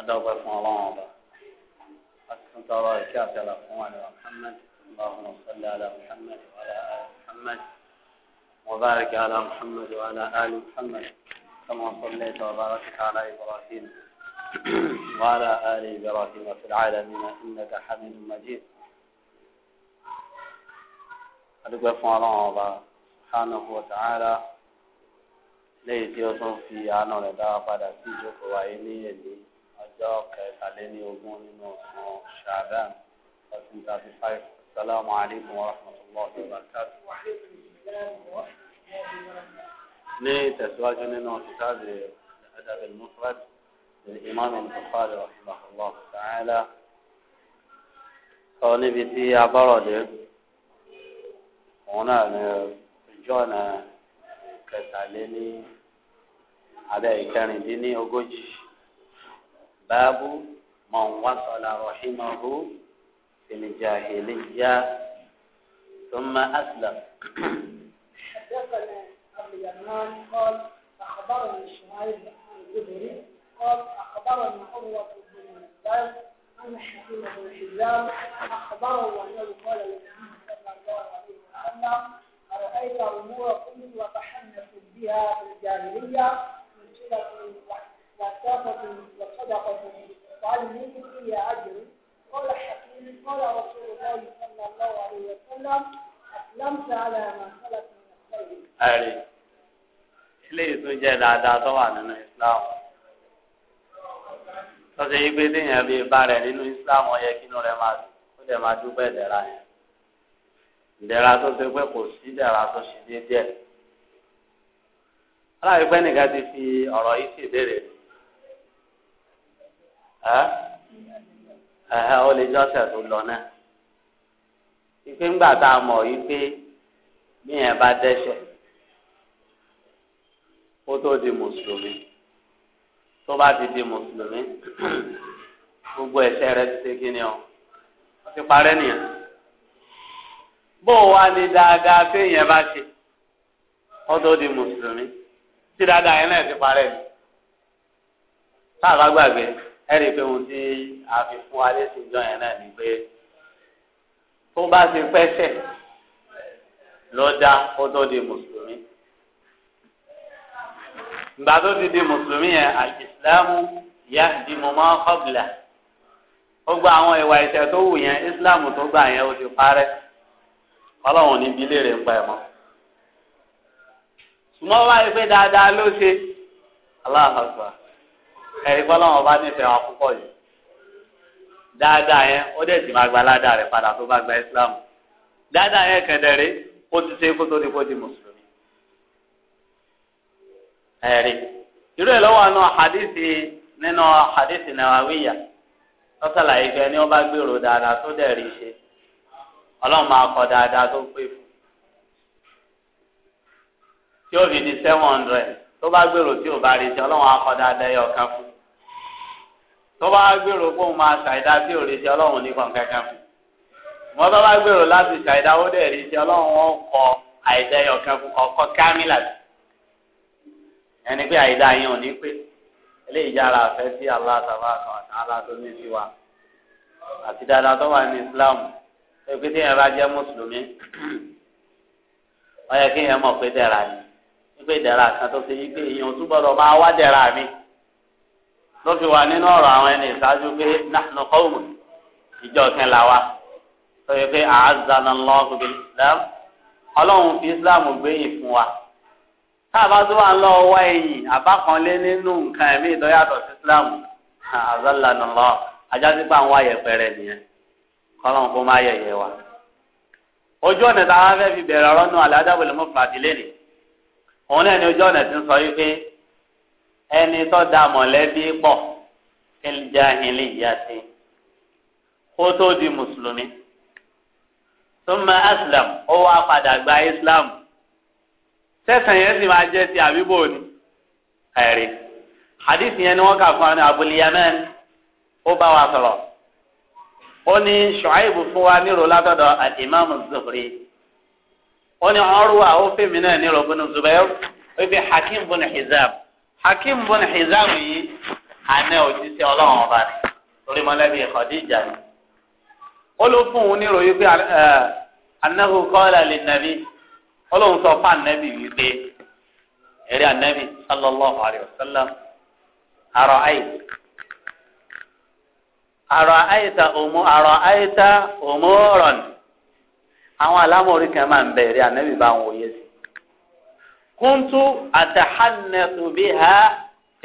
adáwọ̀pẹ́ fún ọlọ́run ọba akíkún tọrọ ìṣe àti àlàfún àlè Muhammad اللهم صل على محمد وعلى آل محمد وبارك على محمد وعلى آل محمد كما صليت وباركت على إبراهيم وعلى آل إبراهيم في العالمين إنك حميد مجيد adúgbò fún ọlọ́run ọba subhanahu wa ta'ala lẹ́yìn tí ó tún fi àánú rẹ̀ dára padà sí ìjókòó wáyé ní èdè yìí. ọjọ́ kẹtàléní ogún nínú ọ̀sán ṣàdán ọdún thirty five salamu alaykum wa rahmatullahi wa barakatuh. ní tẹ̀síwájú nínú kìtàbí adab al-mufrad imam al-bukhari rahimahullah ta'ala sọ níbi tí a bọ̀rọ̀ dé òun náà ní jọ́nà kẹtàléní abẹ́ ìkẹrìndínlógójì. باب من وصل رحمه في الجاهلية ثم أسلم حدثنا أبو يمان قال أخبرني شعيب عن جبري قال أخبرني عروة بن مسعود أن حكيم بن حزام أخبره أنه قال للنبي صلى الله عليه وسلم أرأيت أمور كنت وتحنث بها في الجاهلية من سورة وصدقة وصدقة فهل منكم فيها أجر؟ قال حكيم قال bá rẹ̀ nínú rẹ̀ máa ó dẹ̀ máa dúpẹ́ ìdẹ̀ra yẹn ìdẹ̀ra tó ṣe pé kò sí ìdẹ̀ra tó ṣe aláàbí pẹ́ nìkan ti fi ọ̀rọ̀ yìí ṣèbéèrè ẹ ọ lè jọ ọ̀sẹ̀ tó lọ náà ìpè ńgbà tá a mọ̀ yìí pé bí yẹn bá dẹ́ṣẹ̀ kó tó di mùsùlùmí tó bá ti di mùsùlùmí gbogbo ẹ̀ṣẹ̀ rẹ̀ ti ṣe kí ni ọ wọ́n ti parẹ́ nìyẹn bó o wá ní dáadáa téèyàn bá ṣe kó tó di mùsùlùmí tí dáadáa yẹn náà ti parẹ́ ni tá a bá gbàgbé ẹ̀rí pé ohun tí a fi fún alẹ́ sí ìjọ yẹn náà ni pé tó bá ti pẹ́sẹ̀ lọ́dá ó tó di mùsùlùmí. ìgbà tó ti di mùsùlùmí yẹn àìsílámù yá di mọ́mọ́ kọ́bìlà ó gba àwọn ìwà ìṣẹ́ tó wù yẹn ìsìlámù tó gbà yẹn ó ti parẹ́ ọlọ́run níbi ilé rẹ̀ ń pa ẹ̀ mọ́. sùmọ́ wáyé pé dáadáa ló ṣe aláàfáà ẹ̀rí fọlọ́wọ́n bá nífẹ̀ẹ́ wa púpọ̀ yìí dáadáa yẹn ó dẹ̀ sì máa gba aládàá rẹ̀ padà tó bá gba Islam dáadáa yẹn kẹ̀dẹ̀rẹ́ ó ti ṣe kó tó di kó di mùsùlùmí ẹ̀rí irú ẹ̀ lọ́wọ́ àánú àdìsí nínú àdìsí nàwáwíyà lọ́sàlà ìgbẹ́ ni wọ́n bá gbèrò dáadáa tó dẹ̀ rí ṣe ọlọ́run máa kọ dáadáa tó pé fún tí ó fi di seven hundred tó bá gbèrò tí ò bá rí ṣe ọlọ́run á kọ dáadáa yọ ọ̀kan fún tọ́ba gbèrò kó máa ṣàìdá tí ò lè ṣe ọlọ́run ní kàn kankan fún wọn tọ́ba gbèrò láti ṣàìdá ó dẹ̀ lè ṣe ọlọ́run wọn kọ àìdá ẹyọkan fún ọkọ kámílà ẹni pé àìdá yẹn ò ní pé eléyìí jára àfẹ́ sí aláàtàbà kan àti aláàtọ́mí sí wa àti dáadáa tó wà ní Islam pé tí yẹn bá jẹ́ mùsùlùmí ó yẹ kí yẹn mọ̀ pé dẹ̀ra ni wípé dẹ̀ra kan tó ṣe yí pé èèyàn túbọ̀ lọ tó fi wà nínú ọ̀rọ̀ àwọn ẹni ìṣáájú pé nahnu ìjọ kan là wa tó yẹ pé a'azzana Allahu Islam ọlọ́run fi Islam gbé yìí fún wa táàbá tó wà ń lọ wá ẹ̀yìn àbákanlé nínú nǹkan ẹ̀mí ìdọ́yàtọ̀ sí Islam a'azzana àwọn nìyẹn kọ́lọ́run kó má yẹ̀yẹ̀ wa ojú ọ̀nà táwọn fi bẹ̀rẹ̀ ọ̀rọ̀ alẹ́ ẹni tó da mọ̀lẹ́bí pọ̀ al-jahiliyyati kó tó di mùsùlùmí thumma aslam ó wá padà gba islam sẹ́sàn yẹn sì máa jẹ́ ti àbíbò ni ẹ̀rí hadith yẹn ni wọ́n kà fún àwọn Abul Yaman ó bá wa sọ̀rọ̀ ó ní Shu'aibu fún wa nírò látọ̀dọ̀ al-Imam ó ní Urwa ó fèmí náà nírò bínú Zubair ó fi Hakim bínú Hizam. Hakim bọ́ni Hizam yìí àná òjíṣẹ́ ọlọ́run ọba ni torí mọ́lẹ́bí Khadija ni. ó ló fún un níròyìn pé nabi ọlọ́run sọ fún anabi wípé eré sallallahu alayhi wa sallam àrọ̀ ayé àrọ̀ àyíta òmò àrọ̀ àyíta òmò rọ̀ ni kúntù àtàhánẹsù bí ha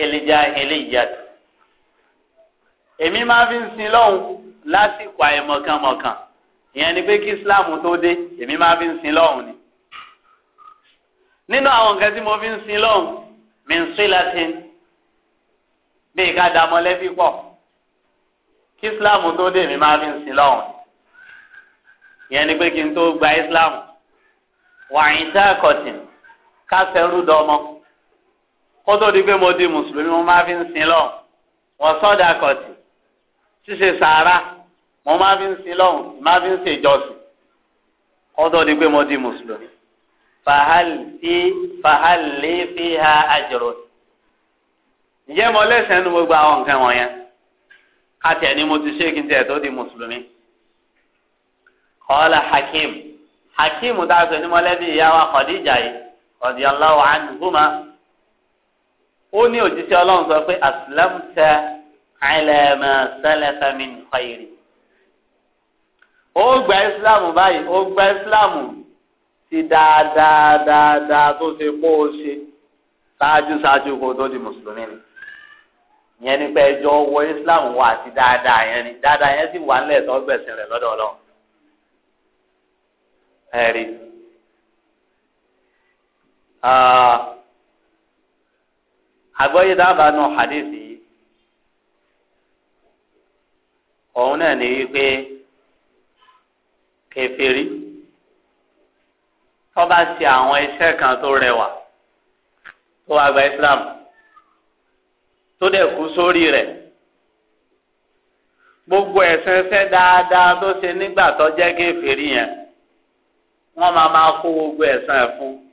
èlìjà èlìjà èmi máa fi ń sin lọ́hùn lásìkò àìmọ̀kànmọ̀kàn ìyẹn ni pé kí islam tó dé èmi máa fi ń sin lọ́hùn ni nínú àwọn nǹkan tí mo fi ń sin lọ́hùn mi ń sí latin bí ká da mọ́lẹ́bí pọ̀ islam tó dé èmi máa fi sin lọ́hùn ìyẹn ni pé kí n tó gba islam wàá ìta kọ̀tìn kásẹ̀rú dọ́mọ kó tó di pé mo di mùsùlùmí mo máa fi ń sin lọ́hùn wọ́n sọ́dà kọ̀tì ṣíṣe sàárà mo máa fi ń sin lọ́hùn máa fi ń ṣèjọsìn kó tó di pé mo di mùsùlùmí fàhálì fàhálì fìhà àjòrò ǹjẹ́ mo lẹ́sẹ̀ nu gbogbo àwọn nǹkan wọ̀nyẹn káàtì ẹni mo ti ṣe kí n tẹ̀ tó di mùsùlùmí kọ́lá hakim hakim dáhùn ní mọ́lẹ́bí ìyá wa Khadija yìí radiyallahu anhuma ó ní òjíṣẹ́ ọlọ́run sọ pé aslamta ala ma salafa min khayri ó gba ìsìláàmù báyìí ó gba ìsìláàmù ti dáadáa dáadáa tó ṣe kó o ṣe ṣáájú ṣáájú kó o tó di mùsùlùmí ni yẹn ni pé ẹjọ́ wọ ìsìláàmù wà àti dáadáa yẹn ni dáadáa yẹn sì wà nílẹ̀ tó gbẹ̀sìn rẹ̀ lọ́dọ̀ ẹ̀rí. Ah, àgbọ́yé dábàá nù hadithi yìí òun náà ní wípé kèfèrí tó bá ṣe àwọn iṣẹ́ kan tó rẹwà tó wá gba Islam tó dẹ̀ kú sórí rẹ̀ gbogbo ẹ̀sìn ṣẹ́ dáadáa tó ṣe nígbà tó jẹ́ kèfèrí yẹn wọ́n máa máa kó gbogbo ẹ̀sìn ẹ̀ fún un.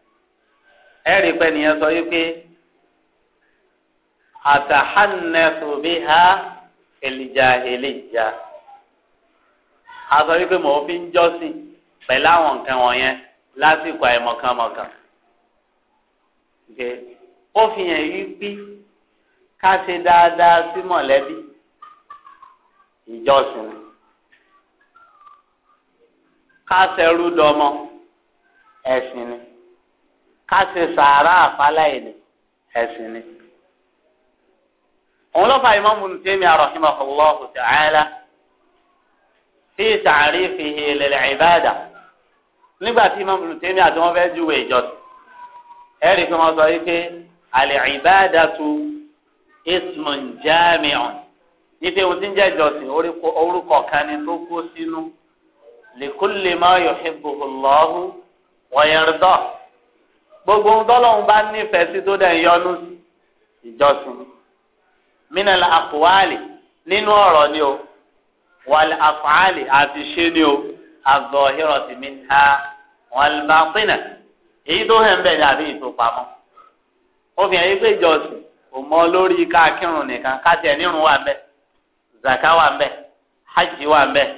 ẹ̀rí pẹ́ nìyẹn sọ yìí pé àtàhánẹ́tù ha èlìjà èlìjà a sọ yìí pé mò ń fi ń jọ́sìn pẹ̀lú àwọn nǹkan wọ̀nyẹn lásìkò àìmọ̀kànmọ̀kàn. ó fi hàn yìí pé ká ṣe dáadáa sí mọ̀lẹ́bí ká ṣerú dọmọ ẹ̀sìn ni. ká ṣe sàárà àfáláìní ẹ̀sìn ni. òun ló fa Imam Ibn Taymiyyah rahimahullahu ta'ala fi ta'rifihi lil ibada nígbà tí Imam Ibn Taymiyyah àti wọn fẹ́ júwe ìjọsìn ẹ̀rí pé wọ́n sọ yìí pé al ibadatu ismun jami'un ife ohun tí ń jẹ́ ìjọsìn orúkọ kan ni tó kó sínú likulli ma Allahu wa gbogbo ohun tọ́lọ́run bá nífẹ̀ẹ́ sí tó dẹ̀ ń yọnu sí ìjọsìn mínàlá àkùwálì nínú ọ̀rọ̀ ni o wàlẹ̀ àfàálì àti ṣe ni o àzọ̀hírọ̀ sí mi ha wàlẹ̀ bàtínà èyí tó hẹ̀ ń bẹ̀ ni àbí ìtòpamọ́ obìnrin yìí pé ìjọsìn kò mọ lórí káàkiri nìkan káti ẹ̀ wà ń zaka wà ń hajj wà ń bẹ̀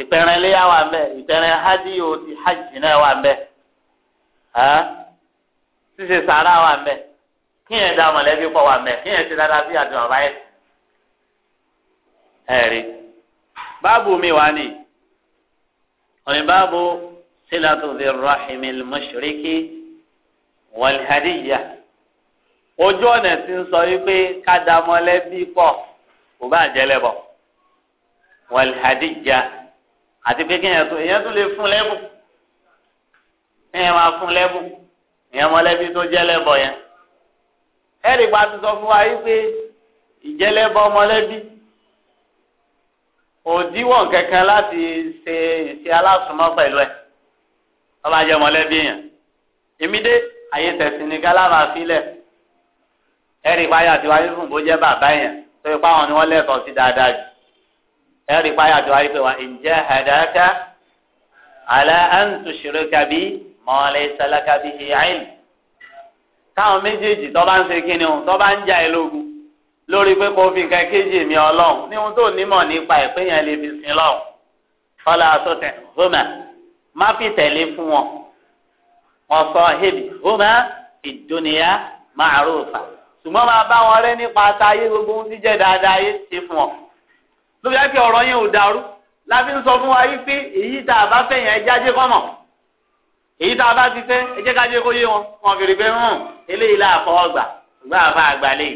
ìpẹ̀rẹ̀ wà ń bẹ̀ hajj yóò ti hajj náà wà ń ṣíṣe sàárà wà mẹ́ kí yẹn da mọ̀lẹ́bí pọ̀ wà mẹ́ kí yẹn ṣe dáadáa sí àdùn àbáyé. ẹ̀rí báàbù mi wà ní ọ̀yìn báàbù sílátù dhi rahimi mushriki wal hadiyya ojú ọ̀nà tí ń sọ wípé ká da mọ̀lẹ́bí pọ̀ kò bá jẹ́lẹ̀ bọ̀ wal àti pé kí yẹn tó lè fún lẹ́bù kí yẹn máa fún lẹ́bù ìyẹn mọ̀lẹ́bí tó jẹ́lẹ́bọ yẹn ẹ̀rí pa ti sọ fún wa yìí pé ìjẹ́lẹ́bọ mọ̀lẹ́bí òdiwọ̀n kankan láti ṣe ṣe aláṣùmọ́ pẹ̀lú ẹ̀ ọba jẹ́ mọ̀lẹ́bí yẹn èmi dé àyè tẹ̀sí ni gálámà sílẹ̀ ẹ̀rí páyà tí wáyé fún bó jẹ́ bàbá yẹn tó ipá wọn ni wọ́n lẹ́kọ̀ọ́ sí dáadáa jù ẹ̀rí páyà tí wáyé pé wa in jahadaka ala an tushrika bi mọ́lẹ́ sálákà bíi ìyáìl káwọn méjèèjì tó bá ń ṣe kíni o tó bá ń ja ìlógun lórí pé kò fi nǹkan kéjì mi ọlọ́run ní ohun tó nímọ̀ nípa ìpín yẹn lè fi sin lọ́run fọlá sọtẹ hómà má fi tẹ̀lé fún wọn wọn sọ hebi hómà ìdúnìyà màrúfà ṣùgbọ́n máa bá wọn rẹ́ nípa táyé gbogbo ohun tí dáadáa yé ṣe fún wọn lóbi á kí ọ̀rọ̀ yẹn ò dàrú láfi ń sọ fún wa yí pé èyí tá a bá fẹ́ yẹn jáde kọ́mọ̀ èyí tá a bá ti fẹ́ ẹ jẹ́ ká jẹ́ kó yé wọn wọn fèrè pé hàn hmm, eléyìí là fọwọ́ gbà gbà àfa àgbà lè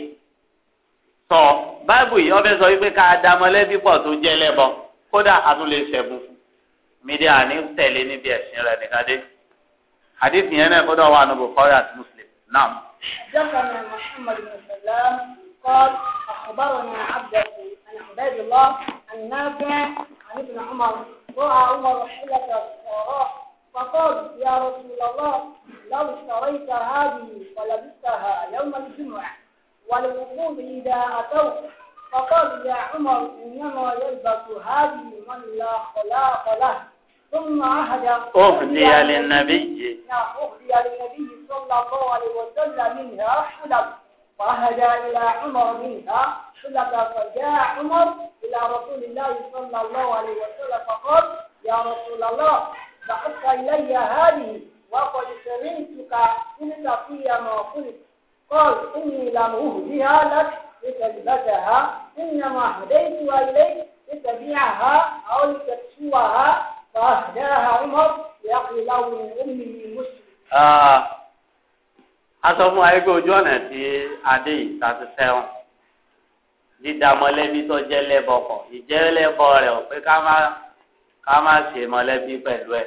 sọ báìbù yìí ọbẹ̀ sọ wípé ká da mọ̀lẹ́bí pọ̀ tó jẹ́ lẹ́bọ kódà a tún lè ṣẹ̀bùn fún mídíà ní tẹ̀lé níbi ẹ̀sìn rẹ̀ nìkan dé àdìsí yẹn náà kódà wà nùbọ̀ kọ́rí àti muslim náà. دخل محمد بن سلام قال أخبرنا عبده عن عباد الله عن نافع عن ابن عمر رأى عمر حلة الصراحة فقال يا رسول الله لو اشتريت هذه ولبستها يوم الجمعة والوقود إذا أتوك فقال يا عمر إنما يلبس هذه من لا خلاق له ثم عهد أهدي للنبي نعم أهدي للنبي صلى الله عليه وسلم منها حلب فعهد إلى عمر منها حلب فجاء عمر إلى رسول الله صلى الله عليه وسلم فقال يا رسول الله لقد إلي هذه وقد سمعتك قلت في ما قلت قال إني لم أهدها لك لتلبسها إنما هديتها إليك لتبيعها أو لتكسوها فأهداها عمر ليقضي له من أمه مسلم. آه. aṣọ fún ayégbé ojú ọ̀nà tí adé yìí ta ti sẹ́wọ̀n dídá mọ́lẹ́bí tó jẹ́ lẹ́bọ̀ kọ̀ ìjẹ́ lẹ́bọ̀ rẹ̀ ò pé ká má ṣe mọ́lẹ́bí pẹ̀lú ẹ̀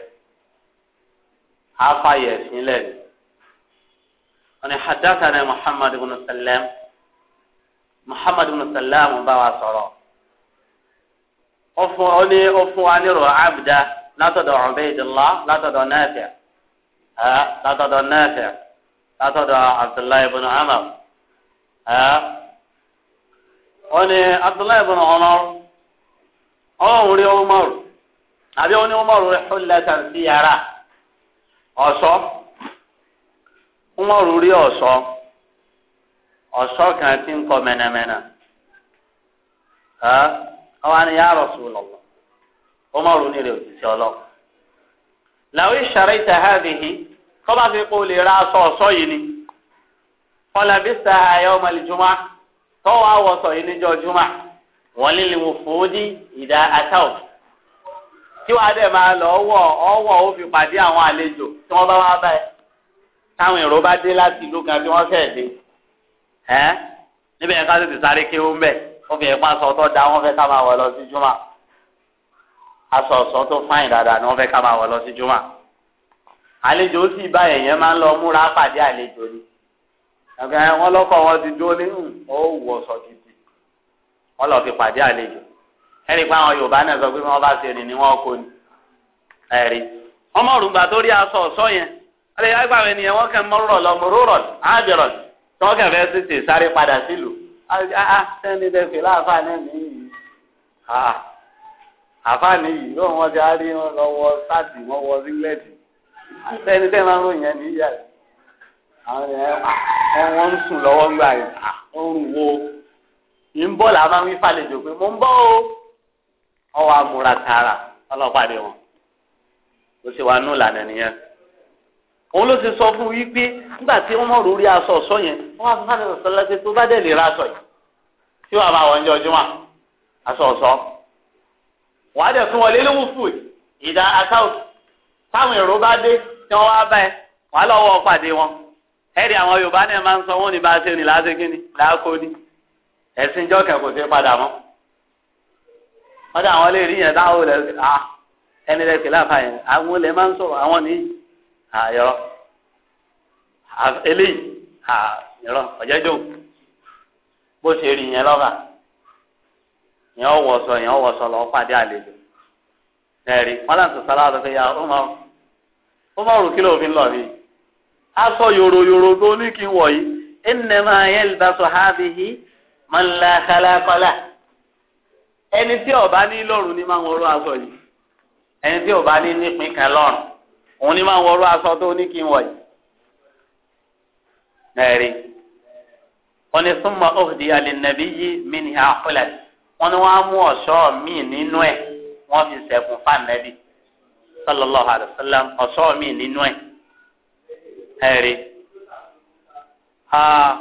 àfàyè sílẹ̀ ni. wọ́n ní hadathana muhammad ibn sallam muhammad ibn sallam bá wa sọ̀rọ̀ ó ní ó fún wa nírò abda látọ̀dọ̀ ubaydillah látọ̀dọ̀ nafi látọ̀dọ̀ nafi látọ̀dọ̀ abdullahi ibn umar ó ní abdullahi ibn umar ó ń rí umar àbí ó ní umar rẹ̀ xulẹ̀ tàn ọ̀ṣọ́ wọ́n rú rí ọ̀ṣọ́ ọ̀ṣọ́ kan tí ń kọ mẹ́nàmẹ́nà ọwọ́ ni yàrá sùn lọ́wọ́ wọ́n mọ̀ rú ní rẹ̀ òṣìṣẹ́ ọlọ́wọ́. làwọn ìṣàrẹ́ ìtàhádìí yìí tọ́ba fi kó lè ra aṣọ ọ̀ṣọ́ yìí ni kọ́lá bí sàáyà ọmọ ìjùmọ̀ tọ́wọ́ àwọ̀sọ̀ yìí níjọ́ jùmọ̀ wọ́n lè lè wò fòódì ìdá àtàwọn tí wàá dẹ̀ máa lọ ọwọ́ ọwọ́ ó fi pàdé àwọn àlejò tí wọ́n bá wá báyìí táwọn èrò bá dé láti ìlú kan bí wọ́n fẹ́ dé ẹ́ níbẹ̀ yẹn ká tètè sáré kéwú mbẹ̀ ó fi ẹ̀pá sọ tó da wọ́n fẹ́ ká máa wọ̀ lọ sí júmọ̀ aṣọ ọ̀sán tó fáyìn dáadáa ni wọ́n fẹ́ ká máa wọ̀ lọ sí júmọ̀ àlejò sì bá ẹ̀yẹn máa ń lọ múra pàdé àlejò ni wọ́n lọ́kọ̀ wọn ti dúró ní òwò ọ̀sọ̀ gidi wọ́n lọ fi pàdé àlejò ẹni pé àwọn yorùbá náà sọ pé wọn bá ṣe ni ni wọn kò ní ẹrí ọmọ rúgbà tó rí aṣọ ọ̀ṣọ́ yẹn ọlẹ yàgbà wọn ènìyàn wọn kàn mọrọ lọ mọrọ rọ ábẹrọ tí wọn kàn fẹẹ tètè sáré padà sílùú ah sẹni dẹfẹ láàfáà náà nìyí ah àfáà nìyí lóun wọn ti rí wọn lọ wọ sáàtì wọn wọ sílẹẹtì sẹni tẹ máa ń ròyìn yẹn nìyí yàrá ń sùn lọ́wọ́ gbà yẹn ó ń wo ìbọ̀là máa ń wí falẹ̀ jò pé mo ń bọ̀ o. ọwọ́ amúra tààrà ọlọ́pàdé wọn ló ṣe wá nù lànà nìyẹn òun ló ti sọ fún wípé nígbà tí wọ́n rò rí aṣọ ọ̀ṣọ́ yẹn wọ́n wá fún àdéhùn sọlá pé tó bá lè ra aṣọ yìí tí wàá wọn jẹ aṣọ fún fún ìdá táwọn èrò bá dé tí wọn àwọn Yorùbá náà máa ń sọ ní bá a ṣe ní ni làá kó kò padà ọdọ àwọn lè rí yẹn táwọn lè à ẹni lè kí láfa yẹn àwọn lè máa ń sọ̀rọ̀ àwọn ní àyọrọ eléyìí àyọrọ ọjọjọ bó ṣe rí yẹn lọ́ba yẹn ọwọ́sọ yẹn ọwọ́sọ lọ́ọ́ pàdé àlejò ẹ̀rí wọn láti sọ́lá àtọ́fẹ́ ya ọmọ ọmọ òrùn kí ló fi ń lọ rí aṣọ yòrò yòrò tó ní kí n wọ̀ yìí ẹnìnẹ́mà yẹn lè dá sọ hábìhì mọ́ńlá kálákọ́lá. ẹni tí ọba ní lọ́rùn ni máa ń wọrọ aṣọ yìí ẹni tí ọba ní kan lọ́rùn òun ni máa ń wọrọ aṣọ tó ní kí n wọ̀ yìí. ẹ̀rí wọn ni súnmọ́ òhùdí alẹ́nàbí mí wọn ni wọ́n á mú ọ̀ṣọ́ mi nínú ẹ̀ wọ́n fi sẹ̀kùn fáànẹ́bí ọ̀ṣọ́ nínú ẹ̀ ẹ̀rí. Ah.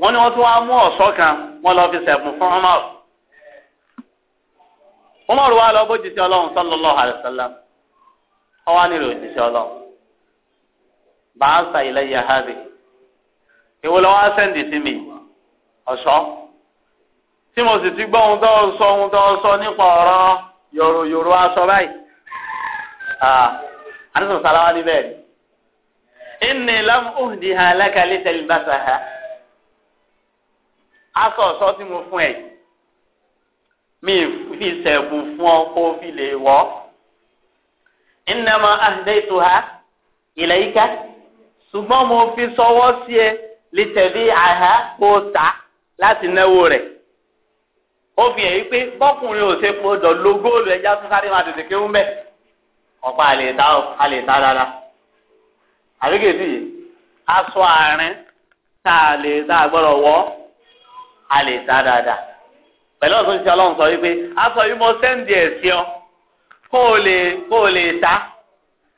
wọ́n tún wá mú ọ̀ṣọ́ Umar wa lọ bó jíṣẹ́ ọlọ́run sallallahu alaihi wasallam ọwọ́ nílò òjíṣẹ́ ọlọ́run bàásà ilayya hàbì ìwọ lọ́wọ́ sẹ́ǹdì sí mi ọ̀ṣọ́ tí mo sì ti gbọ́ ohun tó sọ ohun tó sọ nípa ọ̀rọ̀ yòrò yòrò aṣọ báyìí àdúgbò sàláwá níbẹ̀ inni lam uhdiha laka litalbasaha aṣọ ọ̀ṣọ́ tí mo fún ẹ̀ mi fi sẹ̀bù fún ọ kó fi lè wọ́. innama ahdaytuha ilayka ṣùgbọ́n mo fi sọwọ́ sí ẹ lè tẹ̀lé àhá kó ta láti náwó rẹ̀ ó fi hàn yí pé bọ́kùnrin ò ṣe gbọdọ̀ lo góòlù ẹja tó sáré máa tètè kéwú mẹ́ ọ̀pá àlè ta àlè ta dáadáa àríkèsí aṣọ àárín tá a lè tá gbọ́dọ̀ wọ̀ àlè ta dáadáa pẹ̀lú ọ̀sán ti ọlọ́run sọ wípé aṣọ yìí mo sẹ́ǹdì ẹ̀ sí ọ kó o lè kó o lè ta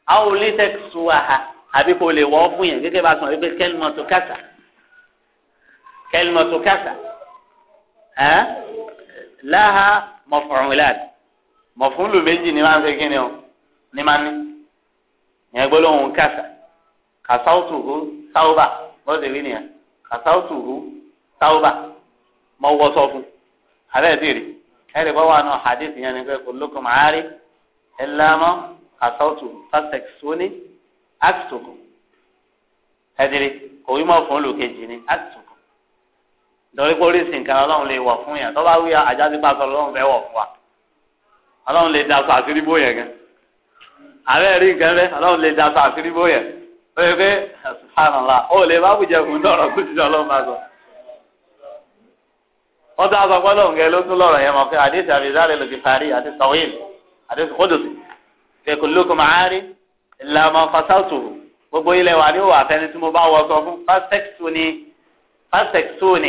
a ò lè tẹ̀sù ha? àbí kó o lè wọ́ fún yẹn gẹ́gẹ́ bá sọ wípé kẹ́lìmọ̀ tó kàṣà kẹ́lìmọ̀ tó kàṣà ẹ́ láha mọ̀fọ̀rùnláàdì mọ̀fúnlù méjì ni máa ń fi kíni o ní máa ní ìyẹn gbólóhùn kàṣà kàṣáwùtùhù sáwùbà bọ́sẹ̀ rí nìyẹn kàṣáwùtùhù sáwùbà mọ̀ wọ́ sọ fún un. abẹ́ ti rí ẹ̀rí hadith yẹn ni pé kullukum aari ìlànà àtọ́tù fásitẹ̀kìsóní àtùkù ẹ̀dìrí òwe ni àtùkù nítorí pé oríṣi nǹkan le wa ọlọ́run le da sọ àṣírí bó yẹn gan ààrẹ rí nǹkan rẹ ọlọ́run lè da sọ àṣírí bó yẹn ó yẹ subhanallah wọ́n tún aṣọ pẹ́lú òǹgẹ́ ló tún lọ́rọ̀ yẹn mọ̀ pé àdéhùn àbíyáre ló fi parí àti sọ̀wéèl àdéhùn kódòsì fẹ̀kù lókun màárí ìlànà fasátù gbogbo ilẹ̀ wà ní òwò àfẹni tí mo bá wọ sọ fún pásítẹ̀kítúni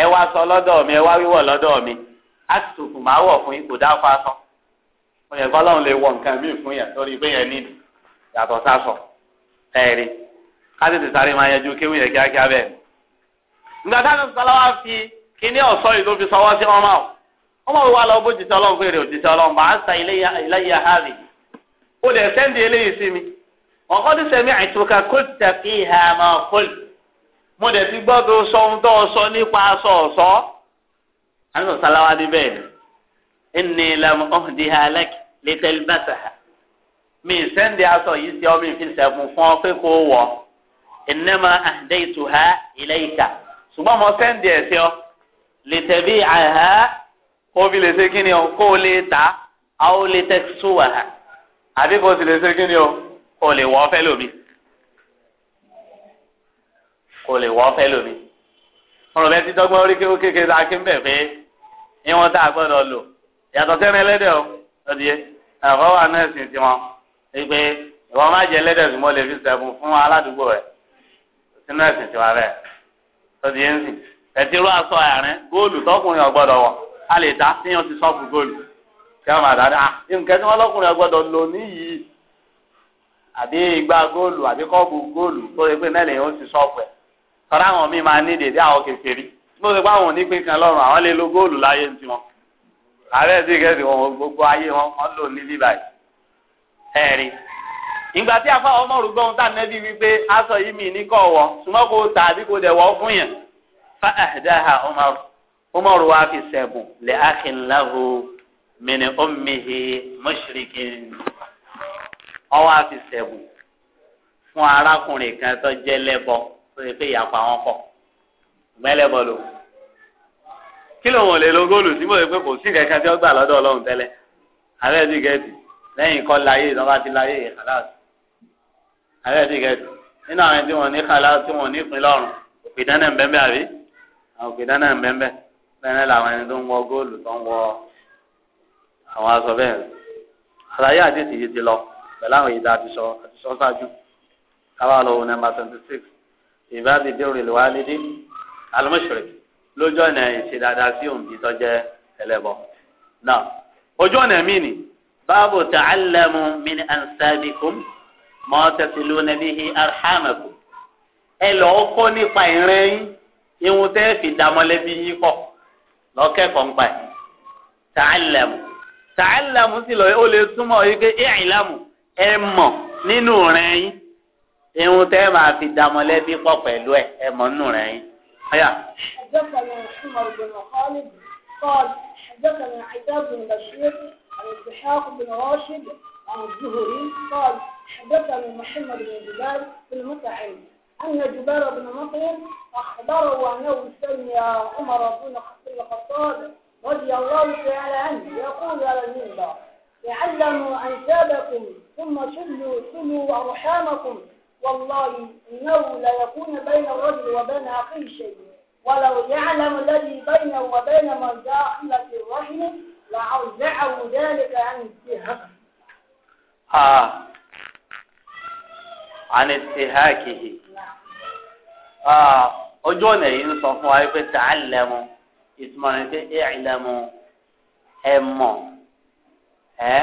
ẹ wá sọ lọ́dọ̀ mi ẹ wá wíwọ̀ lọ́dọ̀ mi àtùkù máa wọ̀ fún ipò dáfọ́ aṣọ ó yẹ kọ́ lọ́run lè wọ nǹkan míì fún yẹn lórí pé yẹn nídìí yàtọ̀ sásọ Kini ọ̀sọ́ yìí ló fi sọ wá o ọmọ o ọmọ mi wà lọ bó jìṣẹ́ ọlọ́run fèrè òjìṣẹ́ ọlọ́run bá sa iléyà o lè sẹ́ndì eléyìí si mi ọ̀kọ́ ti sẹ́mi àìtúkà kó tẹ̀kí hàmà kólì mo ti gbọ́ sọ ohun tó sọ nípa aṣọ ọ̀ṣọ́ àti sọ̀sáláwá ní bẹ́ẹ̀ ni ẹnì lẹ́mu ọ̀hún di ha lẹ́kì lẹ́tẹ̀lì bàtà ha mi sẹ́ndì aṣọ yìí sí ọ mi fi sẹ́kùn fún ọ pé kó wọ̀ ẹnẹ́mà àdéhìtù ha ilé ìka ṣùgbọ́n mo lìtẹ̀bí àhá kó fi lè ṣe kí ni o kó o lè ta àwọn olè tẹ̀sù àhá àbí kó o sì lè ṣe kí ni o kó o lè wọ́ fẹ́ lómi kó o lè wọ́ fẹ́ lómi ọ̀rọ̀ bẹ́ẹ̀ ti dọ́gbọ́n orí kékeré ta kí n bẹ̀ pé ìwọ̀n tá a gbọ́dọ̀ lò yàtọ̀ sẹ́ni ẹlẹ́dẹ̀ o lọ́dí yẹ ẹ̀fọ́ wà náà ti wọn pé ìwọ má jẹ ẹlẹ́dẹ̀ sùn mọ́ lè fi sẹ́kùn fún aládùúgbò rẹ̀ sínú ẹ̀sìn tiwa rẹ̀ lọ́dí yẹ ń ẹtì asọ aṣọ àárín góòlù tọkùnrin wọ a lè dá síyàn sí ṣọ́ọ̀bù góòlù kí wọn máa dá dá ah, nǹkan tí wọn lọkùnrin lò níyìí àbí góòlù àbí kọ́ọ̀bù góòlù tó pé mẹ́lẹ̀ yóò ti ṣọ́ọ̀bù ẹ̀ tọ́lá àwọn míì máa ní dèdé àwọn kékeré kan lọ́rùn àwọn lè lo góòlù láyé ti wọn ààrẹ ti kẹ́sì wọn gbogbo ayé wọn wọn lò ní bíbáyìí ẹ̀rí ìgbà tí afáwọn ọmọ rúgbọ́n nẹ́bí wípé aṣọ mi ní kò tà àbí kò dẹ̀ wọ́ فأهداها عمر عمر umar wa لأخ sẹbùn من أمه مشرك omihi mushrikin ọwọ àfi sẹbùn fún arákùnrin kan tó jẹ lẹbọ tó yẹ pé ìyàpá wọn kọ gbẹlẹbọ lò kí ló wọn lè lo góòlù sí mọ̀ pé kò sí kankan tí wọ́n gbà lọ́dọ̀ ọlọ́run tẹ́lẹ̀ ààrẹ ti gẹ̀ẹ́sì lẹ́yìn kọ́ láyé ìjọba ti láyé ìkàláàsì ààrẹ ti gẹ̀ẹ́sì nínú àwọn tí wọ́n ní kàláàsì tí wọ́n ní ìpínlẹ̀ ọ̀run òpìdánẹ̀ ń bẹ́ẹ̀ bí àbí àwọn òkè dáná mbẹ́mbẹ́ bẹ́ẹ̀ làwọn ẹni tó ń wọ góòlù tó ń wọ àwọn aṣọ bẹ́ẹ̀ àlàyé àdéhùn yìí ti lọ pẹ̀lú àwọn ìdá àtisọ́ àtisọ́ ṣáájú káwá lọ wọ nàmbà twenty six ìbáàdì bírì lè wá lédè alimọ̀ṣẹ̀rẹ̀ lójú ọ̀nà ìṣe dáadáa sí òǹbí tó jẹ́ ẹlẹ́bọ náà ojú ọ̀nà mi ni báàbò tàcálẹ̀mù mi ni ànsáàbìkùn mọ́tẹ́sílù nàbíhì arhàmẹ́kù ẹ lọ́ọ́ kọ́ nípa ìrẹ́yìn ihun tẹ́ fi dàmọ́lẹ́bí yín pọ̀ lọ́kẹ́kọ̀ọ́ ń pa ẹ̀ tààlẹ̀mù tààlẹ̀mù sì lọ ó lè túmọ̀ yìí pé ìhìnlámù ẹ mọ̀ nínú rẹ̀ yín ihun tẹ́ máa fi dàmọ́lẹ́bí pọ̀ pẹ̀lú ẹ̀ ẹ mọ̀ nínú rẹ̀ yín. بن خالد قال حدثنا عتاب بن بشير عن الضحاك بن راشد عن الزهري قال حدثنا محمد بن بلال بن مطعم أن جبال بن مطعم أخبره أنه سمع عمر بن الخطاب رضي الله تعالى عنه يقول على المنبر تعلموا أنسابكم ثم شلوا سلوا أرحامكم والله إنه لا يكون بين الرجل وبين أخيه شيء ولو يعلم الذي بينه وبين من داخل في الرحم لأوزعه ذلك عن انتهاكه آه عن انتهاكه ojú ọ̀nà yìí ń sọ fún wa pé ta'allamu ìtumọ̀ rẹ̀ pé i'lamu ẹ̀ mọ̀ ẹ́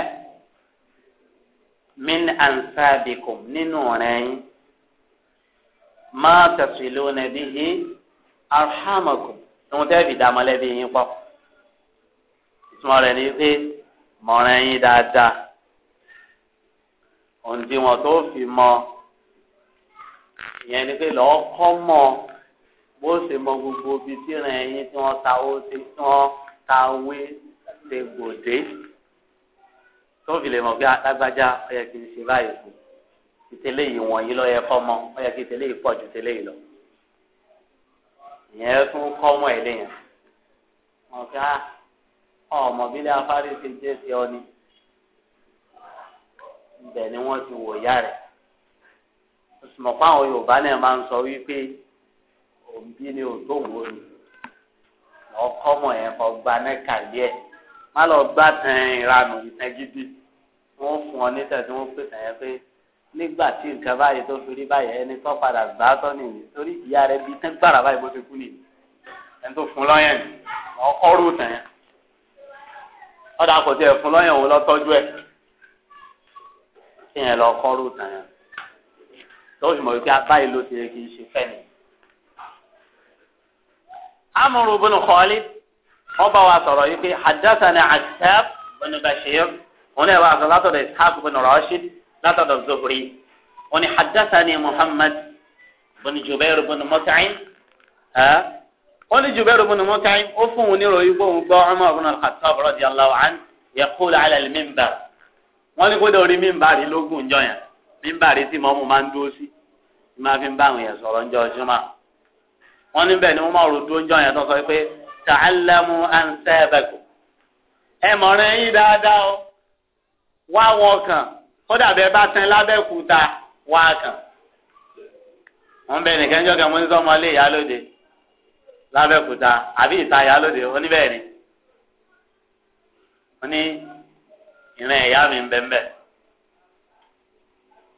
min ansabikum nínú rẹ̀ yín ma tasiluna bihi arhamakum ìwọ̀n tẹ́ fi dá mọ́lẹ́bí yín pọ̀ ìtumọ̀ rẹ̀ ni pé mọ̀ràn yín dáadáa ohun tó fi mọ́ ọ ìyẹn ni pé lọ́ọ́ kọ́ mọ̀ bó ṣe mọ gbogbo ibi tí ìrìn ẹyin tí wọ́n tawó ṣe tí wọ́n tawé ṣe gbòdé tó fi lè mọ̀ bí alágbájá ó yẹ kí n ṣe báyìí fún ìtẹ́lẹ̀ yìí wọ̀nyí lọ yẹ kọ́ mọ́ ó yẹ kí ìtẹ́lẹ̀ yìí ju ìtẹ́lẹ̀ yìí ìyẹn tún kọ́ mọ́ ẹ̀ lẹ́yìn ah, ọ̀gá ọmọ bílẹ̀ afárí ṣe jẹ́ sí ọ ni ibẹ̀ ni wọ́n ti wò yá rẹ̀ mọ̀ pé àwọn Yorùbá náà máa ń sọ wípé òbí ni òtó ni ọkọ mọ̀ yẹn kọ́ gba nẹ́ka díẹ̀ má lọ gbá tẹ̀ ìranù ìtẹ́ gidi wọ́n fún ọ nítẹ̀ tí wọ́n pèsè yẹn pé nígbà tí nǹkan báyìí tó fi rí báyìí ẹni tó padà gbà á tọ́ nìyí torí ìyá rẹ bíi tẹ́ gbàrà báyìí bó ti kú nìyí ẹni tó fún lọ́yẹ̀ ni wọ́n rú tẹ̀ ọ̀dà kò tiẹ̀ fún lọ́yẹ̀ òun lọ́tọ́jú ẹ̀ kí yẹn lọ kọ́ rú tẹ̀ tọ́wọ́ ìmọ̀ wípé abáyé ló ti yẹ kí n ṣe fẹ́ ni. amúrú bínú kọ́lí wọ́n bá wa sọ̀rọ̀ yìí pé hadassana asab bínú bashir wọn náà wà sọ látọ̀dọ̀ ishaq bínú rashid látọ̀dọ̀ zuhri wọn ni hadassani muhammad bínú jubair bínú mut'im wọn ni jubair bínú mut'im ó fún un nírò yìí gbóhùn gbọ́ umar bínú al-khattab radiyallahu anhu kó dẹ̀ orí mímbàrí lógún jọyàn mímbàrí tí mọ́mú máa ń dúró sí tí máa fi ń bá àwọn yẹn sọ̀rọ̀ ń jọ ọjọ́mọ́ wọ́n níbẹ̀ ni wọ́n máa rò dúró jọ yẹn tó sọ pé ta'allamu ansabakum ẹ mọ̀ràn yín dáadáa o wá wọn kàn kódà bẹ́ẹ̀ bá tẹ lábẹ́kúta wá kàn wọ́n bẹ nìkan jọ kàn mọ́ ní sọ́mọlé ìyálóde lábẹ́kúta àbí ìta ìyálóde oníbẹ̀rẹ̀ wọ́n ní ìran ẹ̀yá mi ń bẹ́ẹ̀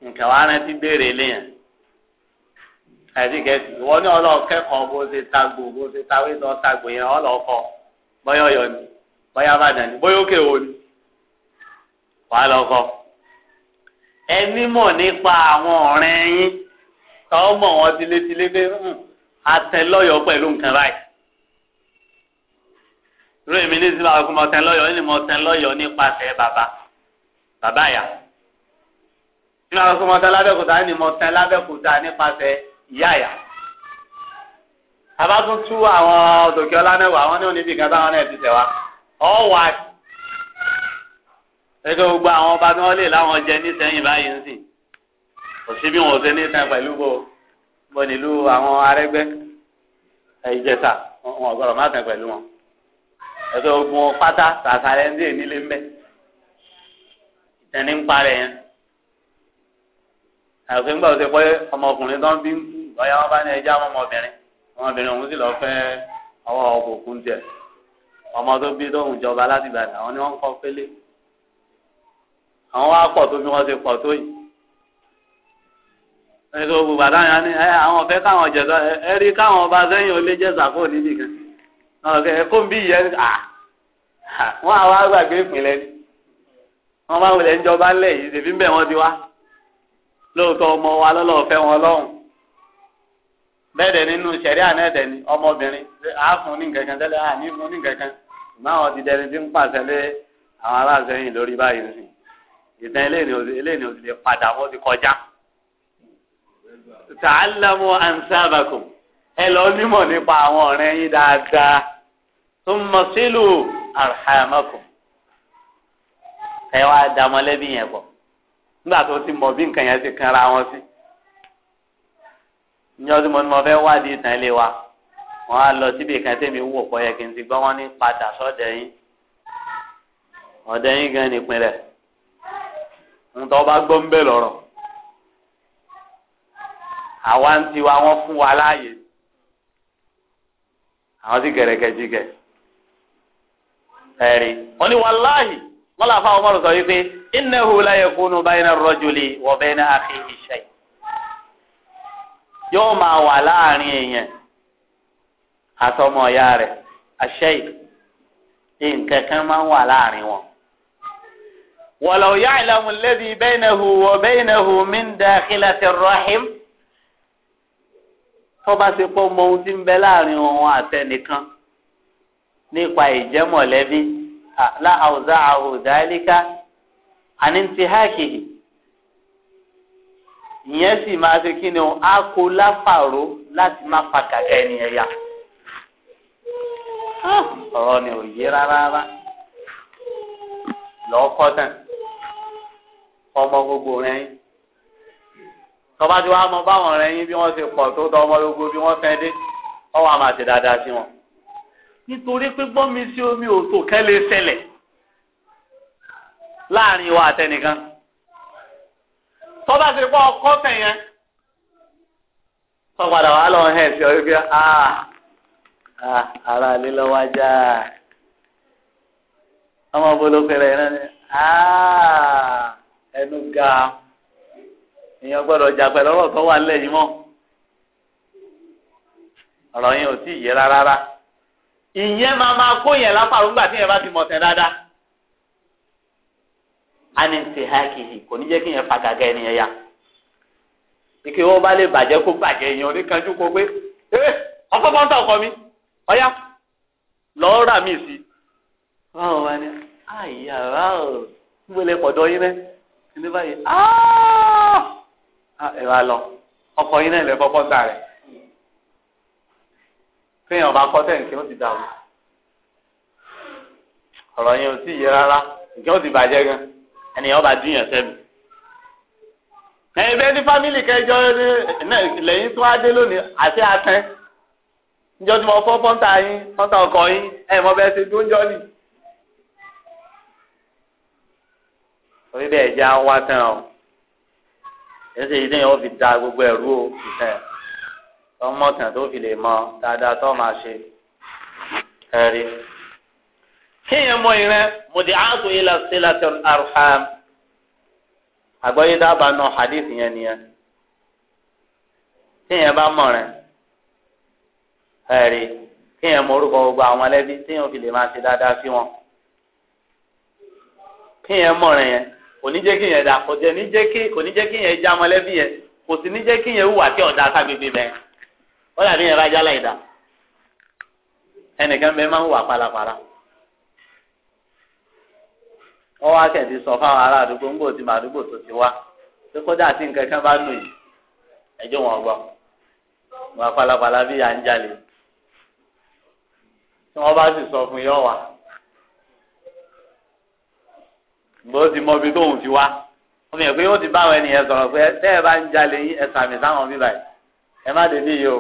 nǹkan wàá rántí béèrè léyìn ẹ̀dí kẹ́sì ìwọ ní ọlọ́ọ̀ kẹ́kọ̀ọ́ bó ṣe tagbò bó ṣe tawé lọ tagbò yẹn ọlọ́ọ̀ kọ bóyá ọyọ ni bóyá abàdàn ni bóyá òkè wo ni wàá lọ kọ. ẹ mímọ̀ nípa àwọn ọ̀rẹ́ yín tọ́ mọ̀ wọn tilétilé pé àtẹlọ́yọ̀ hmm, pẹ̀lú nǹkan báyìí. irú èmi ní sílá ọkùnrin mọ̀tẹ́lọ́yọ̀ ní mọ̀tẹ́lọ́yọ̀ nípasẹ̀ bàbá bàbá yà. sílá ọkùnrin mọ̀tẹ́lábẹ́kúta ní mọ̀tẹ́lábẹ́kúta nípasẹ̀ yáyà abákún tú àwọn òtòkè ọlá náà wà wọn ní kan táwọn náà ti tẹ̀ wá ọ ẹgbẹ́ gbogbo àwọn ọba tí wọ́n lè láwọn jẹ nísẹ̀yìn báyìí ń sìn kò sí bí wọn ò ṣe nísẹ̀yìn pẹ̀lú bò bò nílùú àwọn arẹ́gbẹ́ ìjẹta wọn gbọ́dọ̀ má tẹ̀ pẹ̀lú wọn ẹgbẹ́ ogun pátá tàtàrẹ́ ń dè nílé mbẹ́ ìtẹ̀ní ń parẹ́ yẹn àgbẹ̀ ńgbà ó ti pẹ́ ọmọkùnrin tó ń bí ń kú lọ́yà wọn bá ní ẹja ọmọbìnrin ọmọbìnrin òun sì lọ fẹ́ ọwọ́ ọ̀bùnkún tiẹ̀ ọmọ tó bí tóun jọba láti gbà àwọn ni wọ́n kọ́ pélé àwọn wá pọ̀ tó bí wọ́n ti pọ̀ tó yìí ẹni tó gbogbo àdáyà ni ẹ àwọn ọ̀fẹ́ káwọn jẹ̀dá ẹ rí káwọn ọba sẹ́yìn olé jẹ̀sà kó níbì kan ọ̀kẹ́ ẹ kó ń bí ìyẹn à wọ́n àwọn àgbàgbé ìpínlẹ̀ ni wọ́n bá wulẹ̀ ń jọba ńlẹ̀ yìí ṣèbí ń bẹ̀ wọ́n ti wá lóòótọ́ ọmọ wa lọ́lọ́ọ̀fẹ́ wọn lọ́hùn bẹ́ẹ̀ dẹ̀ nínú sẹ̀rí ànẹ́ẹ̀dẹ̀ ni ọmọbìnrin àáfún ní nǹkankan tẹ́lẹ̀ àní fún ní nǹkankan ìmáwọn ti dẹni tí ń pàṣẹ lé àwọn aláṣẹ yìí lórí báyìí nìsín ìtàn eléyìí ò sì lè padà wọ́n ti kọjá. ta'allamu ansabakum ẹ lọ nímọ̀ nípa àwọn ọ̀rẹ́ yín dáadáa thumma silu arhamakum ẹ wá dá yẹn pọ̀ nígbà tó ti mọ̀ bí nǹkan yẹn ti kanra wọn sí ní ọdún mọ́ni mo fẹ́ wádìí ìtàn ilé wa wọ́n á lọ síbi kan tẹ́mi wò pọ̀ yẹ kí n ti gbọ́ wọ́n ní padà sọ́dẹ̀ yín ọ̀dẹ̀ yín gan nípìnlẹ̀ ntọ́ bá gbọ́ ń bẹ̀ lọ́rọ̀ àwa ń tiwa wọ́n fún wa láàyè àwọn ti gẹ̀rẹ́gẹ̀ jígẹ̀ ẹ̀rí wọ́n ní wàláhì wọ́n làfa ọmọ rẹ̀ sọ wípé innahu la yakunu bayna ar-rajuli wa bayna akhihi shay'. yóò máa wà láàrin èèyàn àtọmọ ọ̀yá rẹ̀ àṣẹ nǹkan kan máa ń wà láàrin wọn. wọ̀lọ̀ yá ìlànà lẹ́bi bẹ́ẹ̀nẹ̀hù wọ bẹ́ẹ̀nẹ̀hù mí ń da kílẹ̀ ti rọ́hìm. tó bá ti pọ̀ mọ ohun tí ń bẹ láàrin wọn àtẹnìkan nípa ìjẹ́mọ̀lẹ́bí láàwùzá àwùdá ẹ̀líkà àní ti hákìhì. ìyẹn sì máa ṣe kí ni o á kó láfàró láti má fa kàkà ènìyàn yá ah, ọ̀rọ̀ ni ò yé rárá rárá lọ́ọ́ kọ́ tán ọmọ gbogbo rẹ̀ yín tọ́ba tí wàá mọ báwọn rẹ̀ yín bí wọ́n ṣe pọ̀ tó tọ́ ọmọ gbogbo bí wọ́n fẹ́ dé ọwọ́ àmà ṣe dáadáa sí wọn. nítorí pé gbọ́n mi sí omi òtò kẹ́lẹ́ ṣẹlẹ̀ láàrin wa àtẹnìkan. tọ́ba ti pọ̀ ọkọ́ tẹ̀ yẹn tọ́padà wà lọ sí bí a ara lílọ wá já ọmọ bolókèrè náà ni ẹnu ga èèyàn gbọ́dọ̀ jà pẹ̀lú ọ̀rọ̀ tó wà lẹ́yìn yẹn ò tí ì yẹ rárá ìyẹn máa máa kó yẹn lápá ti mọ̀ dáadáa. anìntì hákìhì kò ní jẹ́ kí yẹn fagagà ẹnìyẹn ya ike wọn bá lè bàjẹ́ kó bàjẹ́ yẹn kó ee eh, ọkọ ọkọ mi ọ̀yá lọ́ọ́ rà mí sí báwo wá ní àyàrá ò gbélé pọ̀dọ̀ yín rẹ ní báyìí ẹ wá lọ ọkọ yín náà lè bọ́ pọ́ńtà rẹ̀ kéèyàn bá kọ́ ó ti ọ̀rọ̀ yẹn ò tí ì gan ẹnìyàn bá dín yàn sẹ́mi. ẹ̀yin bẹ́ẹ̀ ní fámìlì kẹjọ lẹ́yìn tó adé lónìí àti atẹ́ níjọ́ tí mo fọ́ pọ́ńtà yín pọ́ńtà ọkọ̀ yín ẹ̀ mọ bẹ́ẹ̀ ṣe tó ń jọ́ nì. orí bẹ́ẹ̀ jẹ́ àwọn wá tán o ẹsẹ̀ yìí lẹ́yìn ó fi da gbogbo ẹ̀rú o ìfẹ́ ọmọ kan tó fi lè mọ dáadáa tó máa ṣe ẹ̀rí. kéèyàn mọ ìrẹ́ mọ̀dí àtò ilà sílátọ̀ arham àgbáyé dábàá náà hadith yẹn nìyẹn kéèyàn bá mọ̀ rẹ̀ ẹ̀rí kéèyàn mọ orúkọ gbogbo àwọn ẹlẹ́bí téèyàn fi lè máa ṣe dáadáa sí wọn kéèyàn mọ̀ rẹ̀ yẹn kò ní jẹ́ kéèyàn dà kò ní kí kò ní já yẹn kò sì ní hùwà ọ̀dà ọwọ́ akẹ́tì sọ fáwọn ará àdúgbò ńgbò tí màdúgbò tó ti wá pé kódà tí nǹkan kan bá nù yìí ẹjọ́ wọn gbọ́ wọn palapala bí à ń jalè tí wọ́n bá sì sọ fún yọ wá bó ti mọ ibi tóun ti wá wọ́n mìíràn pé yóò ti bá àwọn ènìyàn sọ̀rọ̀ pé tẹ́ ẹ bá ń jalè yín ẹ sàmì sáwọn bíbá yìí ẹ má dé níyì o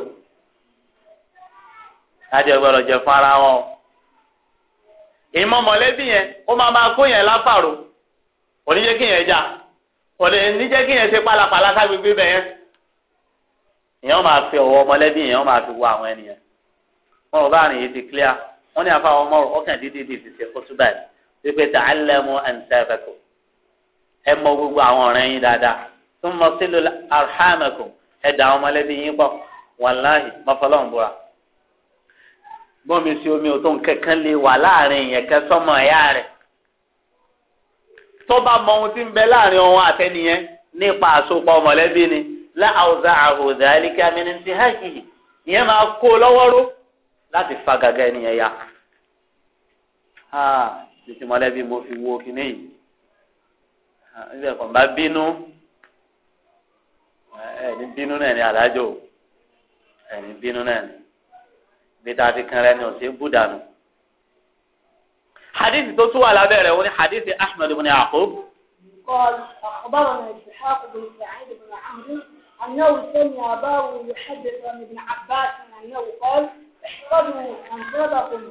láti ẹ gbọ́dọ̀ jẹ fún ara wọn o. ìmọ̀ mọ̀lẹ́bí yẹn ó máa máa kó yẹn láfàrò kò kí yẹn jà kò ní kí yẹn ṣe pálapàla ságbègbè bẹ̀ yẹn. ìyẹn ó máa fi ọwọ́ mọ̀lẹ́bí yẹn ó máa fi àwọn wọn ò bá rìn yìí clear wọn ní ọmọ rẹ ọkàn dídí ṣe kó túbà wípé tà á lẹ́mu ẹ mọ gbogbo àwọn ọ̀rẹ́ yín dáadáa bọ́mi sí omi ò tó nǹkankan lè wà láàrin yẹn kẹ́ sọ́mọ ẹ̀yà rẹ̀ tó bá mọ ohun tí ń bẹ láàrin òun àtẹnìyẹn nípa àsopọ̀ mọ̀lẹ́bí ni láàwùzá àhùzá ẹlẹ́kẹ́ amíní ti hàjì ìyẹn máa kó lọ́wọ́rọ́ láti fa gàgà ẹnìyẹn ya títí mọ̀lẹ́bí mo fi wo kíní yìí níbẹ̀ kàn bá bínú ẹni bínú náà ni àlájò ẹni bínú náà ni. bí tá a ti kan rẹ ni ọ̀sẹ̀ bú hadith tó tún wà lábẹ́ rẹ̀ wọ́n ní hadith ahmed ibn yaqub. قال أخبرنا إسحاق بن سعيد بن عمرو أنه سمع أباه يحدث عن ابن عباس أنه قال احفظوا أنصابكم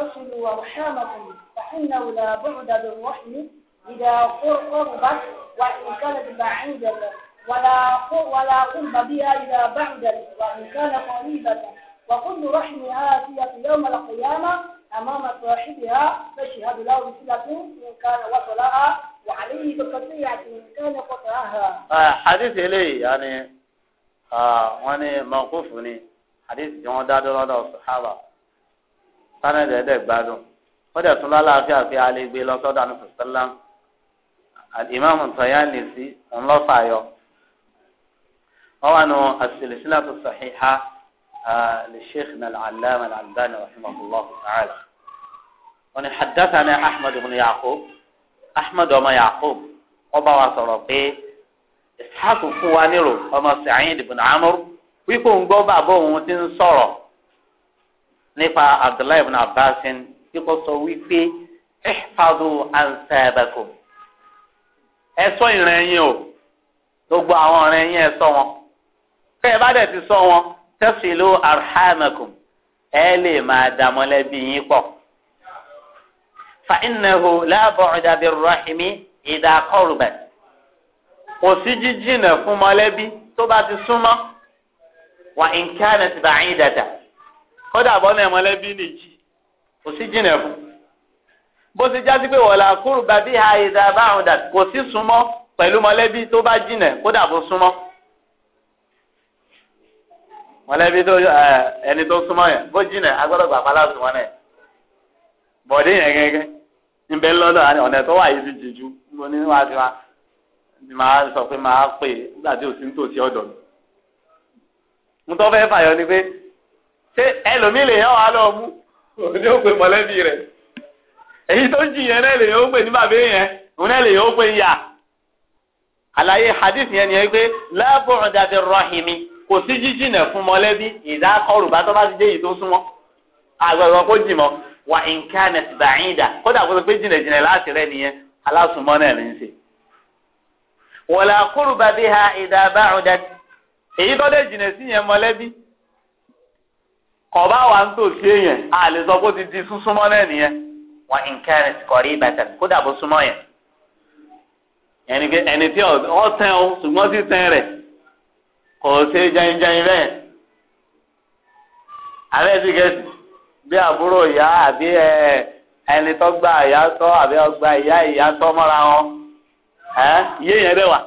اصلوا أرحامكم فإنه لا بعد بالرحم إذا قربت وإن كانت بعيدة ولا ولا قرب بها إذا بعدت وإن كان قريبة وكل رحم آتية يوم القيامة أمام صاحبها فاشهد له بصلة إن كان وصلها وعليه بقطيعة إن كان قطعها. حديث إلي يعني wọ́n ní mọ̀kúfù ni hadith tí wọ́n dá dúró lọ́dọ̀ sàhábà sáré dẹ́dẹ́ gbádùn ó dẹ̀ tún lálàáfíà fi alégbé lọ́sọ́dọ̀ àná sàlám ìmáàmù tọ́yánì sí ńlọ́fàáyọ. wọ́n wà nù as-silsilatu sahiha. لشيخنا العلامة العلباني رحمه الله تعالى wọ́n حدثنا أحمد بن يعقوب أحمد وما يعقوب ọba wa sọ̀rọ̀ pé ìsáàkù fún wa nírò ọmọ Sa'id ibn Amr wípé òun gbọ́ bàbá òun ti ń sọ̀rọ̀ nípa Abdullahi ibn Abbas kíkọ́ sọ wípé ihfadhu ansabakum ẹ ṣọ́ ìrìn ẹ̀yìn o gbogbo àwọn ọ̀rẹ́ yín ẹ ṣọ́ wọn kẹ́ ẹ bá dẹ̀ ti ṣọ́ wọn tẹ́sílù arhamakum ẹ lè máa dà mọ́lẹ́bí yín pọ̀. fa innahu la bu'da birrahimi idha qurbat. kò sí jíjìnà fún mọ́lẹ́bí tó bá ti súnmọ́ wa in kanat ba'idata. kódà bọ́nà mọ́lẹ́bí nìjì kò sí jìnà fún. bó ti jásí pé wala qurba biha idha ba'udat kò sí súnmọ́ pẹ̀lú mọ́lẹ́bí tó bá jìnà kódà bó súnmọ́. mọ̀lẹ́bí tó ẹni tó súnmọ́ yẹn bó jìnà agbọ́dọ̀ gbà pa láti wọn náà bọ̀dé yẹn ọ̀nà tó wà yìí ti jìjú mo ní wá ni màá sọ pé màá pè é nígbà tí òsín tòsí ọ̀dọ̀ mi. mo tọ́ fẹ́ fàyọ ni pé ṣé lè yàn wá lọ mú òní rẹ̀ èyí tó jì yẹn náà lè yàn ó pè ní bàbá yẹn òun náà lè hadith yẹn ni ẹ kò sí jíjìnà fún mọ̀lẹ́bí ìdákọ̀rù bá tó bá ti dé yìí tó súnmọ́ àgbẹ̀rọ̀ kó jìmọ̀ wà nǹkan kódà kó tó pé láti rẹ nìyẹn alásùnmọ́ náà ní í ṣe. wọ̀là bí ha ìdàbà ọ̀dà èyí tó dé jìnà sí yẹn kọ̀ọ̀bá wa ń tò sí a lè sọ kó ti di súnmọ́ náà nìyẹn wà nǹkan kò ṣe jẹnjẹn bẹ́ẹ̀ àbẹ́ ti bí àbúrò ìyá àbí ẹni tó gba ìyá tọ́ àbí ọgbà ìyá ìyá mọ́ra wọn iye yẹn dẹ̀ wà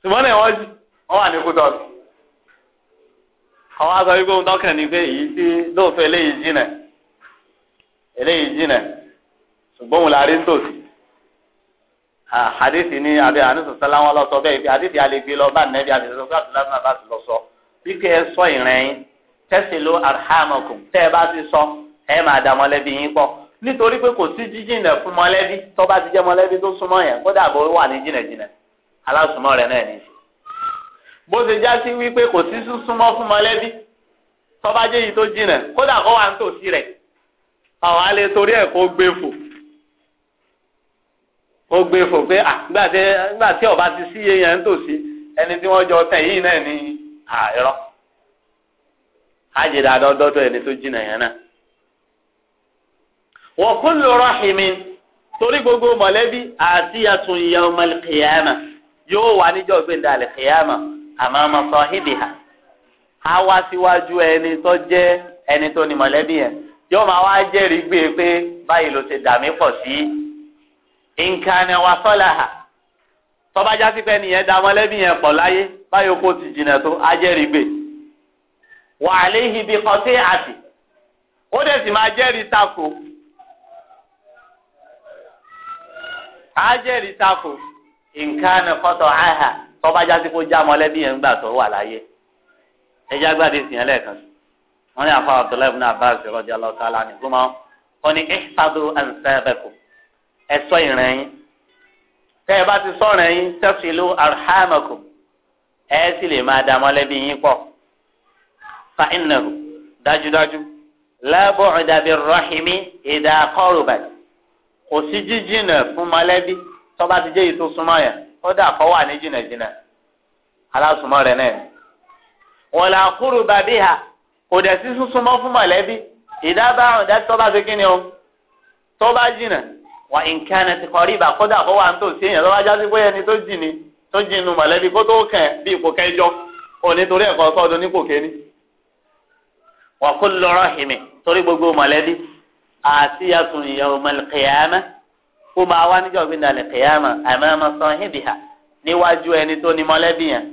ṣùgbọ́n wọ́n wọ́n wà ní kútọ́ọ̀sì àwọn aṣọ tọ́kàn ní pé èyí tí eléyìí jìnà eléyìí jìnà ṣùgbọ́n òun la hadithi ni abe anisu salamu ala sọ bẹ́ẹ̀ hadithi alegbe lọ bá nẹbi àti sọ fún abdullahi náà bá ti lọ sọ wípé ẹ sọ ìrẹyìn tẹsílò arhamakum tẹ ẹ bá ti sọ ẹ máa da mọ̀lẹ́bí yín pọ̀ nítorí pé kò sí jíjìnà fún mọ̀lẹ́bí tó bá ti jẹ mọ̀lẹ́bí tó súnmọ́ yẹn kódà bó wà ní jìnàjìnà alásùnmọ́ rẹ náà ní bó ṣe já sí wípé kò sí súnmọ́ fún mọ̀lẹ́bí tó bá jẹ yìí tó jìnà kódà kó wà nítòsí rẹ àwọn alẹ torí ẹ kó gbé fò ó gbé pe pé ah, à nígbà tí ọba ti sí èèyàn ń tòsí ẹni tí wọ́n jọ tẹ̀ yìí náà ní àìrọ́ ájì dáadáa dọ́dọ̀ ẹni tó jìnnà yẹn náà. wa kullu torí gbogbo mọ̀lẹ́bí àti àtún yawm yóò wà níjọ́ gbẹ̀dẹ̀ al-qiyama amama sahibiha á wá síwájú ẹni tó jẹ́ ẹni tó ní mọ̀lẹ́bí yẹn yóò máa wá nǹkan ẹ̀ wà sọ́lá hà tọ́ba jásí pé nìyẹn da yẹn pọ̀ láyé báyọ̀ kó ti jìnà tó ajẹ́rìí gbè wà á bí kọ́tí àti ó dẹ̀ sì máa jẹ́rìí tako ajẹ́rìí tako nǹkan ẹ̀ àhà tọ́ba jásí kó já mọ́lẹ́bí yẹn gbà tó wà láyé ní Eso ìrìn yín tẹ́ ẹ bá ti ṣọ́ ìrìn yín tasilu arhamakum ẹ sì lè máa da yín fa innahu dájúdájú la bu'da rahimi idha qarabat kò sí jíjìnà fún bá ti èyí tó yẹn ó dà wà ní náà kò dẹ̀ sí súnmọ́ fún mọ̀lẹ́bí ìdábàá o wà nǹkan ti kọ́ rí ibà kódà kó wà ń tò sí èèyàn lọ́wọ́ ajá sí bóyá ẹni tó jì ní tó jì nù mọ̀lẹ́bí kó tó kàn bí ipò kẹjọ ò ní torí ẹ̀kọ́ sọ́dún nípò kéní. wà kó lọ́rọ̀ hìmì torí gbogbo mọ̀lẹ́bí àti yàtùn ìyàwó mọ̀lẹ́kẹ̀yàmẹ́ kó máa wá níjọ́ gbé dalẹ̀ kẹ̀yàmẹ́ àmọ́ sọ hìbì hà níwájú ẹni tó ní mọ̀lẹ́bí yẹn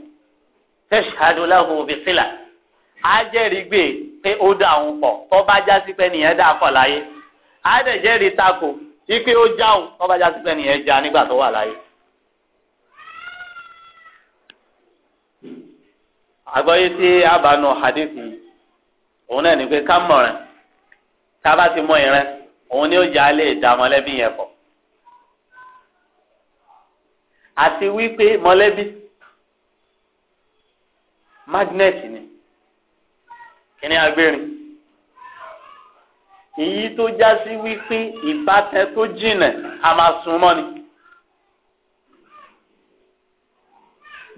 tẹ̀síhádùn láhùn ipe ó já o ọba já sípẹ́ nìyẹn já nígbà tó wà láyé. àgbọ́yé tí a bá nu hadith yìí òun náà ní pé ká mọ̀ rẹ̀ ká bá ti mọ ìrẹ́ òun ni ó já lè dá mọ́lẹ́bí yẹn pọ̀. àti wípé mọ́lẹ́bí magnet ni kíní agbérin èyí tó já sí wípé ìbátan tó jìnà a máa sùn mọ́ ni.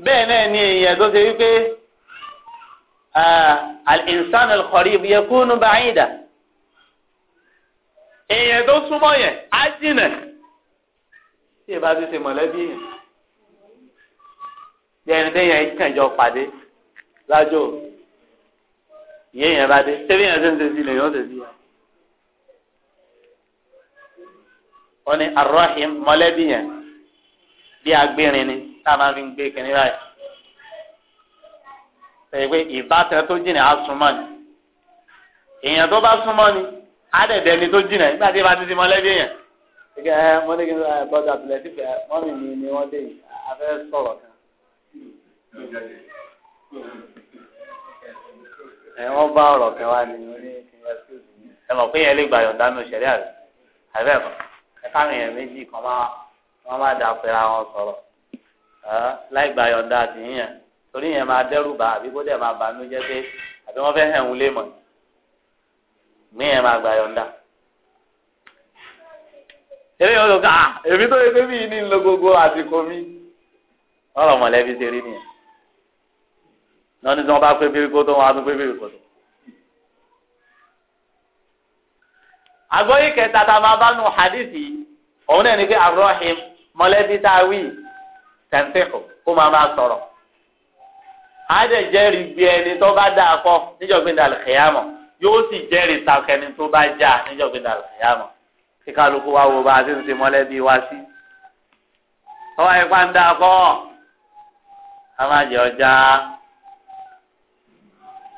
bẹ́ẹ̀ náà ni èèyàn tó ṣe wípé al-insan al-qarib yakunu ba'ida èèyàn tó súnmọ́ yẹn á jìnà tí ìbá ti ṣe mọ̀lẹ́bí yẹn bí ẹni téèyàn kànjọ pàdé lájò ìyẹn yẹn bá dé tẹ́lẹ̀ yẹn ṣe ń ṣe sí lè yọ̀ ṣe sí wọ́n yẹn bí ni tá a máa fi gbé kínní báyìí. Ṣèyí ìbátan tó jìnnà á súnmọ́ ni. Èèyàn tó bá súnmọ́ ni á dẹ̀dẹ̀ ni tó jìnnà nígbà tí ìbá ti di yẹn. ẹ ni wọ́n dé káwọn èèyàn méjì kan máa wọn máa dà pẹ̀lú àwọn sọ̀rọ̀ láì gba yọ̀ǹda àti yíyan torí yẹn máa dẹ́rù bá àbí kó dẹ̀ máa banú jẹ́ pé àbí wọ́n fẹ́ hẹ̀ ń lé mọ̀ mí yẹn máa gba yọ̀ǹda. eré yóò lò ká èmi tó yẹ pé mí ní lo gbogbo àsìkò mi ọ̀rọ̀ mọ̀lẹ́bí ṣe rí nìyẹn lọ́ni tí wọ́n bá pé bíríkó tó wọn á tún pé bíríkó tó. àgbọ́yé kẹta tá a máa bá nu hadithi òun náà ní pé arọ́hìm mọ̀lẹ́bí tá a wí tẹ̀síkù kó máa máa sọ̀rọ̀ á dẹ̀ jẹ́rìí gbé ẹni tó bá dáa kọ́ níjọ́gbìn dàlùkìyàmọ̀ yóò sì jẹ́rìí takẹni tó bá já níjọ́gbìn dàlùkìyàmọ̀ kí kálukú wa wo bá a ti ń ṣe mọ̀lẹ́bí wa sí. tọ́wọ́ ipá ń dáa kọ́ a máa jẹ ọjà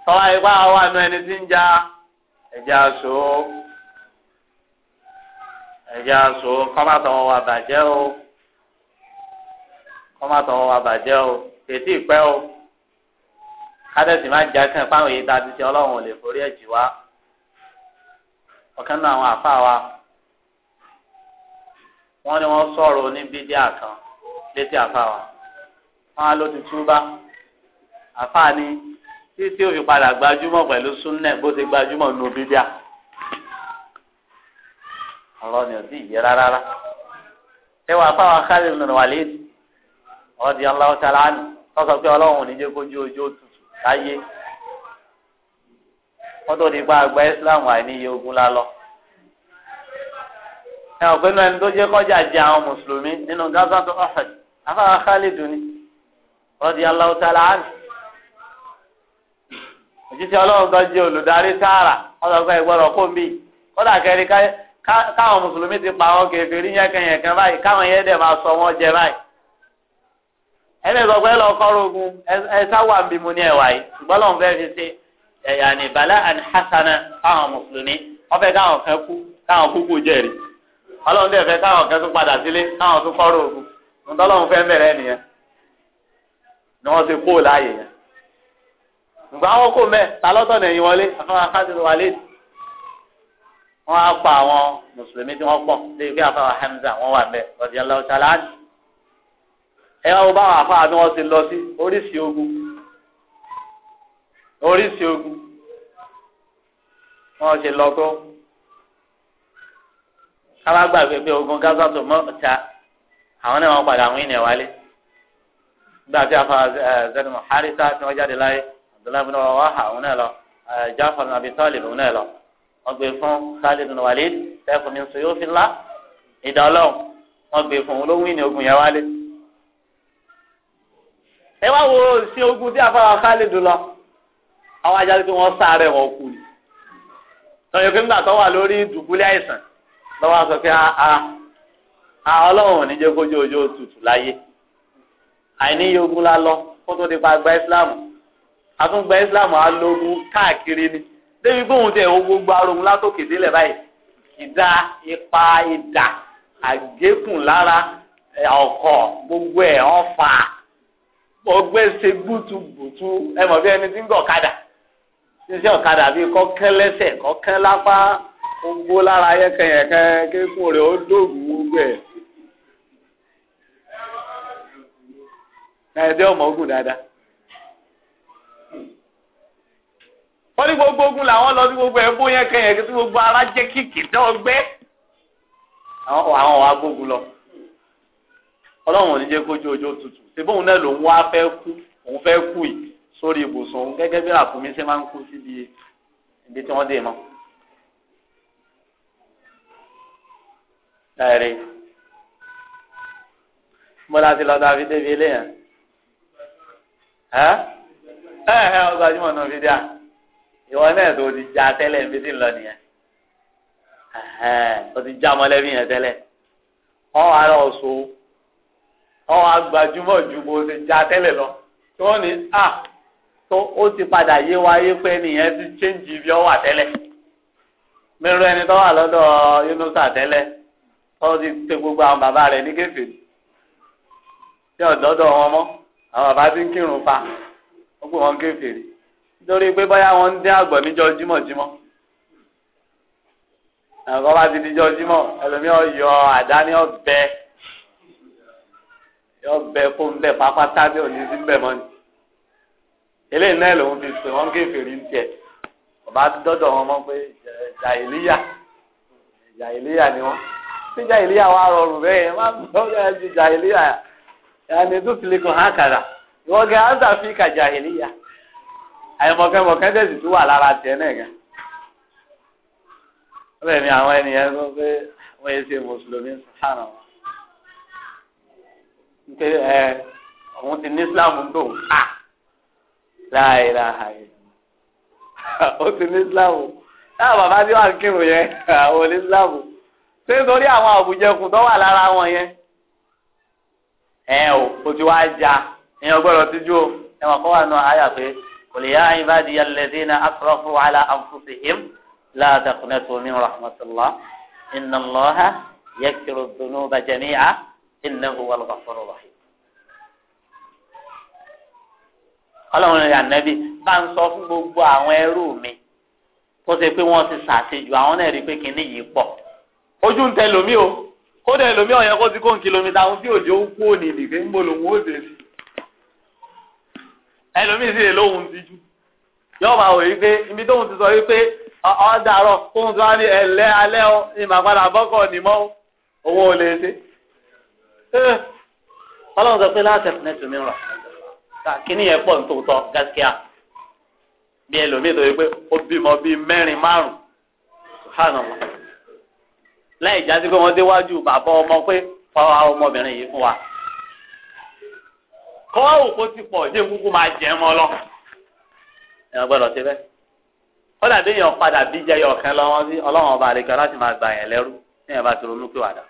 tọ́wọ́ ipá wa nù ẹni tí ń já ẹ̀já sòó ẹ̀jẹ̀ aṣọ kọ́mátọ̀ wọn wà bàjẹ́ o kọ́mátọ̀ wọn wà bàjẹ́ o tètè pẹ́ o kádẹ́sì má já fáwọn èyí tá a ti ṣe ọlọ́run ò lè forí ẹ̀jì wá ọ̀kan náà àwọn àfa wa wọ́n ní wọ́n sọ̀rọ̀ oníbídíà kan létí àfa wa wọ́n á ló ti túbá àfa ni títí ó padà gbajúmọ̀ pẹ̀lú súnnẹ̀ bó ti gbajúmọ̀ nù bídíà. ọ̀rọ̀ ni ò sí rárá ẹwà fáwọn Khalid ibn Walid radiyallahu ta'ala anhu tọ́sọ pé ọlọ́run ní jẹ́ kójú ojú òtútù láyé wọ́n tó di pa àgbà Islam àìníye ogun lálọ́ ẹ ò pé mẹ́rin tó jẹ́ kọjá jẹ àwọn mùsùlùmí nínú gaza tó afáwọn ni òjíṣẹ́ ọlọ́run jẹ́ olùdarí wọ́n sọ pé ìgbọ́dọ̀ kó mi kódà kẹrin káwọn mùsùlùmí ti pa àwọn kèfèrí yẹnkẹyẹnkẹ báyìí káwọn yẹn dẹ̀ máa sọ wọn jẹ báyìí ẹni sọ pé lọ kọ́rọ̀ ogun ẹ sáwà ń bímú ní ẹ̀wà yìí ṣùgbọ́n lọ́n fẹ́ fi ṣe ẹ̀yà ní bala and hasana káwọn mùsùlùmí wọ́n fẹ́ káwọn kan kú káwọn kúkú jẹ̀rì ọlọ́run dẹ̀ fẹ́ káwọn kan tún padà sílé káwọn tún kọ́rọ̀ ogun ǹtọ́ fẹ́ bẹ̀rẹ̀ nìyẹn ni wọ́n ti kó láàyè yẹn ǹgbà wọn kò mẹ́ wọ́n á pa àwọn mùsùlùmí tí wọ́n pọ̀ léyìí bí àfa Hamza wọ́n wà mẹ́ ọ̀dì aláwọ̀tálá ni. ẹ wọ́n bá àwọn àfáà ni wọ́n ti lọ sí oríṣi ogun oríṣi ogun wọ́n ṣe lọ tó káwá gbàgbé pé ogun Gaza tó mọ́ ọ̀tá àwọn náà wọ́n padà àwọn ènìyàn wálé nígbà tí àfa eh, Zaid Harisa tí wọ́n jáde láyé Abdullahi bin Rawaha àwọn náà lọ eh, Jafar bin Abi Talib náà lọ wọ́n gbé fún Khalid bin Walid sẹ́kùn ní sọ yóò fi ńlá ìdá ọlọ́run wọ́n gbé fún olówó ìní ogun yẹn wálé. ẹ wá wo sí ogun tí afárá Khalid lọ àwọn ajá pé wọ́n sáré wọn kú ni. lọ́yọ̀ pé nígbà tó wà lórí dùbúlẹ̀ àìsàn lọ́wọ́ sọ pé a ọlọ́run ò kójú ojú òtútù láyé àìníye ogun la lọ kó tó ti pa gba Islam àtúngbà Islam á lógun káàkiri ni débi gbóhùn tẹ o gbogbo arohun látòkè délẹ̀ báyìí ìdá ipa ìdà àgékùn lára ọkọ̀ gbogbo ẹ̀ ọ̀fà ọgbẹ́ ṣe gbùtùgbùtù ẹ mọ̀ bí ẹni tí ń gbọ̀ kadà ṣíṣe ọ̀kadà bíi kọ́kẹ́ lẹ́sẹ̀ kọ́kẹ́ lápá gbogbo lára yẹ́kẹ́yẹ̀kẹ́ kékun rẹ̀ ó dògùn gbogbo ẹ̀. ẹ̀ẹ́dẹ́ ọmọ ogun dáadáa. wọ́n ní gbogbo ogun làwọn lọ sí gbogbo ẹ̀bú yẹn kẹyìn kí gbogbo ara jẹ́ kìkì tẹ́ ọ gbẹ́ àwọn àwọn wa gbógun lọ ọlọ́run ò ní jẹ́ kójú ojú tutù ṣèbóun náà lòun wá fẹ́ kú òun fẹ́ kú yìí sórí ibùsùn òun gẹ́gẹ́ bí àkùnmí ṣe máa ń kú síbi ibi tí wọ́n dè mọ́. ẹ̀rí mo láti lọ dáa fi débi ilé yẹn ẹ ẹ ọgbà jùmọ̀ náà fi dé à ìwọ náà tó ti já tẹ́lẹ̀ ń bí sí lọ nìyẹn ó ti já mọ́lẹ́bí yẹn tẹ́lẹ̀ wọ́n wá lọ so wọ́n wá gbajúmọ̀ ju bó ti já tẹ́lẹ̀ lọ tí wọ́n ní à tó ó ti padà yé wáyé pé nìyẹn ti chéǹjì bí ọ wà tẹ́lẹ̀ mẹ́rọ ẹni tó wà lọ́dọ̀ Yunusa tẹ́lẹ̀ tó ti tẹ gbogbo àwọn bàbá rẹ̀ ní kẹfìrì tí ọ̀dọ́dọ̀ wọn mọ́ àwọn bàbá ti ń kírun pa ó gbé wọn kẹfìrì lórí pé báyà wọn ń dín àgbọ̀ níjọ́ jímọ̀jímọ̀ ẹ̀kọ́ bá ti níjọ́ jímọ̀ ẹlòmíì ọ̀yọ́ àdáni ọ̀bẹ ọ̀bẹ kó ń bẹ̀ pápátá bí òní sí bẹ̀ mọ́ni eléyìí náà lòun fi sè wọ́n kéferì ń tiẹ̀ ọba dọ́dọ̀ wọn mọ́ pé jàìlíyà jàìlíyà ni wọ́n tí jàìlíyà wa rọrùn bẹ́ẹ̀ yẹn máa ń gbọ́dọ̀ ẹ ju jàìlíyà yẹn ni tó fi lè kàn án kàrà ìwọ́n gẹ́ áńsà fi kà jàìlíyà àìmọ̀kẹ́mọ̀kẹ́ tẹ̀sí tó wà lára tiẹ̀ náà gan. bẹ́ẹ̀ ni àwọn ènìyàn sọ pé wọ́n yẹ ṣe mùsùlùmí sàánà wọn. pé ẹ òun ti ní islam ń dùn ká láì láì ó ti ní islam náà bàbá tí wàá kírun yẹn àwọn ní islam ṣé nítorí àwọn àbújẹkùn tó wà lára wọn yẹn ẹ ò ojú wa já ìyẹn gbọ́dọ̀ tijú o ẹ wọn wà nù àyà pé. قل يا عبادي الذين أسرفوا على أنفسهم لا تقنطوا من رحمة الله إن الله يكفر الذنوب جميعا إنه هو الغفور الرحيم ọlọ́run ìyá nẹ́bí bá ń sọ fún gbogbo àwọn ẹrú mi tó ṣe pé wọ́n ti ṣàṣejù àwọn náà rí i pé kinní yìí pọ̀ ojú ń tẹ lómi o kódà lómi ọ̀yẹ́ kó ti kó ń kìlómítà ohun tí òjò ń kú òní nìgbé ń bò lòun ó dé sí i ẹlòmíì sì lè lóhun ti jù yóò máa wò wípé ibi tóhun ti sọ wípé ọ̀dàrọ̀ tóhun ti wá ní ẹ̀lẹ́ alẹ́ ọ ní màpadà bọ́kọ̀ ní mọ́ owó ò lè ṣe. Eh. ọlọ́run sọ pé láti ẹ̀fún ẹ̀sùn mi rọ̀ kíní yẹn pọ̀ nítòótọ́ gáskíà bí ẹlòmíì tó wípé ó bímọ bíi mẹ́rin márùn-ún subhanallah láì jásí pé wọ́n déwájú bàbá ọmọ pé fọwọ́ ọmọbìnrin yìí fún wa kọ́ òkú ti pọ̀ jẹ́ kúkú máa jẹ́ mọ́ lọ. èèyàn gbọ́dọ̀ ṣe bẹ́ẹ̀. kọ́dà bí èèyàn padà bí jẹ́ yọ̀ kẹ́ lọ́wọ́ sí ọlọ́run ọba àlejò láti máa gbà yẹn lẹ́rú èèyàn bá ti ronú pé wàdà.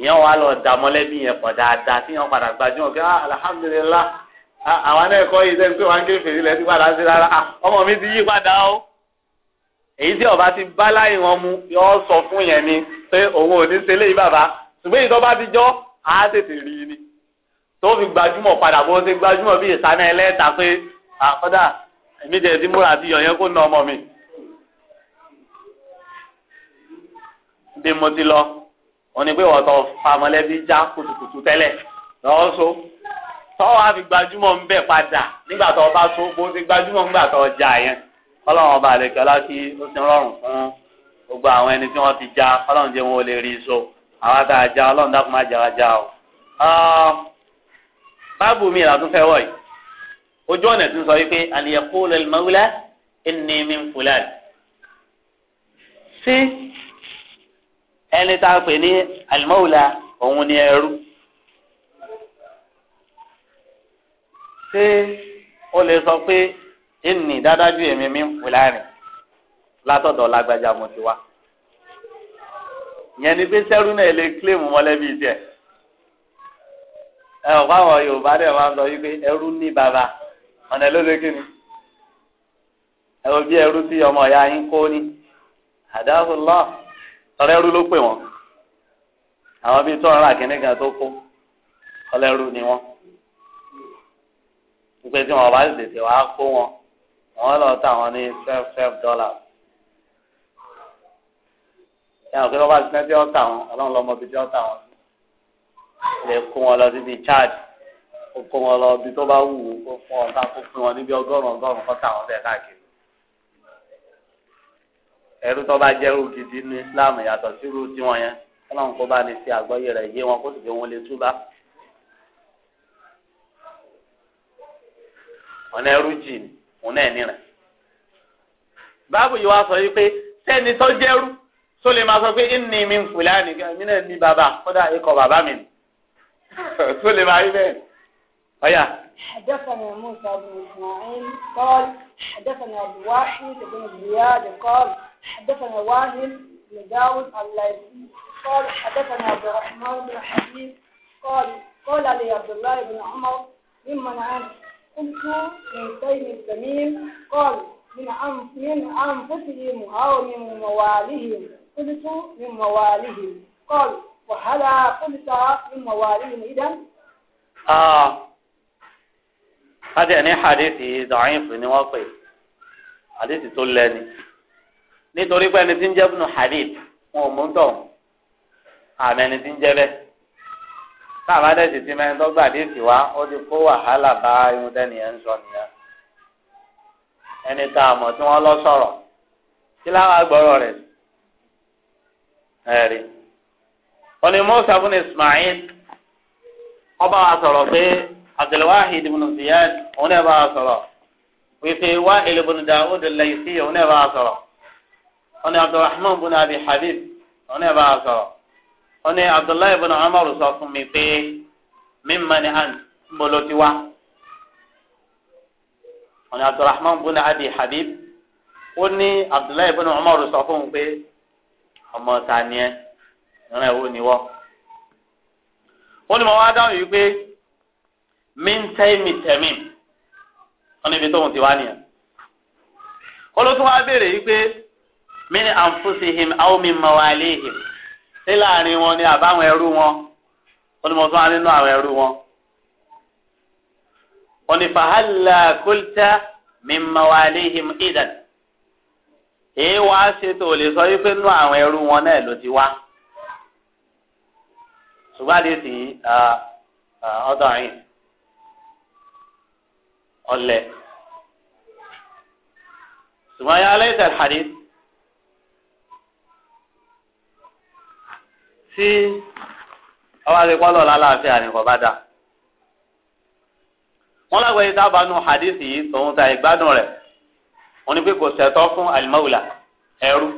ìyẹn wà lọ dà mọ́lẹ́bí yẹn pọ̀ dáadáa tí yẹn padà gbajúmọ̀ pé ah, alhamdulillah ah, àwọn náà kọ́ yìí sẹ́ni pé wọ́n á ń ké fèrè lẹ́sí padà sí rárá ah, ọmọ mi ti yí padà èyí tí ọba ti bá láyé wọn mu yọ sọ fún yẹn ni pé òun ò ní ṣe léyìí bàbá ṣùgbọ́n ìtọ́ ti jọ́ àá tètè rí i ni tó fi gbajúmọ̀ padà bó ṣe gbajúmọ̀ bí ìsáná ẹlẹ́ta pé àkọ́dà èmi tẹ̀ sí múra àti yọ̀yẹ́ kó na ọmọ mi. bí mo ti lọ wọn ni pé ọ̀tọ̀ famọlẹ́bí já kùtùkùtù tẹ́lẹ̀ lọ́wọ́ so tọ́wọ́ á fi gbajúmọ̀ ń bẹ̀ padà nígbà tó bá so bó ṣe gbajúmọ̀ ńgbà tó jà yẹn ọlọ́run ọba àlekẹ́ ọlá kí ó ti rọrùn fún gbogbo àwọn ẹni tí wọ́n ti já ọlọ́run jẹ́ wọn ò lè rí so àwọn àtàjà ọlọ́run dákun má jà wá já o. Ah, báàbù mi là tún fẹ́ wọ̀ yìí ojú ọ̀nà tún sọ wípé àlìyẹ̀kú lẹ́lmọ́wúlá ẹni mi ń fúlàn. sí ẹni tá a pè ní àlìmọ́wúlá òun ni ẹrú. ṣé o lè sọ pé ẹni dádájú èmi mi ń fúlàn látọ̀dọ̀ lágbájá mo ti wá. ìyẹn ni pé sẹ́rú náà lè kílèmù mọ́lẹ́bí tiẹ̀ ẹ ọ̀ fáwọn Yorùbá dẹ̀ máa ń sọ wípé ẹrú ní bàbá ọ̀nà ló lé kí ni ẹ wo bí ẹrú tí ọmọ ìyá yín kó ní àdáhùlọ́ tọrọ ẹrú ló pè wọ́n àwọn bíi tọrọ rà kíní kan tó kó ọlẹ́rú ni wọ́n wípé tí wọn bá sì tètè wá kó wọn wọn lọ tà wọn ní twelve twelve dollars ẹ ọ̀ pé wọ́n bá ti tẹ́tí wọn ọlọ́run lọ́mọ bíi tí ọ́ tà wọn lè kó wọn lọ síbi Chad kó kó wọn lọ ibi tó bá wù kó fún ọ̀tá kó fún wọn níbi ọgọ́rùn ọgọ́rùn kọ́ tà wọ́n káàkiri. ẹrú tó bá jẹ́rú gidi ní Islam yàtọ̀ sírú tiwọn yẹn ọlọ́run kó bá ní sí àgbọ́yé rẹ̀ yé wọn kó sì fi wọn lè túbá. ọ̀nà ẹrú jì ní òun náà ní rẹ̀. báàbù yìí wá sọ yìí pé sẹ́ni tó jẹ́rú sólè máa sọ pé ìnìmí fúlàní mi náà ní bàbá kódà ikọ̀ bàbá mi ni. قول معي معايا هيا حدثنا موسى بن اسماعيل قال حدثنا ابو واحد بن زياد قال حدثنا واهل بن داود الليثي قال حدثنا عبد الرحمن بن حبيب قال قال لي عبد الله بن عمر ممن انت قلت من سيد التميم قال من من انفسهم او من مواليهم قلت من مواليهم قال وهلا قلت من مواليهم إذا آه هذا يعني حديث ضعيف نواقي حديث تولاني nítorí pé ẹni tí ń jẹ́ bùnú hadith wọn ò mú ń tọ̀hún àmì ẹni tí ń jẹ́ bẹ́ẹ̀ táàmà dẹ́sì ti mẹ́rin tó gbà déètì wá ó ti kó wàhálà bá irun dẹ́ni ẹ̀ ń sọ nìyẹn ẹni tá a mọ̀ tí wọ́n lọ sọ̀rọ̀ kí láwọn agbọ́rọ̀ rẹ̀ ẹ̀rí ọ̀nì Musa fún Ismail ọba wa sọ̀rọ̀ pé Abdulwahid ibn Ziyad òun náà bá wa sọ̀rọ̀ wípé Wa'il ibn Dawud al-Laythi òun náà bá wa sọ̀rọ̀ ọ̀nì Abdulrahman ibn Abi Habib òun náà bá wa sọ̀rọ̀ ọ̀nì Abdullahi ibn Umar sọ fún mi pé mímọ́ ni hàn mbolo ti wá Abdulrahman ibn Abi Habib ó Abdullahi ibn Umar sọ fún mi pé ọmọ ta ìran ẹ̀wọ́ ni wọ́. ó ní mo wá dáhùn yìí pé mi ń tẹ́ mi tẹ̀mí wọn níbi tóun ti wá nìyẹn. olótú wa béèrè yìí pé mi ni anfusihim aw min mawalihim sí láàrin wọn ni àbáwọn ẹrú wọn ó ní mo tún wá nínú àwọn ẹrú wọn. ó ní fàhálà kúlítà min mawalihim idan èé wá ṣètò lè sọ wípé nú àwọn ẹrú wọn náà ló ti wá ṣùgbọ́n àdé sì ọ̀dọ̀ àyìn ọ̀lẹ̀ ṣùgbọ́n ayé alẹ́ ìtẹ̀ àdé tí ọba ti kọ́ lọ́la láàfin àníkọ̀ bá dà wọ́n lágbàáyé dábàá nù hadith yìí tòun ta ìgbádùn rẹ̀ wọ́n ní pé kò ṣẹ̀tọ́ fún alimawula ẹrú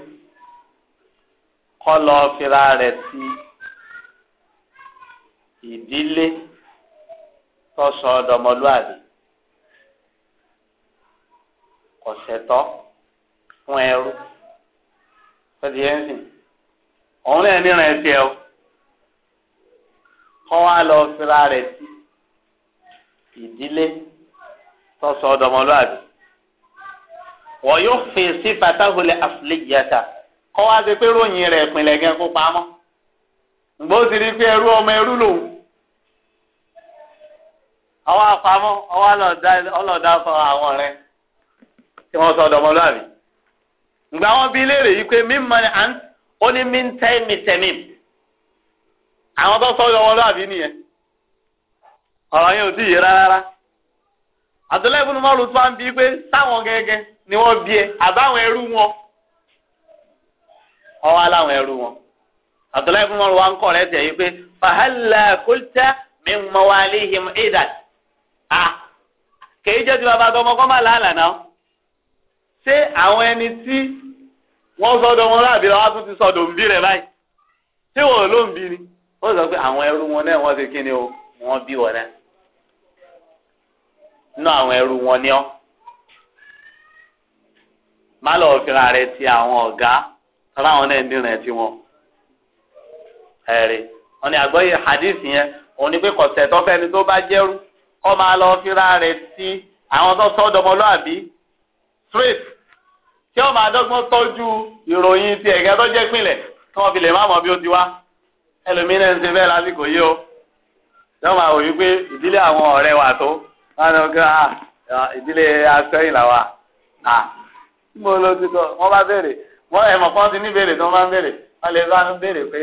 kọ́ lọ́ọ́ fira rẹ̀ sí i ìdílé tọ́sọ ọ̀dọ́mọlúwàbí kọ̀sẹ̀tọ́ fún ẹrú fẹ́ẹ́dì ẹ̀ńsìn òun náà níran ẹsẹ̀ o kọ́ wa lọ fira rẹ̀ sí ìdílé tọ́sọ ọ̀dọ́mọlúwàbí wọ́n yóò fi sí fatahulẹ̀ afúlẹ́jìyàtà kọ́ wa ṣe pé ròyìn rẹ̀ ìpínlẹ̀ gan kó pamọ́. Mgbe o siri rí pé ọmọ ẹrú lòun ọwọ́ apamọ́ ọwọ́ fọ àwọn rẹ tí wọ́n sọ ọ̀dọ́mọlúwàbí ǹgbà wọn bí léèrè yìí pé mímọ ni à ń ó ní mí ń tẹ́ mi tẹ̀mí àwọn tó sọ ọ̀dọ́mọlúwàbí nìyẹn ọ̀rọ̀ yẹn ò tí yé rárá tó wá ń bí pé abdullahi bin umar wa ń kọ̀ rẹ̀ tẹ̀ yí pé fàhálà kúlta mi mawalihim idan a kèé jẹ́ ti bàbá àtọmọ kọ́ máa làálàá náà ṣé àwọn ẹni tí wọ́n sọ́dọ̀ wọn láàbí lọ́wọ́ tún ti sọ́dọ̀ ń bí rẹ̀ báyìí ṣé wọ́n ló ń bí ni wọ́n sọ pé àwọn ẹrú wọn náà wọ́n ṣe kí ni o wọ́n bí wọn náà nínú àwọn ẹrú wọn ni ọ́ má lọ́ọ́ fira rẹ̀ ti àwọn ọ̀gá tọ́lá àwọn náà ń dìrẹ̀ tiwọn ẹ̀rí wọn ni àgbọ́yé hadith yẹn òun ni pé kọ̀sẹ̀ tó fẹ́ni tó bá jẹ́rú kọ́ máa lọ fira rẹ̀ sí àwọn tó sọ ọdọmọlúàbí straight tí ó máa dọ́gbọ́n tọ́jú ìròyìn ti ẹ̀gẹ́ tó jẹ́ pinlẹ̀ tí wọ́n fi lè má mọ̀ bí ó ti wá ẹlòmínà ń ṣe bẹ́ẹ̀ lásìkò yìí o yóò máa wò wípé ìdílé àwọn ọ̀rẹ́ wa tó wọn lọ gbé ah, ìdílé asẹ́yìn làwà à mo lọ ti sọ wọn bá béèrè wọn ẹ̀mọ̀ kan ti ní béèrè tí wọ́n bá ń béèrè wọn lè bá ń béèrè pé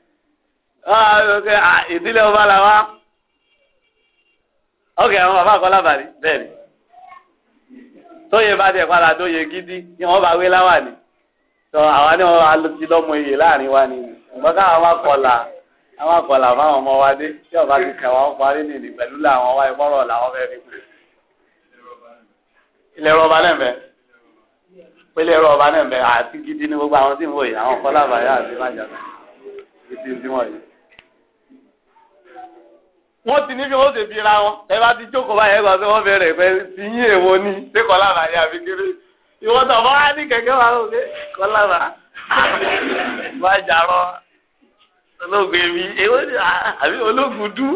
Ah, ah, ìdílé ọba là wá ọkẹ àwọn bàbá àkọlà bàrí bẹ́ẹ̀ ni tóye bá tiẹ̀ padà tóye gidi ni wọ́n bá wé láwà ni tọ àwa ni wọ́n ti lọ́mọ iye láàrin wa ni ìgbọ́n káwọn wá kọlà àwọn akọlà fáwọn ọmọ wa dé tí ọba ti kàn wọ́n parí nìyí pẹ̀lú làwọn wá ìgbọ́rọ̀ làwọn fẹ́ẹ́ fi pè ilẹ̀ rọba náà bẹ́ẹ̀ pélé rọba náà bẹ́ẹ̀ àti gidi ni gbogbo àwọn tí ń wòye àwọn kọlà bàrí àti májàmẹ́ gidi ń dín wọ̀nyí wọ́n ti ní bí wọ́n ṣe fi ra wọn ẹ bá ti jókòó báyẹn gbà pé wọ́n bẹ̀rẹ̀ pé ti yín èwo ni ṣé kọ́ lára yà fi kéré ìwọ́n tó bá wá ní kẹ̀kẹ́ wa ló dé kọ́ lára wá jàrọ́ ológun èmi èwo ni àbí ológun dú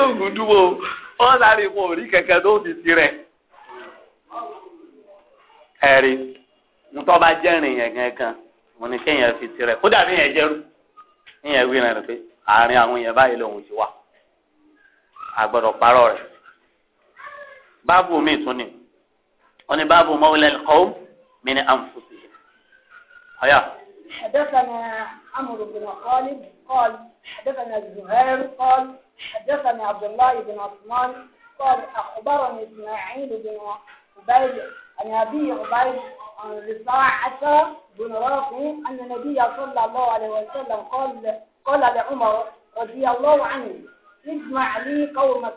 ológun dú o wọ́n sáré fún òrí kẹ̀kẹ́ tó ti ti rẹ̀ ẹ̀rí ntọ́ bá jẹ́rìn yẹn gangan mo ní kéèyàn fi tirẹ̀ kódà bí yẹn jẹ́rú yẹn wí rẹ̀ pé àárín àwọn yẹn báyìí lòun ti wà. àgbọ̀dọ̀ parọ́ rẹ̀ báàbù mi tún ni wọ́n ní báàbù mawlal qawm min anfusihim ọ̀yà. حدثنا عمرو بن خالد قال حدثنا الزهير قال حدثنا عبد الله بن عثمان قال أخبرني إسماعيل بن عبيد عن أبي عبيد عن رفاعة بن رافع أن النبي صلى الله عليه وسلم قال قال لعمر رضي الله عنه اجمع لي قومك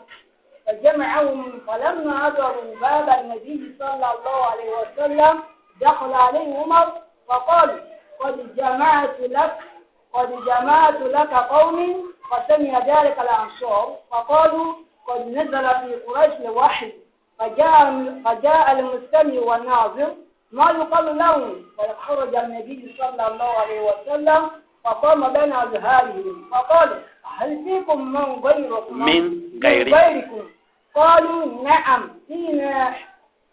فجمعهم فلما أدروا باب النبي صلى الله عليه وسلم دخل عليه عمر فقال قد جمعت لك قد جمعت لك قوم فسمع ذلك الأنصار فقالوا قد نزل في قريش لوحي فجاء فجاء المستمع والناظر ما يقال لهم فخرج النبي صلى الله عليه وسلم فقام بين أزهارهم فقال هل فيكم من غيركم من غيركم قالوا نعم فينا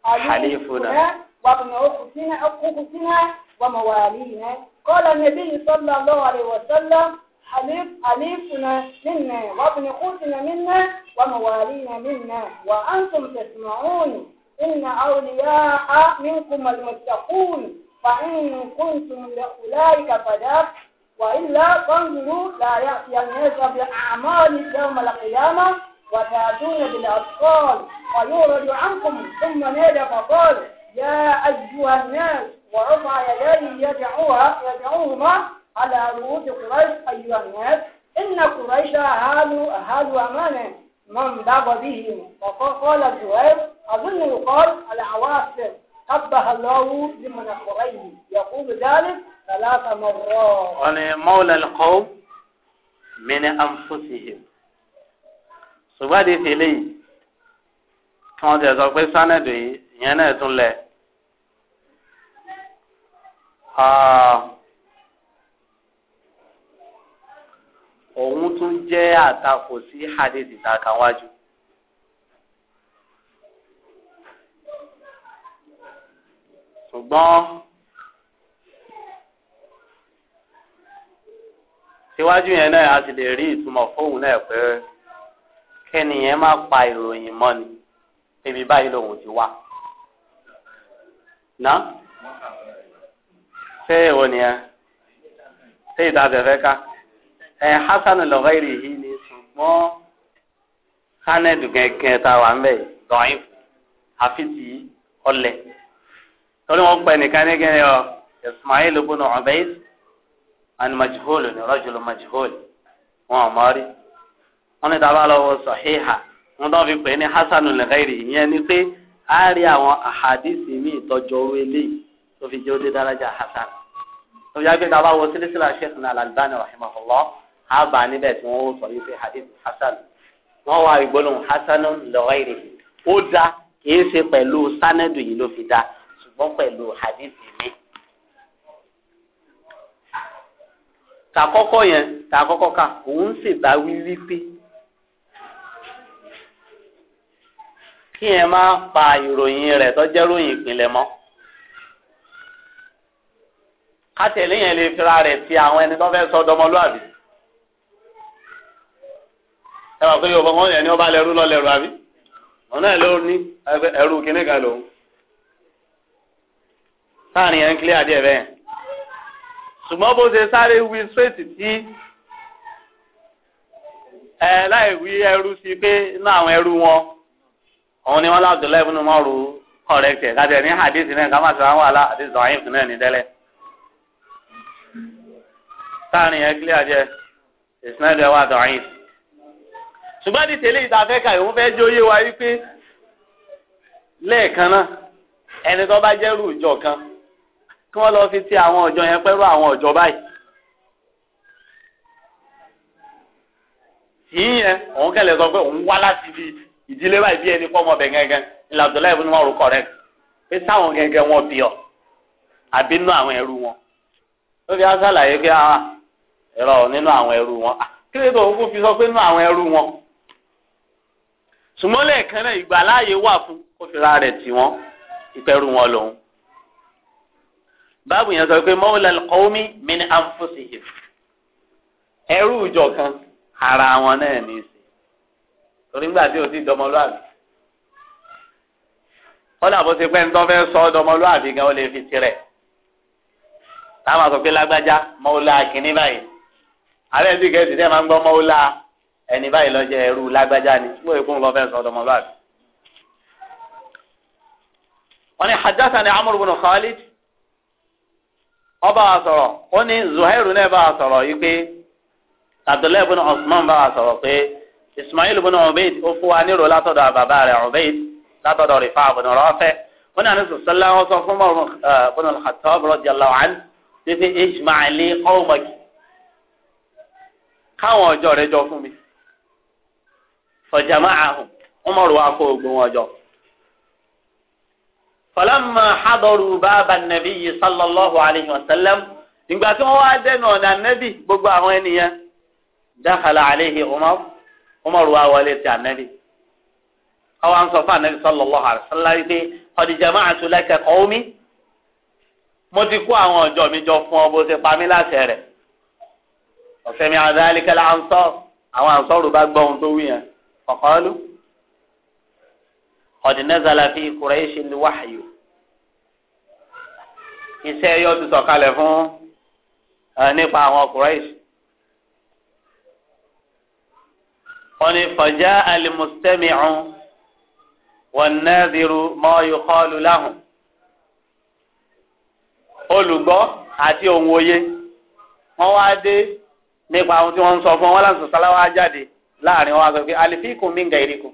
حليفنا وابن أختنا أختنا وموالينا قال النبي صلى الله عليه وسلم حليف حليفنا منا وابن أختنا منا وموالينا منا وأنتم تسمعون إن أولياء منكم المتقون فإن كنتم لأولئك فدافع وإلا فانظروا لا يأتي الناس بأعمال يوم القيامة وتأتون بالأطفال ويورد عنكم ثم نادى فقال يا أيها الناس ورفع يديه يدعوها يدعوهما على رؤوس قريش أيها الناس إن قريش هالوا هالوا أمانة من باب بهم فقال الزهير أظن يقال العواصف قبها الله لمن قريش يقول ذلك wọ́n ní mọ́wùlẹ̀ lọ́kọ́ mi ní amfusihim ṣùgbọ́n àti ìfìlẹ̀ yìí kí wọ́n ti sọ pé sánẹ́dù yìí ìyẹn náà tún lẹ̀ òun tún jẹ́ àtakò sí hadithi tàkàwájú. ṣùgbọ́n. síwájú yẹn náà a ti lè rí ìtumọ̀ fóun náà pé kẹ́niyẹn má pa ìròyìn mọ́ ni ibi báyìí lòun ti wá. ná ṣé èwo nìyẹn ṣé ìtafẹ́fẹ́ ká ẹ hasan lọ́gẹ́rì yìí ni ṣùgbọ́n kánẹ́ẹ̀dù gẹ́gẹ́ tá a wà ń bẹ̀ lọ́yìn àfi tì í ọlẹ̀ torí wọ́n pẹ̀ nìkan ní kẹ́ni ọ Ismail ibùnú ọ̀bẹ́yìí ani majhul ni rajul majhul wọn ò mọ rí wọn ní dábàá lọ́wọ́ sọ̀híhà wọn tó fi pè ní hasanu lẹ́gẹ́rì ìyẹn ni pé a rí àwọn àhàdísì míì tọjọ owó eléyìí tó fi jẹ́ ó dé dárájà hasan tó fi jágbé dábàá wọ sílẹ̀sílẹ̀ sheikh náà alalbani rahimahullah a bá níbẹ̀ tí wọ́n sọ yìí pé hadith hasan wọ́n wá ìgbóhùn hasanu lẹ́gẹ́rì ó dá kìí ṣe pẹ̀lú sanadu yìí ló fi dá ṣùgbọ́n pẹ̀lú hadith mi. tàkọ́kọ́ yẹn tàkọ́kọ́ ká òun sì bá wí wípé kí yẹn má pa ìròyìn rẹ̀ tó jẹ́ ròyìn ìpìlẹ̀ mọ́ kátẹ̀lé yẹn lè fira rẹ̀ ti àwọn ẹni tó fẹ́ sọ dọmọlúàbí ẹ wà pé Yorùbá wọn yẹn ni ọba lẹrú lọ lẹrú àbí wọn náà ló ní ẹrú kíní kan lòun sáà ni ń kílẹ̀ adìẹ bẹ́ẹ̀ ṣùgbọ́n bó ṣe sáré wí ṣéètì tí ẹ láì wí ẹrú sí pé inú àwọn ẹrú wọn òun ni wọn láàbùdó lẹ́ẹ̀mú ni wọ́n rò ó kọ̀rẹ́kì ẹ̀ kájẹ ní hadith náà ká má ṣe wọn wà lá hadith ọ̀hún ìfún náà ní tẹ́lẹ̀. sáàrin yẹn kílíà jẹ ìsinmi ẹ̀ wà dọ̀hún ìfún. ṣùgbọ́n ní tẹ́lẹ̀ ìtafẹ́ kà ìwọ́n fẹ́ jóyè wa wípé lẹ́ẹ̀kan náà ẹni tó bá jẹ́rù ìjọ kan kí wọ́n lọ fi ti àwọn ọ̀jọ́ yẹn pẹ́rú àwọn ọ̀jọ́ báyìí. yìí yẹn òun kẹlẹ̀ sọ pé òun wá láti fi ìdílé báyìí bí ẹni pọ́nmọ́ bẹ̀ gẹ́gẹ́ ńlá Abdullahi ibùdó máa rò correct pé sáwọn gẹ́gẹ́ wọn bí ọ àbí nínú àwọn ẹrú wọn. ó fi aṣàlàyé pé ah ẹ̀rọ nínú àwọn ẹrú wọn ah, kí ló dé òun kò fi sọ pé nínú àwọn ẹrú wọn. sùmọ́lẹ̀ kan ìgbàláàyè wà fún kó rẹ̀ tì wọ́n ìpẹ́rù wọn lòun báàbù yẹn sọ pé mawlal qawmi min anfusihim ẹrú ìjọ kan ara wọn náà ní í ṣe torí ńgbà tí o ti dọmọlúwàbí kọ́dà bó ṣe pẹ́ ń tán fẹ́ sọ dọmọlúwàbí gan ó lè fi tirẹ̀ táwọn sọ pé lágbájá mọ́wúlá kìíní báyìí ààrẹ ti kẹ́sì tẹ́ máa ń gbọ́ mọ́wúlá ẹni báyìí lọ́jọ́ ẹrú lágbájá ni wọ́n èkó ń fẹ́ sọ dọmọlúwàbí. wọ́n ní hadathana Amr ibn Khalid ọba àsọ̀rọ̀ ó ní zuhairu náà bá àsọ̀rọ̀ yìí pé abdullahi bin usman bá àsọ̀rọ̀ pé ismail bin ubaid ó fún wa nírò látọ̀dọ̀ bàbá rẹ̀ ubaid látọ̀dọ̀ rifa bin rafi ó ní àná sọ̀sọ́lá wọn sọ fún mọ̀rún bin al-khattab radiyallahu anhu títí ismaili qawmaki káwọn ọjọ́ rẹ̀ jọ fún mi fa jama'ahum Umaru wa kó ogun ọjọ́ falamma hadaru baba nabi sallallahu alayhi wa sallam ìgbà tí wọ́n wá dẹnu ọ̀nà nẹ́bì gbogbo àwọn ènìyàn dákàlà àlehi umar umar wa wọlé ti ànẹ́bì ọwọ́ à ń sọ fún ànẹ́bì sallallahu alayhi wa sallam pé qad jama'tu laka qawmi mo ti kó àwọn ọjọ́ mi jọ fún ọ bó ṣe pa mí láṣẹ rẹ̀ ọ̀sẹ̀ mi àdáyé kẹlẹ́ ansọ́ àwọn ansọ́rù bá gbọ́ ohun tó wí yẹn ọ̀kọ́ lù. قد نزل في قريش الوحي iṣẹ́ ẹyọ ti sọ̀kalẹ̀ fún nípa àwọn Quraysh wọ́n ní fọjá alimustami'un wan-nadhiru ma yuqalu lahum olùgbọ́ àti òun òye wọ́n wá dé nípa ohun tí wọ́n ń sọ fún wọn láti sọ sáláwá jáde láàrin wọn wá sọ pé alifikum min gairikum.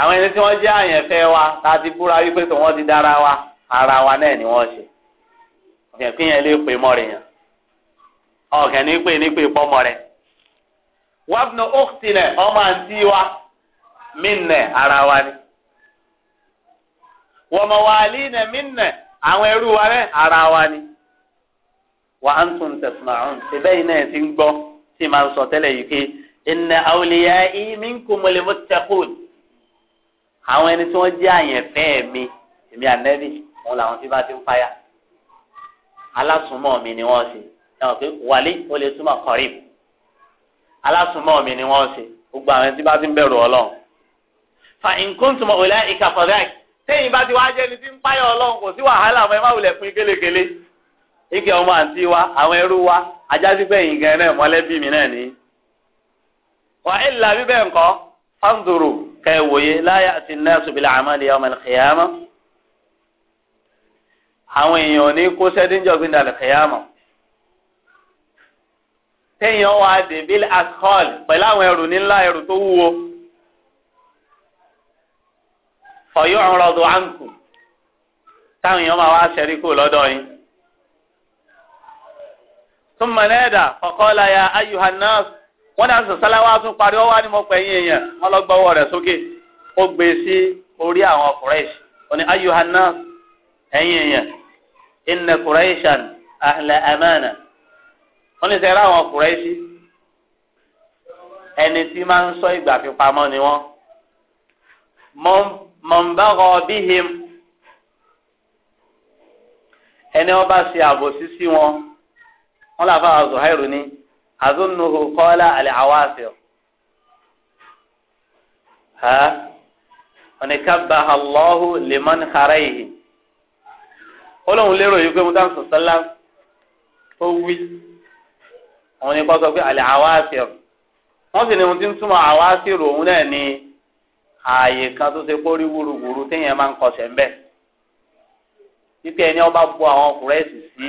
àwọn ẹni tí wọ́n jẹ́ àyànfẹ́ wa láti búra wípé tó wọ́n ti dára wa ara wa náà ni wọ́n ṣe ọ̀kẹ́ kí yẹn lè pè yẹn ní pè ní pè pọ́mọ rẹ̀ wàbùnà òkùtìlẹ̀ ọmọ àǹtí wa mínẹ̀ ara wa ni àwọn ẹrú wa ara wa ni wà á ń tún ti ń gbọ́ tí màá sọ tẹ́lẹ̀ yìí pé àwọn ẹni tí wọ́n jẹ́ àyànfẹ́ mi èmi ànẹ́bí wọn làwọn tí bá ti ń fáyà alásùnmọ̀ mi ni wọ́n ṣe ẹ wọ́n pé wàlí ó lè túmọ̀ kọ̀rìm alásùnmọ̀ mi ni wọ́n ṣe gbogbo àwọn ẹni tí bá ti ń bẹ̀rù ọlọ́run fa nǹkan tó mọ òlà ìkàfọ̀dà tẹ́yìn bá ti wá jẹ́ ni tí ń páyà ọlọ́run kò sí wàhálà ọmọ ẹ má wulẹ̀ fún kélékélé ike ọmọ àǹtí wa àwọn ẹrú wa ajásígbẹ́ yìí gan náà mọ́lẹ́bí mi náà ní. wà á ìlà bíbẹ̀ nǹkan fáńdòrò ẹ wòye láyà àti nẹ́ẹ̀sù bíi àmàlẹ́ ọmọ ìkẹyàmọ́ àwọn èèyàn ní kó sẹ́dínjọ́ bí nàlẹ́ ìkẹyàmọ́ téèyàn wà dé bíi asọ́ọ̀lì pẹ̀lú àwọn ẹrù nílá ẹrù tó wúwo fọyọ́ ọ̀rọ̀ ọ̀dọ̀ àǹkù táwọn èèyàn máa wá ṣẹ́rí kú lọ́dọ̀ yín. ثم نادى فقال يا أيها الناس wọ́n dà sọ̀sálà wá tún parí ọwọ́ ni mo pẹ̀ yín èèyàn wọ́n lọ gbọ́wọ́ rẹ̀ sókè ó gbé e sí orí àwọn Quraysh òní ayuhanna ẹ̀yìn èèyàn inna Qurayshan ahla amana wọ́n ní sẹ́ra àwọn Quraysh ẹni tí máa ń sọ ìgbà fipamọ́ ni wọ́n mọ̀nbáwọ̀ bíhìm ẹni wọ́n bá ṣe àbòsí sí wọn wọ́n làbá Zuhairu ni. أظنه قال العوافر ها ونكبه الله لمن خريه Ọlọ́run lérò yìí pé mo dáhùn sọ̀sọ́lá ó wí àwọn nípa sọ pé àlẹ́ àwáṣírò wọ́n sì ní ohun tí ń túmọ̀ àwáṣírò òun náà ni ààyè kan tó ṣe kórí wúruwúru téèyàn máa ń kọsẹ̀ ń bẹ̀ wípé ẹni ọba bu àwọn ọkùnrin ẹ̀sìn sí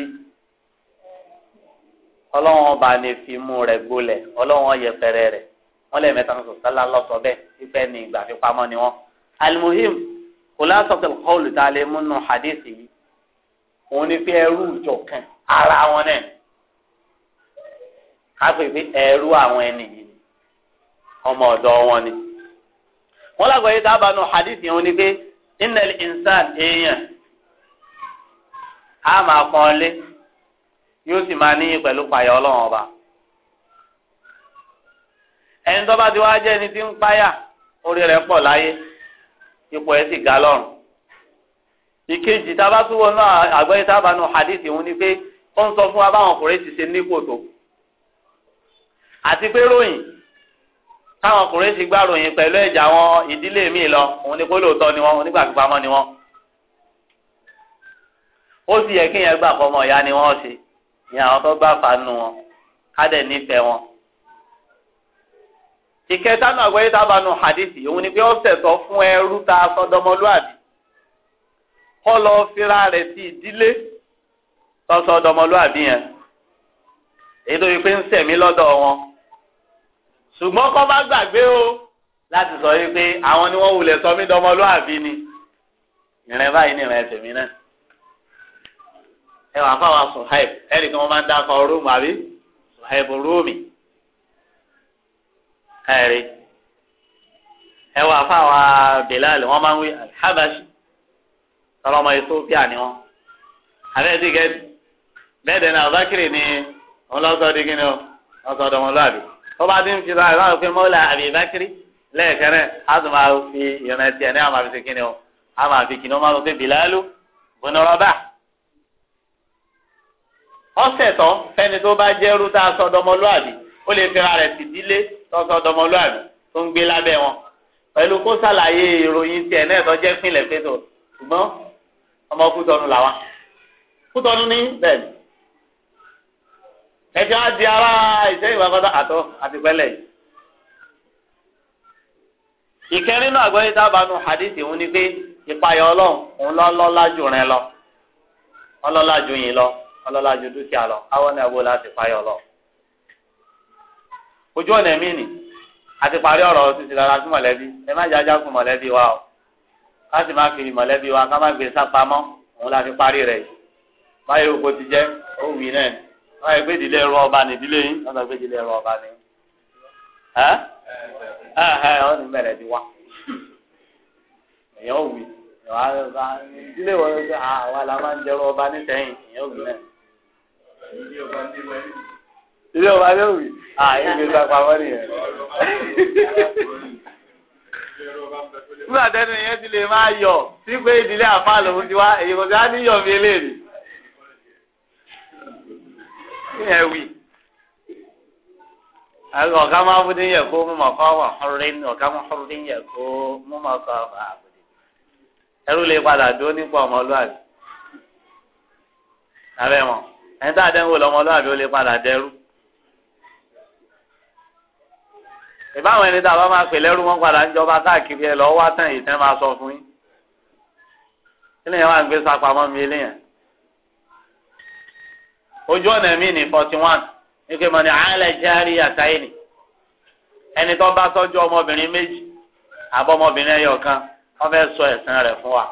ọlọ́run ọba ni fi mú rẹ̀ gbolẹ̀ ọlọ́run yẹpẹrẹ rẹ̀ wọ́n lè mẹ́ta sọ̀tọ̀ sálá lọ́sọ̀ bẹ́ẹ̀ ìfẹ́ ni ìgbà fipamọ́ ni wọ́n. alimuhim kò lásọ̀tọ̀ kọ́ọ̀lù tá a lè múnú hadithi yìí òun ni pé ẹrú ìjọ kan ara wọn náà ká pè pé ẹrú àwọn ẹni yìí ọmọ ọ̀dọ̀ wọn ni. wọ́n lágbo yìí dábàá nu hadithi òun ni pé innal insan èèyàn á máa pọ́n lé yóò sì máa níyìn pẹ̀lú payà ọlọ́run ọba ẹni tó bá ti wá jẹ́ ẹni tí ń páyà orí rẹ̀ pọ̀ láyé ipò ẹ̀ sì ga lọ́run ìkejì tá a bá tún wọnú àgbẹ̀yẹ tá a bá nu hadithi òun ni pé ó ń sọ fún wa báwọn ọkùnrin ti ṣe nípò tó àti pé ròyìn táwọn ọkùnrin ti gbá ròyìn pẹ̀lú ẹ̀jẹ̀ àwọn ìdílé mi lọ òun ni pé lóòótọ́ ni wọ́n onígbà pípamọ́ ni wọ́n ó sì yẹ kéèyàn gbà pọ̀ mọ́ ìyá ni wọ́n ṣe. Ni àwọn tó bá fanu wọn ká dẹ̀ nífẹ̀ẹ́ wọn. ìkẹta náà gbé tábà nu hadithi òun ni pé ó ṣẹ̀tọ́ fún ẹrú ta sọdọmọlúàbí kọ́ lọ fira rẹ̀ sí ìdílé tọ́sọdọmọlúàbí yẹn èyí tó yẹ pé ń sẹ̀mí lọ́dọ̀ wọn ṣùgbọ́n kọ́ bá gbàgbé o láti sọ yìí pé àwọn ni wọ́n wulẹ̀ sọ ni ìrìn báyìí ni ìrìn ẹ̀fẹ̀mí náà ẹ wà fáwọn sọ̀háìb ẹ̀rì kan wọ́n máa ń dákọ̀ rúùmù àbí sọ̀háìb rúùmì ẹ̀rì ẹ wà fáwọn bìláàlì wọ́n máa ń wí alhabashi tọ́lọ́mọ ethiopia ni wọ́n abẹ́ẹ̀ ti gẹ́gẹ́ bẹ́ẹ̀ dẹ̀ ní abakiri ni wọ́n lọ́sọ̀ọ́ di kíni o lọ́sọ̀ọ́dọ̀ wọn lọ́àbí tó bá ti ń fi báyìí báyìí pé mọ́lá àbí bakiri lẹ́ẹ̀kẹ́rẹ́ á tún máa fi ìrìnàjò ẹ̀ ní àmàfi kíni o àmàfi kíni o máa lọ pé bìláàlù bùnú rọ́bà ọ̀sẹ̀ tán fẹ́ni tó bá jẹ́ rú tá a sọ dọmọlúàbí ó lè fira rẹ̀ sì dílé tó sọ dọmọlúàbí tó ń gbé lábẹ́ wọn pẹ̀lú kó sàlàyé ìròyìn tiẹ̀ náà tó jẹ́ pínlẹ̀ pẹ̀tọ̀ ṣùgbọ́n ọmọ kútọ́nu làwa kútọ́nu ní bẹ́ẹ̀ ni ẹ̀jẹ̀ á di ara ìṣẹ́yìn wà kọ́tà àtọ́ àti pẹ́lẹ̀ yìí ìkẹrin náà gbọ́ yíta bá nu hadith òun ni pé ìpayọ̀ ọlọ́run òun lọ́lọ́lá jù rẹ lọ ọlọ́lá jù yín lọ ọlọ́lá ju dúkìá lọ àwọn náà wó láti fáyọ̀ lọ. ojú ọ̀nà ẹ̀mí nì àti parí ọ̀rọ̀ títí lára sí mọ̀lẹ́bí ẹ má jájá fún mọ̀lẹ́bí wa o ká má fi mọ̀lẹ́bí wa ká má gbé sápamọ́ òun la parí rẹ̀ yìí báyìí oko ti jẹ́ ó wì náà báyìí pé ìdílé ẹrú ọba ní ìdílé yín lọ́dọ̀ pé ìdílé ẹrú ọba ní. ẹ ẹ ẹ ọ ti wá èèyàn ò wì ìdílé wọn ló ń sọ àwa la máa ń jẹ́rú ọba nítẹ̀yìn èèyàn ò wì náà ilé ọba yóò wí àyè mi sá pamọ́ nìyẹn. nígbà tẹnu yẹn ti lè máa yọ sí pé ìdílé àfáà lòun ti wá èyí kò sí á ní yọ̀ mí eléyìí. ìyẹn wì ọ̀gá máa bú níyẹ̀ kó mú màkà wà ọ̀rẹ́ ọ̀gá máa bú níyẹ̀ kó mú màkà wà àbúdé. ẹrú lè padà dúró nípa ọmọlúwàbí. abẹ́ wọn ẹni tá a dẹ́ ń wò lọ́mọlúwàbí ó lè padà dẹrú. ìbáwọn ẹni tá a bá máa pè lẹ́rú wọn padà ń jọba káàkiri ẹ lọ́wọ́ wá tán ìtẹ́ máa sọ fún yín. kílẹ̀ yẹn wà ń gbé sapamọ́ mi ilé yẹn. ojú ọ̀nà mi ní forty one ní pé ní àálẹ̀ járí àtàyè ẹni tó bá tọ́jú ọmọbìnrin méjì àbọ̀ ọmọbìnrin ẹyọ kan wọ́n fẹ́ sọ ẹ̀sìn rẹ̀ fún wa.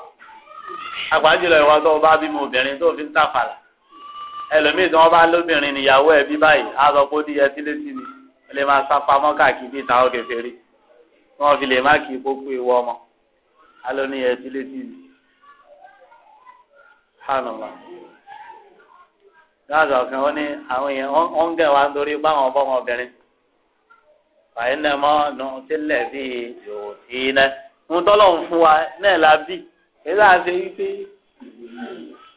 àgbájúlọ̀ ìwà tó bá bímọ obìnrin tó fi ń tàfàlà ẹlòmíì tí wọ́n bá lóbìnrin níyàwó ẹ̀ bí báyìí á sọ pé ó díyẹ sílé sí ni ó lè máa sá pamọ́ káàkiri bí ìtàn òkè fèrè tí wọ́n fi lè má kí kókó ìwọ ọmọ á ló níyẹ ni. hànùmá gáàsì ọ̀kan ó ní àwọn èèyàn ó ń gẹ̀ wá nítorí báwọn ọmọbìnrin fàyín náà mọ́ nù sílẹ̀ bíi yòòtí náà ń tọ́lọ́ fún wa náà la bí èyí láti ṣe wípé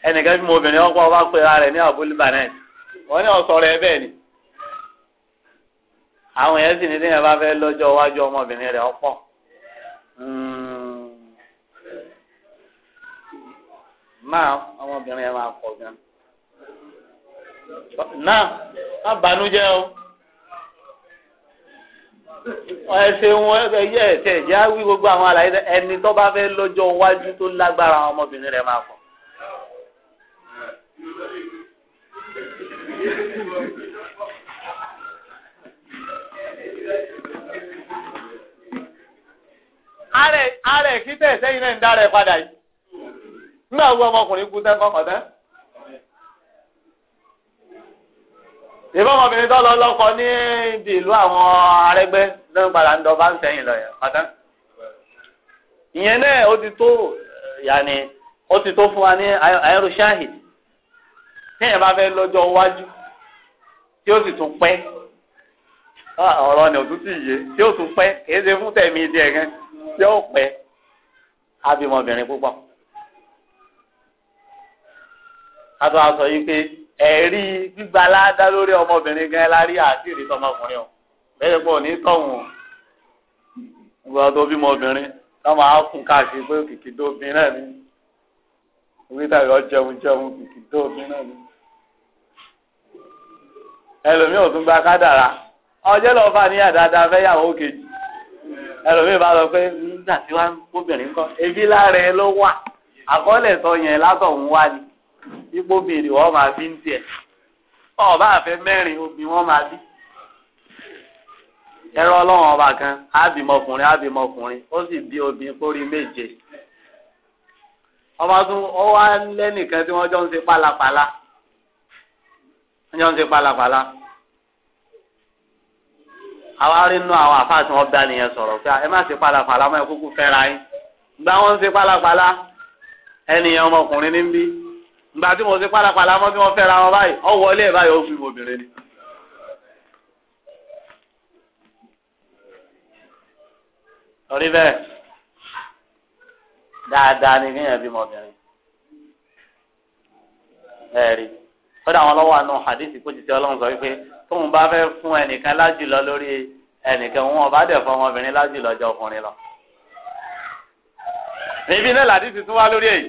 ẹnìkan bí mo obìnrin ọkọ ọba pé ara rẹ̀ ní abúlé banet wọ́n ní ọ̀sọ̀ rẹ̀ bẹ́ẹ̀ ni àwọn yẹn sì ní tíyẹn bá fẹ́ lọ́jọ́ iwájú ọmọbìnrin rẹ̀ ọ̀pọ̀ hmm. máa ọmọbìnrin yẹn máa pọ̀ gan náà má bànújẹ́ o ẹsẹ wọn ẹyẹ ẹsẹ ìjà wí gbogbo àwọn àlàyé ẹni tó bá fẹ́ lọ́jọ́ iwájú tó lágbára ọmọbìnrin rẹ̀ máa pọ̀. ààrẹ ààrẹ kí tẹ̀ sẹ́yìn náà ń dára ẹ̀ padà yìí nígbà wo ọmọkùnrin kú ìbọn ọmọbìnrin tó lọ lọ́kọ ní ìdí ìlú àwọn arẹgbẹ́ ló padà ń dọ́ ń sẹ́yìn lọ yẹn ìyẹn náà ó ti tó eh, yàní ó ti tó fún wa ní téèyàn bá fẹ́ lọ́jọ́ iwájú tí ó sì tún pẹ́ ọ̀rọ̀ ni òtún ti tí ó tún pẹ́ kìí ṣe fún tẹ̀mí díẹ̀ gan tí ó pẹ́ abimọ̀bìnrin púpọ̀. a aṣọ yìí pé ẹ̀rí gbígba aládá lórí ọmọbìnrin gan la rí àti ìrìtọ́ ọmọkùnrin o bẹ́ẹ̀ pọ̀ ní tọ̀hún ìgbà tó bímọ obìnrin táwọn á kún káàkiri pé kìkì dóbin náà ni wíta yọ jẹun jẹun kìkì tó omi náà ni. ẹlòmíì ò tún gba kádàrá ọjọ́ lọ fà níyà dáadáa fẹ́ yàwó kejì ẹlòmíì bá lọ pé nígbà tí wàá kóbìnrin kọ́ ebi lára ẹ ló wà àkọọ́lẹ̀ sọ yẹn látọ̀hún wá ni ipò bèrè wọ́n máa fi ń tiẹ̀ ọba àfẹ mẹ́rin obì wọ́n máa bí ẹ̀rọ ọlọ́run ọba kan ábìmọkùnrin ábìmọkùnrin ó sì bí obìnrin kórìí méje ọba tún ọ wá lẹ́nìkan tí wọ́n jọ ń ṣe pálapàla wọ́n jọ ń ṣe pálapàla àwa rí nínú àwọn àfáà tí wọ́n bá nìyẹn sọ̀rọ̀ pé ẹ má ṣe pálapàla mọ́ ẹ kúkú fẹ́ra yín gba wọn ń ṣe pálapàla ẹnìyẹn ọmọkùnrin ní bí gba tí mo ṣe pálapàla mọ́ bí wọ́n fẹ́ra wọn báyìí ọ wọlé ẹ̀ e báyìí ó fi obìnrin ni. sọrí dáadáa ni kéèyàn bímọ obìnrin ẹ̀rí fọdà àwọn ọlọ́wọ́ àánú hadithi kó ti tẹ ọlọ́run sọ wípé tóun bá fẹ́ fún ẹnìkan lájùlọ lórí ẹnìkan òun ọba dẹ̀ fún ọmọbìnrin lájùlọ jọ ọkùnrin lọ. níbi náà làdìsí tún wá lórí èyí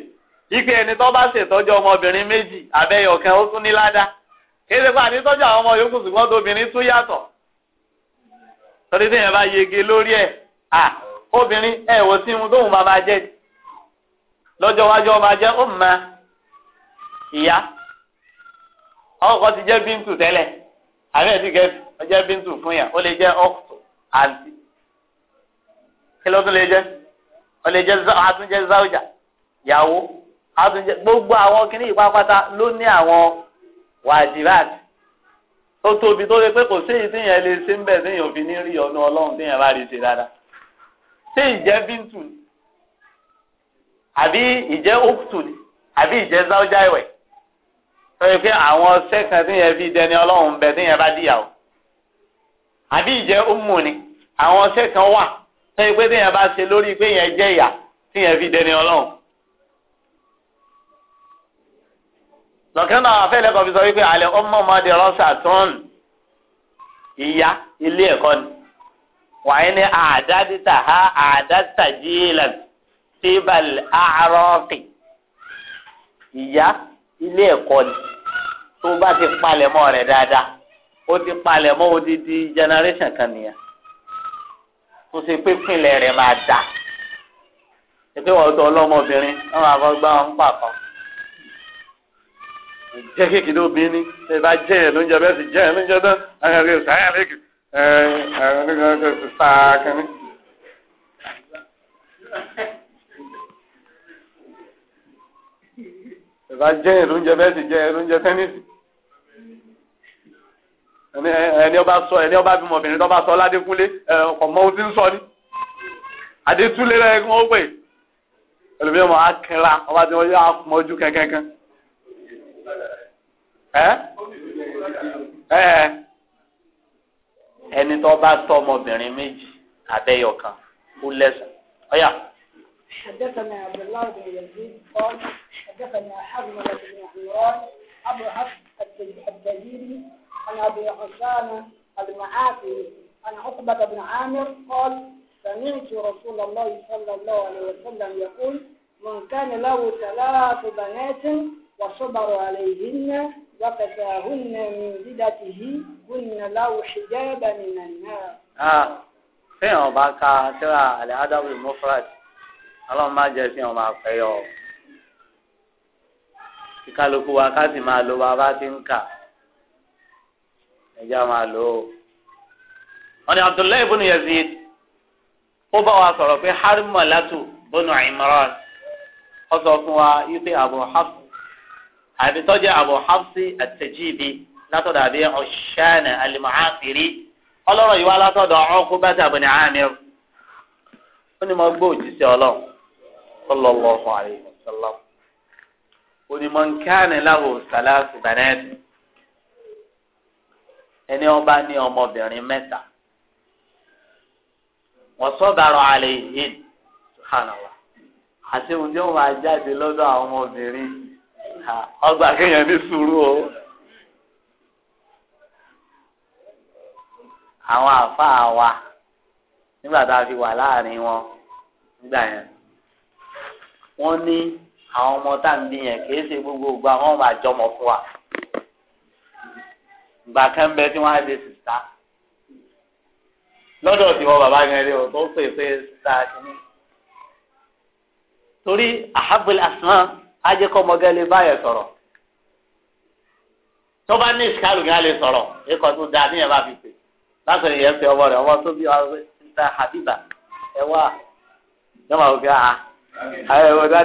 ipe ẹni tó bá ṣètọ́jú ọmọbìnrin méjì abẹ́yọ̀kan ó tún ní ládàá kéde pa ànítọ́jú àwọn ọmọ yòókù ṣùgbọ́n tóbìnrin tún yàtọ̀ torí téèyàn bá yege lórí ẹ̀ à obìnrin ẹ̀ wò sí ohun tóun bá bá jẹ́ lọ́jọ́ iwájú ọmọ ajẹ́ ó ìyá ọkọ̀ ti jẹ́ bíntù tẹ́lẹ̀ àbí ẹ̀dí jẹ́ bíntù fún yà ó lè jẹ́ ọ̀tù àǹtí kí ló tún lè jẹ́ ó lè jẹ́ àtúnjẹ́ záwùjà yàwó àtúnjẹ́ gbogbo àwọn kìnnì ìpápátá ló ní àwọn wàjibáàtì tó tóbi tó lè pé kò sí èyí tíyẹn lè ṣe ń bẹ̀ tíyẹn òfin ní rí ọdún ọlọ́run tíyẹn bá rí ṣe dáadáa ṣé ìjẹ́ bíntù ni àbí ìjẹ́ òkùtù àbí ìjẹ́ záwọ́jà ìwẹ̀ sọ́yìn pé àwọn sẹ́kàn tí yẹn fi dẹni ọlọ́run bẹ tí yẹn bá díyàwó àbí ìjẹ́ ọmọ ni àwọn sẹ́kàn wà sọ́yìn pé tí yẹn bá ṣe lórí pé yẹn jẹ́ ìyà tí yẹn fi dẹni ọlọ́run. lọ́kàn náà afẹ́lẹ́ kan fi sọ wípé àlẹ́ ọmọ ọmọdé rọ́ṣà tún ìyá ilé ẹ̀kọ́ ni wàá ní àdádìtà ha àdádìtà jíìlẹ̀ tibal aarọ́ọ̀kì ìyá ilé ẹ̀kọ́ ni tó bá ti palẹ̀ mọ́ rẹ̀ dáadáa ó ti palẹ̀ mọ́ odidi generation kan nìyẹn tó ṣe pé pinlẹ̀ rẹ̀ máa dà ṣèpé wọ́n tọ́ ọlọ́mọbìnrin wọ́n máa fọ́ gbá wọn pàkọ́ jẹ́ kékeré obìnrin ṣe bá jẹ́ ẹ̀ lóúnjẹ bẹ́ẹ̀ sì jẹ́ ẹ̀ lóúnjẹ náà ẹ̀rọ ẹ̀rọ sáyà lẹ́kì ẹ̀rọ ẹ̀rọ ẹ̀rọ sáà kẹ́ni. ìbá jẹ́ ìlúńjẹ bẹ́ẹ̀ sì jẹ́ ìlúńjẹ tẹ́nísì ẹni ọba sọ ẹni ọba bímọ obìnrin tó bá sọ ládékúnlé ọkọ̀ mọ́ ohun tí ń sọ ni àdétúlé rẹ̀ kí wọ́n pè ẹlòmíràn mọ́ akẹ́ra ọba tí wọ́n yá mọ́jú kẹ́kẹ́kẹ́ ẹ́ ẹ́ ẹni tó bá tọ́ ọmọbìnrin méjì abẹ́yọ̀ kan ó lẹ́sùn ọ̀yà. حدثنا عبد الله بن يزيد قال حدثنا حرمل بن عمران أبو حفص التجيري عن أبي حسان المعافي عن عقبة بن عامر قال سمعت رسول الله صلى الله عليه وسلم يقول من كان له ثلاث بنات وصبر عليهن وكساهن من زدته هن له حجاب من النار آه. fíhàn bá ka tíra àlẹ́ adáwì mufrad má jẹ́ fíhàn máa fẹ́ ka wa ká sì máa lo bàbá tí ń kà ẹjọ́ máa wọ́n ní Abdullahi ibn Yazid ó bá wa sọ̀rọ̀ pé Imran ó sọ fún wa ipe Abu àbí tọ́jú Abu àtẹ̀jíbi látọ̀dọ̀ àbí ọlọ́rọ̀ yìí wá látọ̀dọ̀ Amir ó ní mo ọlọ́run onímọ̀nkánì láwò sàlásù bẹ̀rẹ̀ẹ́dì ẹni ọba ní ọmọbìnrin mẹ́ta wọ́n sọ́bàrọ̀ àlẹ́ yìí subhanallah àti ohun tí wọ́n máa jáde lọ́dọ̀ àwọn ọmọbìnrin ọgbà kéèyàn ní sùúrù o. àwọn àfáà wa nígbà tá a fi wà láàrin wọn nígbà yẹn wọ́n ní. àwọn ọmọ tá ń bí yẹn gbogbo ògbà wọn máa jọmọ fún wa ìgbà kan bẹ tí wọn á lè sìta lọ́dọ̀ tí bàbá yẹn rí o tó pè pé sìta kìíní torí àhábìlì àsán ajẹkọmọgẹlẹ báyẹn sọ̀rọ̀ tó bá ní yẹn á lè sọrọ ikọ̀ tó da níyẹn bá fi pè lásìkò yẹn fi ọwọ́ rẹ̀ ọwọ́ tó bí Habiba ẹ wá a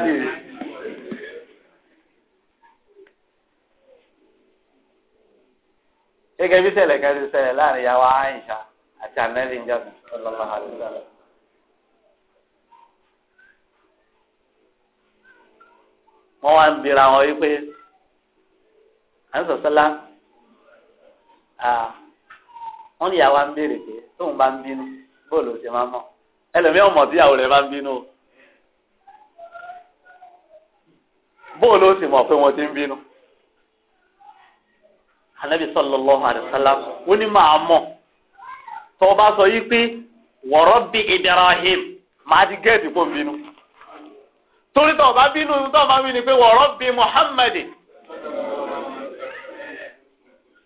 gẹ́gẹ́ bí ṣẹlẹ̀ kan ti ṣẹlẹ̀ láàrin ìyàwó Aisha àti Ànábì njọbi sallallahu alaihi wọ́n wá ń bira wọn wípé à ń sọ̀sọ́lá wọ́n ní ìyàwó ń béèrè pé tóun bá ń bínú bóòlù ṣe máa mọ̀ ẹlòmíràn mọ̀ tí ìyàwó bá ń bínú o bóòlù ó sì mọ̀ pé wọ́n ti ń bínú anabi sallallahu alayhi wa sallam ó ní màá mọ̀ tó o bá sọ yìí pé wa rabbi Ibrahim màá ti gẹ́ẹ̀tì kó bínú torí tó o bá bínú tó o bá wí ni pé wa rabbi Muhammad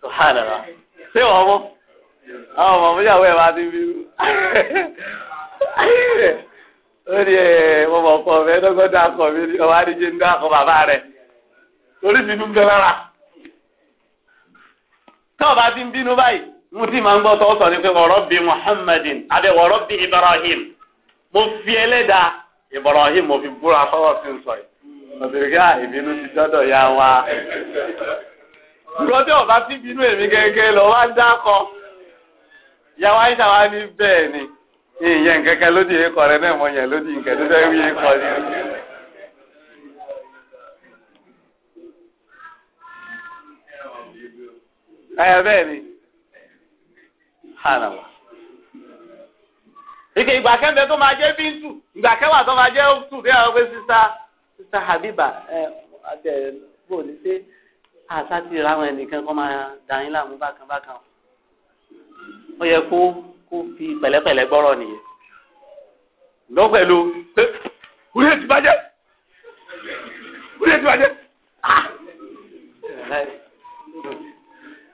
subhanallah ṣé wọ́n mọ̀ àwọn ọmọ mi yàwó ti bínú ó ní ẹ mo mọ̀ kọ́ ọ̀fẹ́ dọ́gọ́dá kọ̀ mi ọ̀wá díje ń dá bàbá rẹ̀ torí bínú bẹ́ẹ̀ rárá. tó bá ti ń bínú báyìí mo ti máa ń gbọ́ tọ́ sọ pé wọ̀rọ̀ bí muhammadin àbẹ wọ̀rọ̀ bí ibrahim mo fi ẹlẹ́dàá ibrahim mo fi búra sí sọ yìí ah, ìbínú ti dọ́dọ̀ ya ti bínú èmi lọ wá ń dákọ. ni. Ìyẹn rẹ náà mọ̀ yẹn tó fẹ́ wí ẹ bẹ́ẹ̀ ni hànàmà. ike ìgbà kẹ́ńtẹ́ tó máa jẹ́ bíntù ìgbà kẹwàá tó máa jẹ́ òtù bí àwọn pé sísá sísá Habiba ẹ àtẹ bò ní ṣe àṣà ti ra àwọn ẹnìkan kọ́ máa dàrín láàmú bákan bákan ó yẹ kó kó fi pẹ̀lẹ́pẹ̀lẹ́ gbọ́rọ̀ nìyẹn lọ pẹ̀lú pé orí ètò ìbàjẹ́ orí ètò ìbàjẹ́. Ah!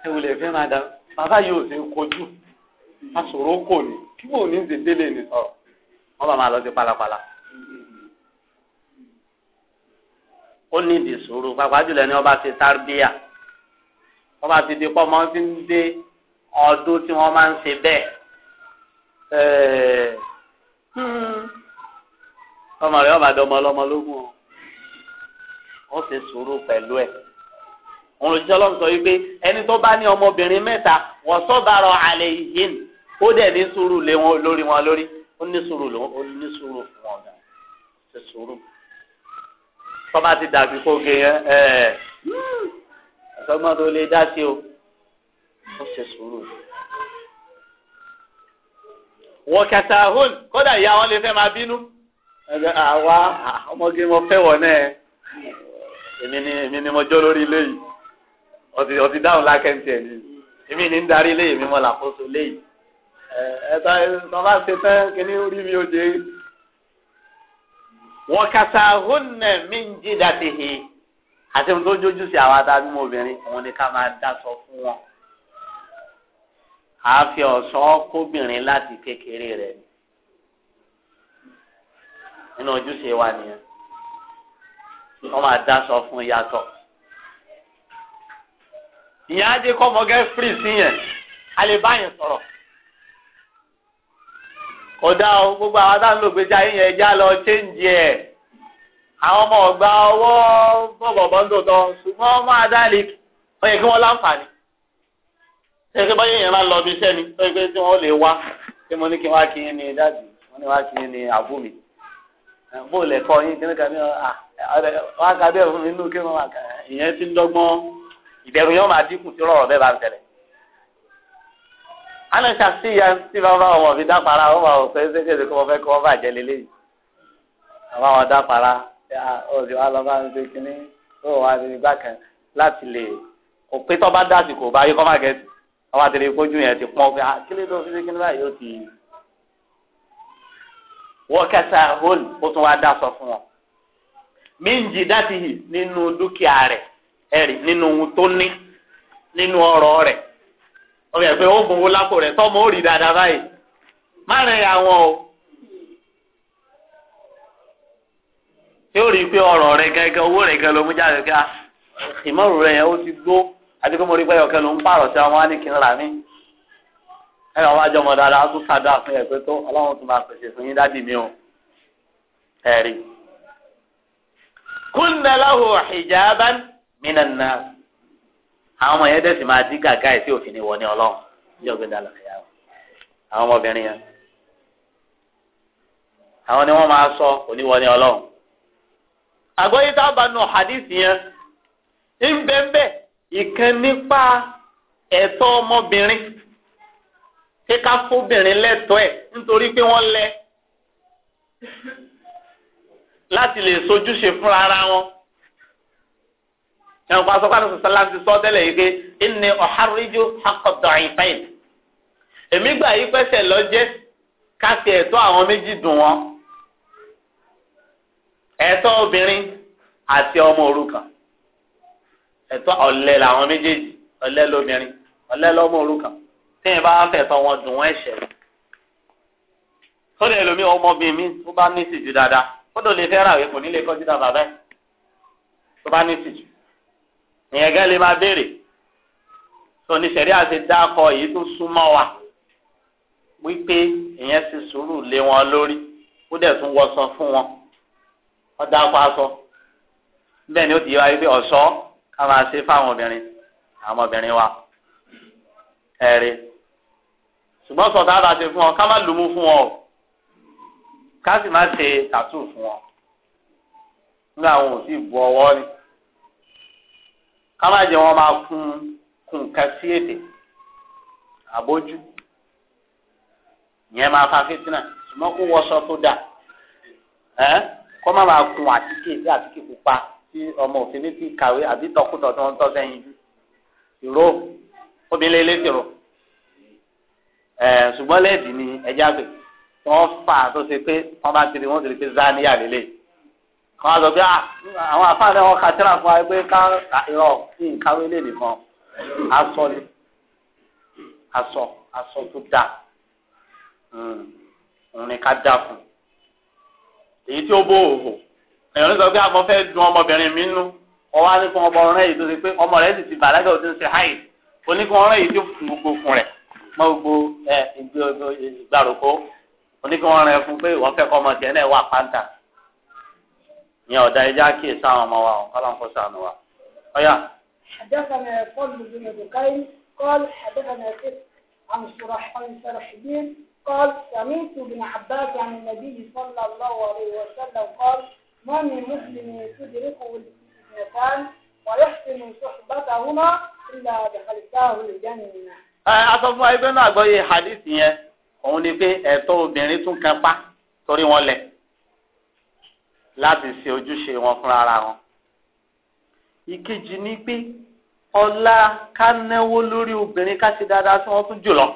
ẹ wò lè fi máa da bàbá yìí ò sí kojú asòro kò ní kí wọn ò ní ṣe délé ní sọ̀rọ̀ wọn bá máa lọ sí palapala. ó ní ìdí sòro pàápàá jùlọ ni wọn bá ti tárúbíyà wọn bá ti di pọ mọ ti ń dé ọdún tí wọn máa ń ṣe bẹ́ẹ̀ ọmọ rẹ ọba dọmọ ọlọmọ lógún ọ ó ṣe sòro pẹ̀lú ẹ. òrùjẹ́ ọlọ́run sọ wípé ẹni tó bá ní ọmọbìnrin mẹ́ta wọ́n sọ́bàrọ̀ àlẹ́ yìí ó dẹ̀ ní sùúrù lé wọn lórí wọn lórí ó ní sùúrù ló ó ní sùúrù fún wọn gan ṣe sùúrù. tọ́ba ti dàbí kó ge yẹn ẹ ẹ ọ̀sọ́gbọ́n tó lè dá sí o ó ṣe sùúrù. wọ́n kẹta hóun kódà ìyá wọn lè fẹ́ máa bínú ẹgbẹ́ àwa ọmọge mo fẹ́ wọ̀ náà èmi ni èmi ni mo jọ́ lórí ilé yìí ọtí ọtí dáhùn lákẹ́ntì ẹ̀ ní èmi ní ń darí léyìí mímọ́ làkóso léyìí ẹ tọ́ bá ṣe tán kíní orí mi ò dé. wọ́n kàtà hónà mí ń jí dàtí he àti ohun tó jójú sí àwọn adájú mọ́ obìnrin òun ni ká máa dáṣọ fún wọn. àáfi ọ̀sán kóbìnrin láti kékeré rẹ̀ nínú ojúṣe wa nìyẹn wọ́n máa dáṣọ fún yàtọ̀ ìyá ajé kọ́ mọ́gẹ́ fírì sí yẹn a lè bá yẹn sọ̀rọ̀ kódà o gbogbo àwọn táwọn ló gbèjà yín yẹn lọ chéǹjì ẹ̀ àwọn ọmọ ọgbà ọwọ́ bọ̀bọ̀bọ̀ ń dòdò ṣùgbọ́n máa dáàlì ó yẹ kí wọ́n láǹfààní ṣé kí báyìí yẹn máa lọ bí iṣẹ́ mi tó yẹ tí wọ́n lè wá ṣé mo ní kí wọ́n á kí ní dáàbì wọ́n ní wọ́n á kí ní àbú mi bóòlù ẹ̀kọ́ yín kí ní kàmí ọ̀ ìbẹ̀rù yẹn máa dínkù tí rọrọ̀ bẹ́ẹ̀ bá ń tẹ̀lé. a lè ṣàṣìyà tí bàbá ọmọ fi dápara ó máa fẹ́ ṣe kéde kó wọ́n fẹ́ kó wọ́n bàjẹ́ lélẹ̀ yìí. bàbá wọn dápara òsì wa lọ bá ń ṣe kínní ó wà ní igbá kan láti lè kò pé tó bá dásì kò bá yí kọ́ máa gẹ̀ẹ́sì àwọn àtẹ̀lé ìpójú yẹn ti pọ́n pé ah, kílé tó fi ṣe kínní báyìí ó ti wọ́n kẹsà hóòlù ó ẹ̀rí nínú ohun tó ní nínú ọrọ rẹ̀ ọ̀rẹ́ ẹ̀fẹ́ ó gbowó lápò rẹ̀ tọ́mọ ó rí dáadáa báyìí má o tí ó rí i pé ọ̀rọ̀ rẹ̀ gẹ́gẹ́ owó rẹ̀ gẹ́gẹ́ ló mú jáde ìmọ̀rù yẹn ó ti gbó àti pé mo rí pé ọ̀kẹ́ ló ń pààrọ̀ sí àwọn rà mí àwọn dáadáa tó fún pé tó o ẹ̀rí. minan nas àwọn ọmọ yẹn dẹ́sì máa dí gàgá ẹ̀ sí òfin ni wọ́n ní ọlọ́run ní ọ̀gbìn dàlọ́ ẹ̀yà wọn àwọn ọmọbìnrin yẹn àwọn ni wọ́n máa sọ oníwọ́n ní ọlọ́run. àgbọ̀yé sábà nù hadith yẹn ń bẹ́ẹ̀ bẹ́ẹ̀ ìkan nípa ẹ̀tọ́ ọmọbìnrin ṣé ká fóbìnrin lẹ́tọ́ ẹ̀ nítorí pé wọ́n lẹ láti lè sojúṣe fúnra ara wọn. ẹnìkan aṣọ kan sọ sọlá ti sọ tẹ́lẹ̀ yìí pé ẹnì ọ̀hárídjú akọ̀tọ̀ àìfẹ́yìn èmi gbà yí pẹ́sẹ̀ lọ́jẹ́ káṣí ẹ̀tọ́ àwọn méjì dùn wọn ẹ̀tọ́ obìnrin àti ọmọ òrukàn ẹ̀tọ́ ọ̀lẹ làwọn méjèèjì ọ̀lẹ lóbìnrin ọ̀lẹ lọ́mọ òrukàn tí ẹ bá fẹ̀tọ́ wọn dùn wọn ẹ̀ṣẹ̀ sódì ẹlòmíì ọmọbìnrin mi tó bá ní ìsìjú dáadáa kódò lè fẹ́ràn àwẹ̀ kò ní kọjú dá bàbá ẹ̀ tó bá ní ìsìjú ìyẹn gẹ́gẹ́ lè máa béèrè tó ní sẹ̀rí àti dákọ èyí tó súnmọ́ wa wípé ìyẹn sì sùúrù lé wọn lórí ó dẹ̀ tún wọṣọ fún wọn wọ́n dákọ aṣọ bẹ́ẹ̀ ni ó ti yẹ wá wípé ọ̀ṣọ́ ká máa ṣe fáwọn obìnrin àwọn ọmọbìnrin wa ẹ̀rí ṣùgbọ́n sọ̀tà bá ṣe fún wọn ká má lùmú fún wọn o ká sì má ṣe tàtú fún wọn nígbà àwọn ò sì bu ọwọ́ ni ama má jẹ́ wọ́n máa kun kun nǹkan sí èdè àbójú ìyẹn máa fa fìtínà ṣùgbọ́n kó wọṣọ tó dà ẹ́ kó má máa kun àtíkè sí àtíkè pupa tí ọmọ òfin ní ti kàwé àbí tọkùtọ̀ tó ń tọ́ sẹ́yìn jù ìró obìnrin elétìrò ẹ̀ ṣùgbọ́n lẹ́ẹ̀dì ni ẹja pè wọ́n fà tó ṣe pé wọ́n bá ti rí wọ́n ti rí pé zaniya lélẹ̀ kọ́ a sọ pé ah, àwọn afáàlẹ́ wọn ka tẹ́lá fún wa pé ká ìrọ̀ sí ìkáwé lè nìkan aṣọ ni aṣọ aṣọ tó dáa hmm, òrìn ká dáa fún èyí tí ó bó òhò èèyàn ní sọ pé àmọ́ fẹ́ dun ọmọbìnrin mi nú ọwọ́ á ní kí wọ́n bọ ọ̀rẹ́ yìí tó ṣe pé ọmọ rẹ̀ sì ti bàlágà ò ti ń ṣe háì oníkun ọ̀rẹ́ yìí tó fún gbogbo fún rẹ̀ mọ gbogbo ìgbàlùkọ́ oníkun ọ̀rẹ́ fún pé ìwọ́n fẹ́ kọ́ ọmọ tiẹ̀ náà wà pàǹtà ní ọ̀dà ẹja kí èso àwọn ọmọ wa ọ̀hún kọ́lọ́n kó sànù wa. ọ̀yà. حدثنا فضل بن بكير قال حدثنا كيف عن سرحان بن قال سمعت ابن عباس عن النبي صلى الله عليه وسلم قال ما من مسلم تدركه الاثنتان ويحسن صحبتهما إلا دخلتاه الجنة. àtọ́fún ẹgbẹ́ náà gbọ́ yé hadith yẹn òun ni pé ẹ̀tọ́ obìnrin tún kan pa torí wọn lẹ̀ láti ṣe ojúṣe wọn fúnra ara wọn. ìkejì ni pé ọlá ká náwó lórí obìnrin ká ṣe dáadáa sí wọn tún jùlọ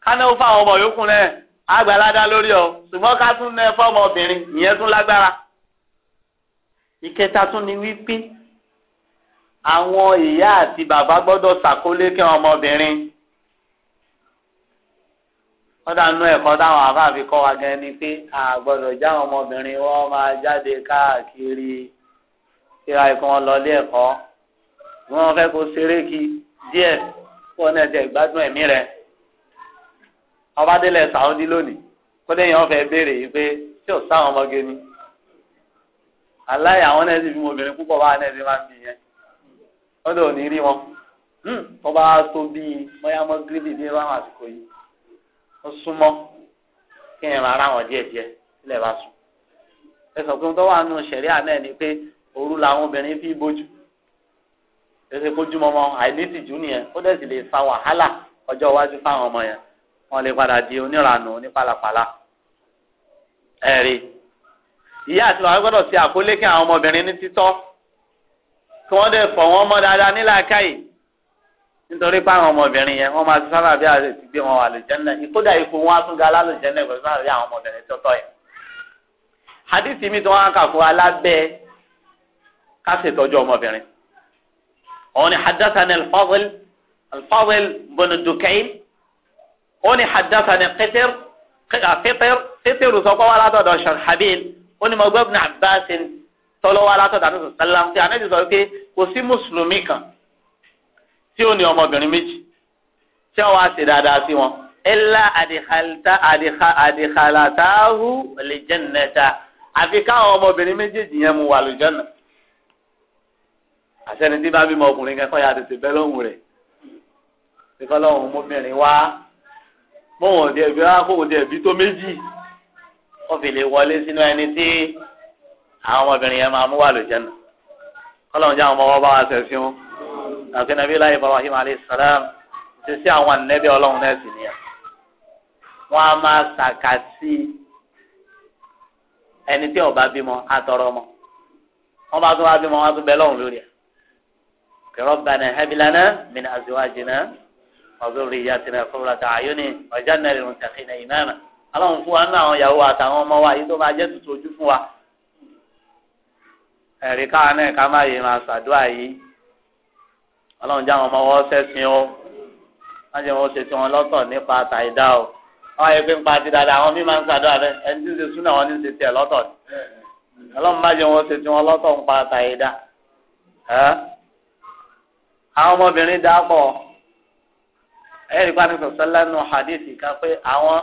ká náwó fáwọn ọmọ yòókù náà àgbàládá lórí ọ ṣùgbọ́n ká tún náà fọmọ obìnrin ìyẹn tún lágbára. ìkẹta tún ni wípé àwọn ìyá àti bàbá gbọ́dọ̀ ṣàkólé kí ọmọbìnrin wọ́n dà nú ẹ̀kọ́ táwọn àfáà fi kọ́ wa gan ni pé a gbọ́dọ̀ já àwọn ọmọbìnrin wọn máa jáde káàkiri kíra ikú wọn lọ ilé ẹ̀kọ́ wọ́n fẹ́ kó ṣeré kí díẹ̀ kó náà tẹ̀ gbádùn ẹ̀mí rẹ̀ ọba délẹ̀ sàúndí lónìí kó lẹ́yìn wọn fẹ́ béèrè yìí pé tí ò sáwọn ọmọge ni aláì àwọn náà sì fi obìnrin púpọ̀ bá náà ti máa ń bì yẹn wọ́n dò ní rí wọn hmm, wọ́n bá tó bíi mọ́yámọ́ gírídì ó súnmọ́ kí ẹ máa ráwọn díẹ̀ díẹ̀ sílẹ̀ bá sùn ẹ sọ pé tó wà nù sẹ̀ríà náà ni pé òru làwọn obìnrin fi bójú ẹsẹ kojú mọmọ àìnítìjú nìyẹn ó dẹ̀ sì lè fa wàhálà ọjọ́ iwájú fáwọn ọmọ yẹn wọn lè padà di oníranù onípalapala ẹ̀rí ìyá àti bàbá gbọ́dọ̀ ṣe àkólé kí àwọn ọmọbìnrin ní títọ́ kí wọ́n dẹ̀ fọ̀ wọ́n mọ́ dáadáa nílàákàyè nítorí pé àwọn ọmọbìnrin yẹn wọ́n máa ti sábà bí àti gbé wọn wà lójẹ́nà kódà ipò wọn á tún ga lálùjẹ́nà pẹ̀lú sábà bí àwọn ọmọbìnrin tó tọ́ yẹn. hadith mi tí wọ́n á kà fún alábẹ́ kásìtọ́jú ọmọbìnrin. òun ni hadathani al-Fadl al-Fadl bin Dukayn òun ni hadathani Qitr Qitr Qitr sọ́kọ́ wà látọ̀dọ̀ Sharhabil ó ní mọ̀gbẹ́ ibn Abbas tọ́lọ́wà látọ̀dọ̀ àti sọ̀tàlá tí ó ní ọmọbìnrin méjì tí wọn wá ṣe dáadáa sí wọn ẹlá àdìkàlàtàhù lè jẹ nẹta àfi káwọn ọmọbìnrin méjèèjì yẹn mu wà lójọ́nà àṣẹni tí bá bímọ ọkùnrin kẹ́kọ̀ọ́ yà tètè bẹ́ lóhùn rẹ̀ kíkọ́ lọ́hùn mọ́bìnrin wá mọ́wọ́n ọ̀dẹ̀ ẹ̀bí wá kó ọ̀dẹ̀ ẹ̀bí tó méjì wọ́n fi lè wọlé sínú ẹni tí àwọn ọmọbìnrin yẹn máa mú wà lójọ́nà kọ́lọ́hùn jẹ́ àwọn ọmọ wọn bá wa ṣẹ̀ fi hàn àti nàbí láyé Ibrahim aleyhisselam ti sí àwọn ànẹ́bí ọlọ́run náà sì nìyà wọn a máa sàkàsí ẹni tí ọba bímọ atọrọ mọ wọn bá tún wá bímọ wọn tún bẹ lọ́run lórí ẹ Rabbana hab lana min azwajina wa dhurriyyatina qurrata a'yunin waj'alna lil muttaqina imama aláwọn fún wa ní àwọn ìyàwó àtàwọn ọmọ wa yìí tó máa jẹ́ tuntun ojú fún wa ẹ̀rí káwọn náà ká má yé máa ṣàdúrà yìí ọlọ́run já àwọn ọmọ wọn sẹ́sìn o wọ́n jẹ́ wọn ṣe tí wọ́n lọ́tọ̀ nípa tàìdá o wọ́n yẹ pé ń pa ti dáadáa àwọn míì máa ń sàdúrà bẹ́ẹ̀ ẹni tí ń ṣe súnà wọn ní ṣe tiẹ̀ lọ́tọ̀ ni ọlọ́run má jẹ́ wọn ṣe tí wọ́n lọ́tọ̀ ń pa tàìdá ẹ́ àwọn ọmọbìnrin dápọ̀ ẹ̀rí pa ní sọ̀sọ́lẹ́nu hadith kan pé àwọn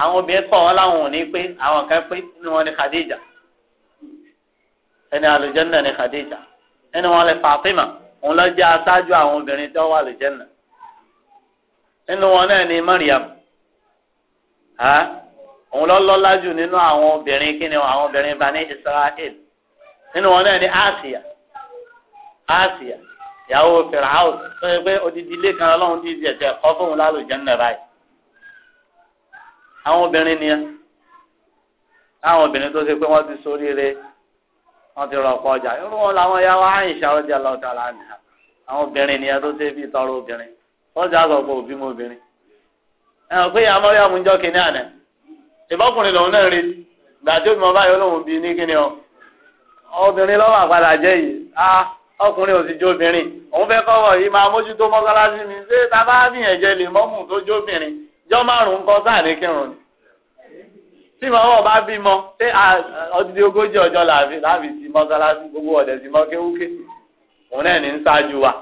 àwọn obìnrin kọ̀ wọ́n láwọn ò ní pé àwọn kan pé ní wọn ni Khadija ẹni àlùjànnà ni Khadija ẹni wọn lè Fatima òun lọ jẹ́ aṣáájú àwọn obìnrin tí wọ́n wà lè jẹ́nà nínú wọn náà ni Mariam ha òun lọ lọ́lá jù nínú àwọn obìnrin kíni àwọn obìnrin bani Israel nínú wọn náà ni Asia Asia ìyàwó Firaun tó yẹ pé odidi ilé kan Ọlọ́run ti di ẹ̀jẹ̀ kọ́ fóun lálùjẹ́nà báyìí àwọn obìnrin nìyẹn àwọn obìnrin tó ṣe pé wọ́n ti sóríire wọ́n ti rọ̀pọ̀ ọjà irú wọn làwọn ya wa àyìnṣà ọjà lọ́ta lánàá àwọn obìnrin nìyẹn tó ṣe bíi tọrọ obìnrin ọjà àgbàgbọ́ òbí mọ obìnrin. ẹ ò pé ìyá mọ́ríà mú jọ́ kínní àná ìbọ́kùnrin lòun náà rí gbà tó mọ báyìí olóhùn bíi ní kínní ọ obìnrin lọ́wọ́ àgbàlá jẹ́ yìí á ọkùnrin ò sì jó obìnrin òun fẹ́ kọ́wọ́ yìí máa mójútó mọ́sálásí mi ṣé ta bá bìyànjẹ lè mọ́mù tó jó obìnrin jọ́ márùn-ún kọ́ sáà ní kírun ni. tí màmá ọba bímọ ṣé ọdún ogójì ọjọ́ làbí láàbì sí mọ́sálásí gbogbo ọ̀dẹ̀ sí mọ òun náà ní ń ṣáájú wa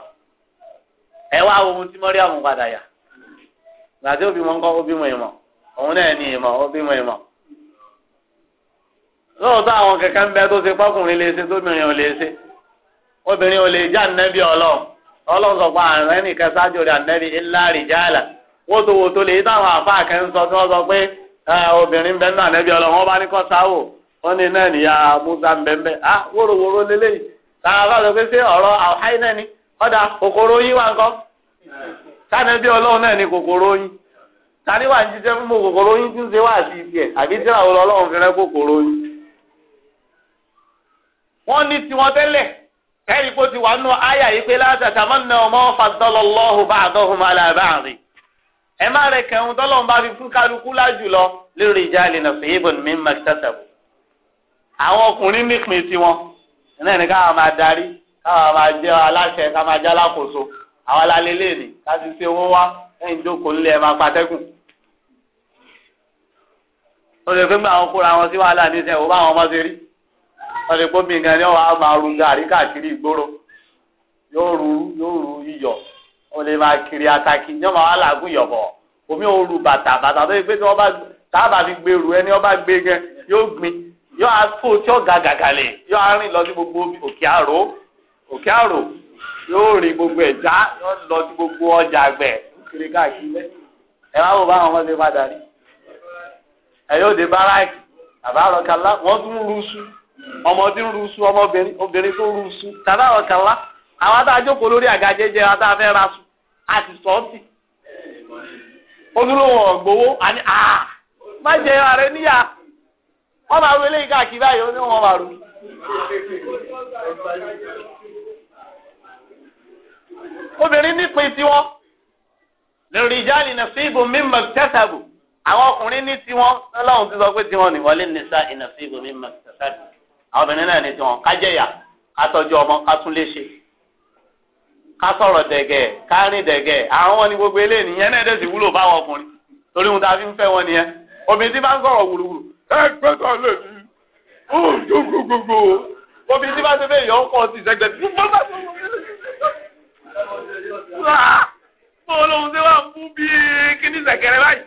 ẹ wá ohun tí mọ́rí àwọn padà yà gbàtí òbí mọ́ kọ́ òbí mọ̀ ìmọ̀ òun náà ní ìmọ̀ ìmọ̀ lóòótọ́ àwọn kẹ̀kẹ́ ń bẹ tó ṣe pọ́kùnrin lè ṣe tóbìnrin ò lè ṣe obìnrin ò lè jẹ́ ànẹ́bí ọlọ́run ọlọ́run Ah, obìnrin bẹ́ẹ̀ náà nẹ́bí ọlọ́run wọn bá ní kọ́ sáwò wọn ní náà nìyá musa bẹ́ẹ̀ ah wóróworó lélẹ́yìí tààrà lọ pé ṣé ọ̀rọ̀ náà ni ọ̀dà kòkòrò yín wà ńkọ́ sánẹ́bí ọlọ́run náà ni kòkòrò yín tani wà ń jíjẹ́ fún mo kòkòrò yín tí ń ṣe wá sí ibi ẹ̀ àbí tí àwọn ọlọ́run fi rẹ́ kòkòrò yín. wọ́n ní tiwọn tẹ́lẹ̀ kẹ́rì kó ti wà nù áyà yìí pé látàtàmọ́nà ọmọ fàdọ́lọ́lọ́hùn ẹ má rẹ kẹhún tọ́lọ́run bá fi fún kálukú lájú lọ lórí ìjà àlè náà fèyí bọ̀n mi máa tẹ̀sẹ̀ bù. àwọn ọkùnrin nípìn tiwọn náà ní káwọn máa darí káwọn máa jẹ aláṣẹ ká máa jẹ alákòóso àwọn alálẹ́ lè ní ká ti ṣe owó wá ẹ̀yìn jókòó nílé ẹ máa patẹ́kùn. ó lè gbégbá àwọn kóra wọn sí wàhálà ní sẹ́wọ̀n bá àwọn ọmọ ṣe rí wọ́n lè gbómi gan ni wọ́n á máa ru gàrí káàkiri ìgboro yóò ru yóò ru iyọ̀ ó lè máa kiri ataki ní ọmọ wa omi ò bàtà bàtà tó yẹ pé tí bá fi gbèrú ẹni ọba gbé gan yóò gbin tí ó ga arìn lọ sí gbogbo òkè àrò òkè àrò yóò gbogbo ẹ̀já yóò lọ gbogbo ọjà àgbẹ̀ kiri káàkiri ẹ wò ọmọdé ẹ yóò dé bàbá tún rú ọmọdé rú àwọn tá a jókòó lórí àga jẹjẹ wa tá a fẹ́ ra sùn a sì sọ ọ́ sí. olúwo ọ̀gbowó àní à má jẹ ààrẹ níyà wọ́n máa ro eléyìí káàkiri báyìí ó ní wọ́n máa ro. obìnrin nípìn tiwọn lórí ìjáàlì náà sí ibò mímọ tẹsàbù àwọn ọkùnrin ní tiwọn Ọlọ́run ti sọ pé tiwọn ní wọlé nìsa ìnà sí ibò mímọ àwọn obìnrin náà ní tiwọn kájẹyà kátọjú ọmọ kátúnléṣe ká sọ̀rọ̀ dẹ̀gẹ̀ ká rìn dẹ̀gẹ̀ àwọn wọn ni gbogbo eléyìí yẹn náà dẹ̀sí wúlò báwọn ọkùnrin torí ohun tá a fi ń fẹ́ wọn nìyẹn obìnrin tí bá ń sọ̀rọ̀ wùrùwùrù ẹ gbẹ́sọ̀ lè ní ó jó gbogbogbò obìnrin tí bá ṣe bẹ́ẹ̀ yọ ọkọ̀ ti sẹ́gbẹ̀ tí wọ́n bá tó wọ́n. mo lóun ṣe wá mú bí kíní sẹ̀kẹ̀rẹ̀ báyìí.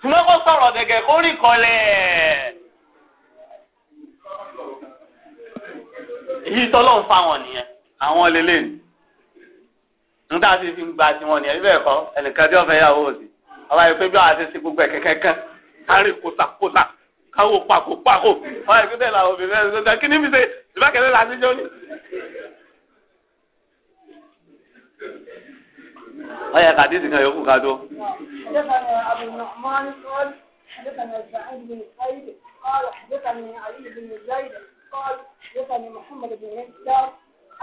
tí wọ́n kọ́ sọ̀rọ̀ dẹ̀gẹ̀ kórìkọlẹ̀. èyí tọ́lọ́ ń fa wọn nìyẹn àwọn lélẹ̀ ni nígbà tí fi ń gba tiwọn nìyẹn bíbẹ̀ kọ́ ẹnìkan tí wọ́n fẹ́ yàwó òsì ọba yìí pé bí wàá ti sí gbogbo ẹ̀ kẹ́kẹ́kẹ́ kárí kòtàkòtà káwọ pàkópàkó ọba yìí pé bẹ́ẹ̀ làwọn obìnrin ẹ̀ sọ́jà kí ni mi ṣe ìbákẹ́lẹ́ là ní jọ́ni. ọyẹ kàdísì kan yòókù ká tó. حدثنا قال حدثني محمد بن مسلم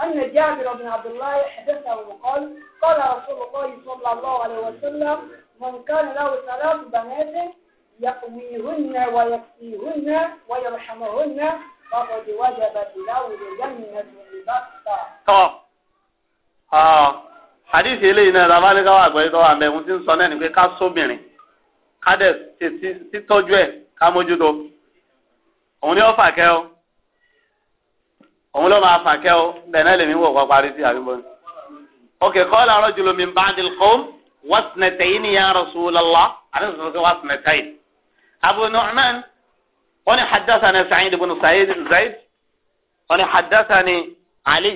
أن جابر بن عبد الله حدثه وقال قال رسول الله صلى الله عليه وسلم من كان له ثلاث بنات يقويهن ويكفيهن ويرحمهن فقد وجبت له الجنة البتة. hadith eléyìí náà làwọn alẹ́ káwọn àgbẹ̀yẹ tó wà mẹ́ ohun tí ń sọ náà ni pé ká sóbìnrin ká dẹ̀ tètè títọ́jú ẹ̀ ká mójútó òun ni ó fà kẹ́ ọ́ òun ló máa fà kẹ́ o bẹ́ẹ̀ náà lèmi wò kọ́ parí sí àbíbọ́ ni. ok qala rajulun min ba'dil qawm wasnatayni ya rasulallah àdéhùn sọ̀rọ̀ kí wasnatayni. abu nu'man wọ́n ní haddathana sa'id ibn sa'id zayd wọ́n ní haddathani ali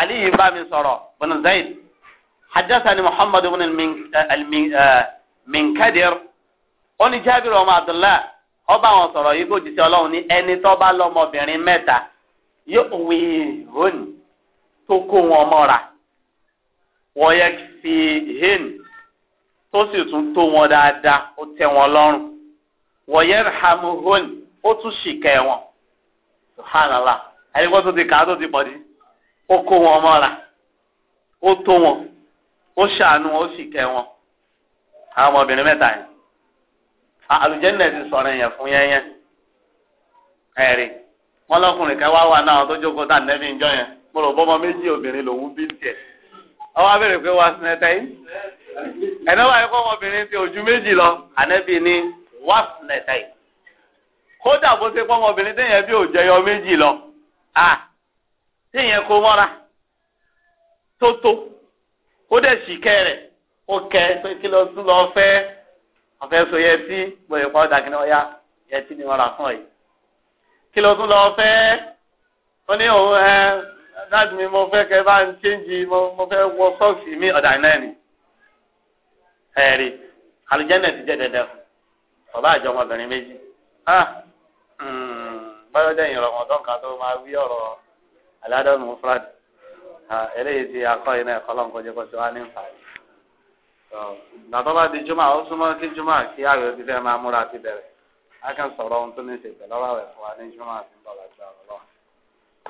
ali yìí bá mi sọ̀rọ̀ ibn zayd haddathani muhammad ibn al-minkadir eh, wọ́n ní jabir ọmọ abdullah ọba àwọn sọ̀rọ̀ yìí kò jìṣẹ́ ọlọ́run ní ẹni tó bá lọ́mọbìnrin yu'wihun tó kó wọn mọ́ra wa yakfihin tó si tún tó wọn dáadáa ó tẹ́ wọn lọ́rùn wa yarhamuhun ó tún si wọn subhanallah àyíkọ́ tó ti ka tó ti pọ̀ ó kó wọn mọ́ra ó tó wọn ó wọn wọn lọkùnrin kan wá wà náà tó jókòó tá nẹbi ìjọ yẹn mo rò bọmọ méjì obìnrin lòún bí tiẹ̀ ọwọ abẹrẹ pé wá sinẹ tẹyìn ẹni wà yẹn kó ọmọbìnrin ti ojú méjì lọ ànẹbi ni wá sinẹ tẹyìn kódà bó ṣe pọmọbìnrin téèyàn bí òjẹyọ méjì lọ à téèyàn kó mọ́ra tó tó ó dẹ̀ sì kẹ́ rẹ̀ ó kẹ́ pé kí lọ tún lọ fẹ́ ọ̀fẹ́ so yẹtí gbọ̀yẹ̀pọ̀ dàgínà ọ̀yá yẹtí ni wọ́n rà fún ọ yìí. kí ló tún lọ fẹ́ ó ní òun ẹ láti mi mo fẹ́ kẹ́ bá ń chéńjì mo fẹ́ wọ sọ́ọ̀sì mi ọ̀dà náà ni ẹ̀rí alùjẹ́nà ti jẹ́ dẹ́dẹ́ fún bàbá àjọ ọmọbìnrin méjì hmm, báyọ̀ dẹ́yìn nǹkan tó máa wí ọ̀rọ̀ aládọ́nù eléyìí ti akọ́ iná ẹ̀kọ́ lọ́n kọjá a kàn sọ̀rọ̀ ohun tó ní ṣe pẹ̀lú wa ní jùmọ̀ àti ń bọ̀lá ju àwọn ọlọ́run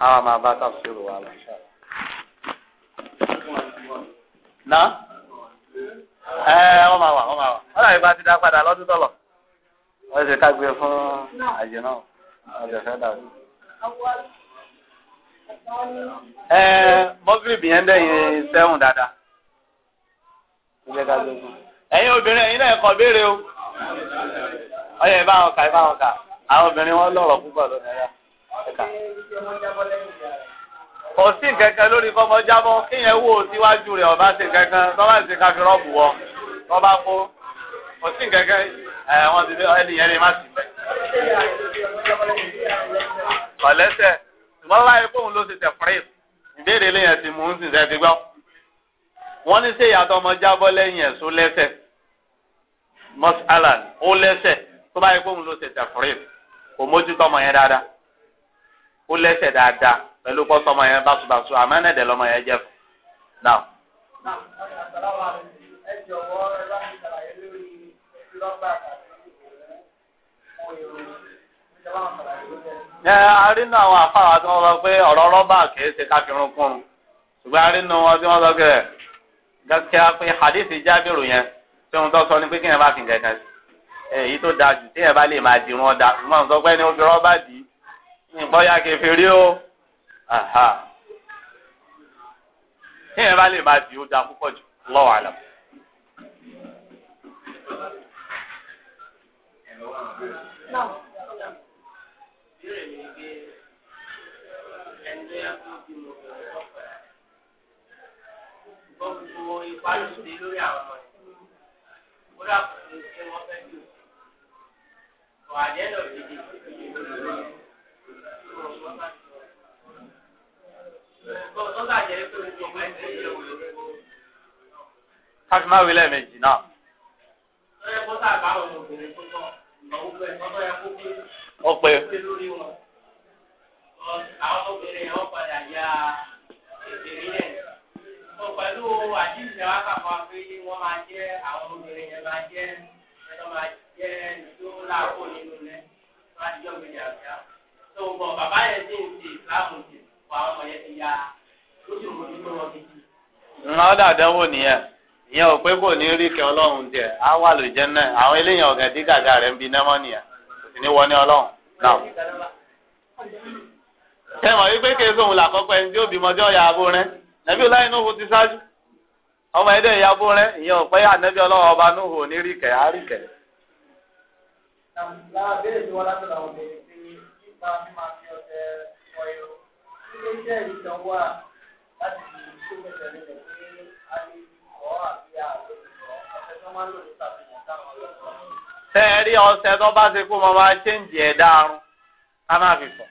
àwọn máa bá tàbísírò wa lọ. ná ẹ ọ máa wà ọ máa wà ọ dàbí bá ti dá padà lọ́dún tọ̀lọ̀ wọ́n ṣe e fún àjẹ náà ọjọ́ fẹ́ dàbí. ẹ eh, mọ́gìrìbì yẹn dẹ̀yìn sẹ́wọ̀n dáadáa e ẹ̀yin obìnrin ẹ̀yin náà ẹ̀kọ́ béèrè o. ọyẹ báwọn kà báwọn kà àwọn obìnrin wọn lọ́rọ̀ púpọ̀ lónìí ẹ̀yà ẹ̀ka. kò sí kankan lórí fọmọ kíyẹn wò ó síwájú rẹ ọba sí kankan tọ́ba sí káfí rọ́ọ̀bù wọ tọ́ba kó kò sí kankan ẹ̀ wọ́n ti ẹni yẹn lè má sí bẹ́ẹ̀. ọ̀lẹ́sẹ̀ ṣùgbọ́n láyé fóun ló ti tẹ̀ fúrẹ́ẹ̀ ìbéèrè lẹ́yìn ti mú un sì sẹ́ ti gbọ́. wọ́n ní sèyàtọ̀ ọmọ jábọ́ lẹ́yìn ẹ̀sùn lẹ́sẹ̀ mọ́sálà ó lẹ́sẹ̀ tó bá yẹ kó òun ló ṣe tẹ̀fúrì kò mójútó ọmọ yẹn dáadáa ó lẹ́sẹ̀ dáadáa pẹ̀lú pọ́sọ ọmọ yẹn báṣubàṣu àmọ́ ẹ̀nẹ́dẹ̀ lọmọ yẹn jẹ́ fún náà. ẹ arínú àwọn afáwà tí wọ́n sọ pé ọ̀rọ̀ rọ́bà kìí ṣe káfíńrún kún ṣùgbọ́n arínú wọn tí wọ́n sọ pé gaskiya pé hadith jábìrù yẹn tí wọ́n tọ́ sọ ni pé kí yẹn bá fi nǹkan sí èyí tó da jù tí ẹ bá lè máa di wọn da ṣùgbọ́n àwọn sọgbẹ́ ni ó fi rọ́bà dì nǹkan ya kẹfẹ́ rí o tí ẹ bá lè máa di ó da púpọ̀ jù lọ́wọ́ àlọ́. Gbogbo ipa ló ti lórí àwọn ọmọ yìí. Ó dàbọ̀ ní kí wọ́n fẹ́ bí káfí má wílẹ̀ méjì náà. ó pẹ̀lú àdìsí àwọn akàkọ́ àfẹ́yé wọ́n máa jẹ́ àwọn obìnrin yẹn máa jẹ́ ẹ̀rọ máa jẹ́. jẹ́ ẹni tó láàbò nínú rẹ̀ bàbá àwọn ya nìyẹn ìyẹn ò pé kò ní rí kẹ ọlọ́run wà náà kò sì ní wọ ní ọlọ́run náà. wípé làkọ́kọ́ ẹni tí ó bímọ rẹ̀ nàbí ti ṣáájú ọmọ ẹ̀dẹ̀ rẹ̀ ìyẹn ò pé ànẹ́bí ọlọ́run lára bẹ́ẹ̀ ni wọ́n látọ̀ làwọn obìnrin pé nípa mímọ àti ọ̀sẹ̀ ọ̀ ẹ̀rọ ilé iṣẹ́ ìtàn wà láti fi tó mẹ́tẹ̀ nílẹ̀ pé a lè kọ́ àbí àlọ́ ọ̀sẹ̀ tó máa ń lò ní sàfihàn táwọn ọlọ́pàá. ṣé ẹ rí ọṣẹ tó bá ṣe kó máa máa ṣéǹjì ẹ̀ dáhùn ká má fi fọ̀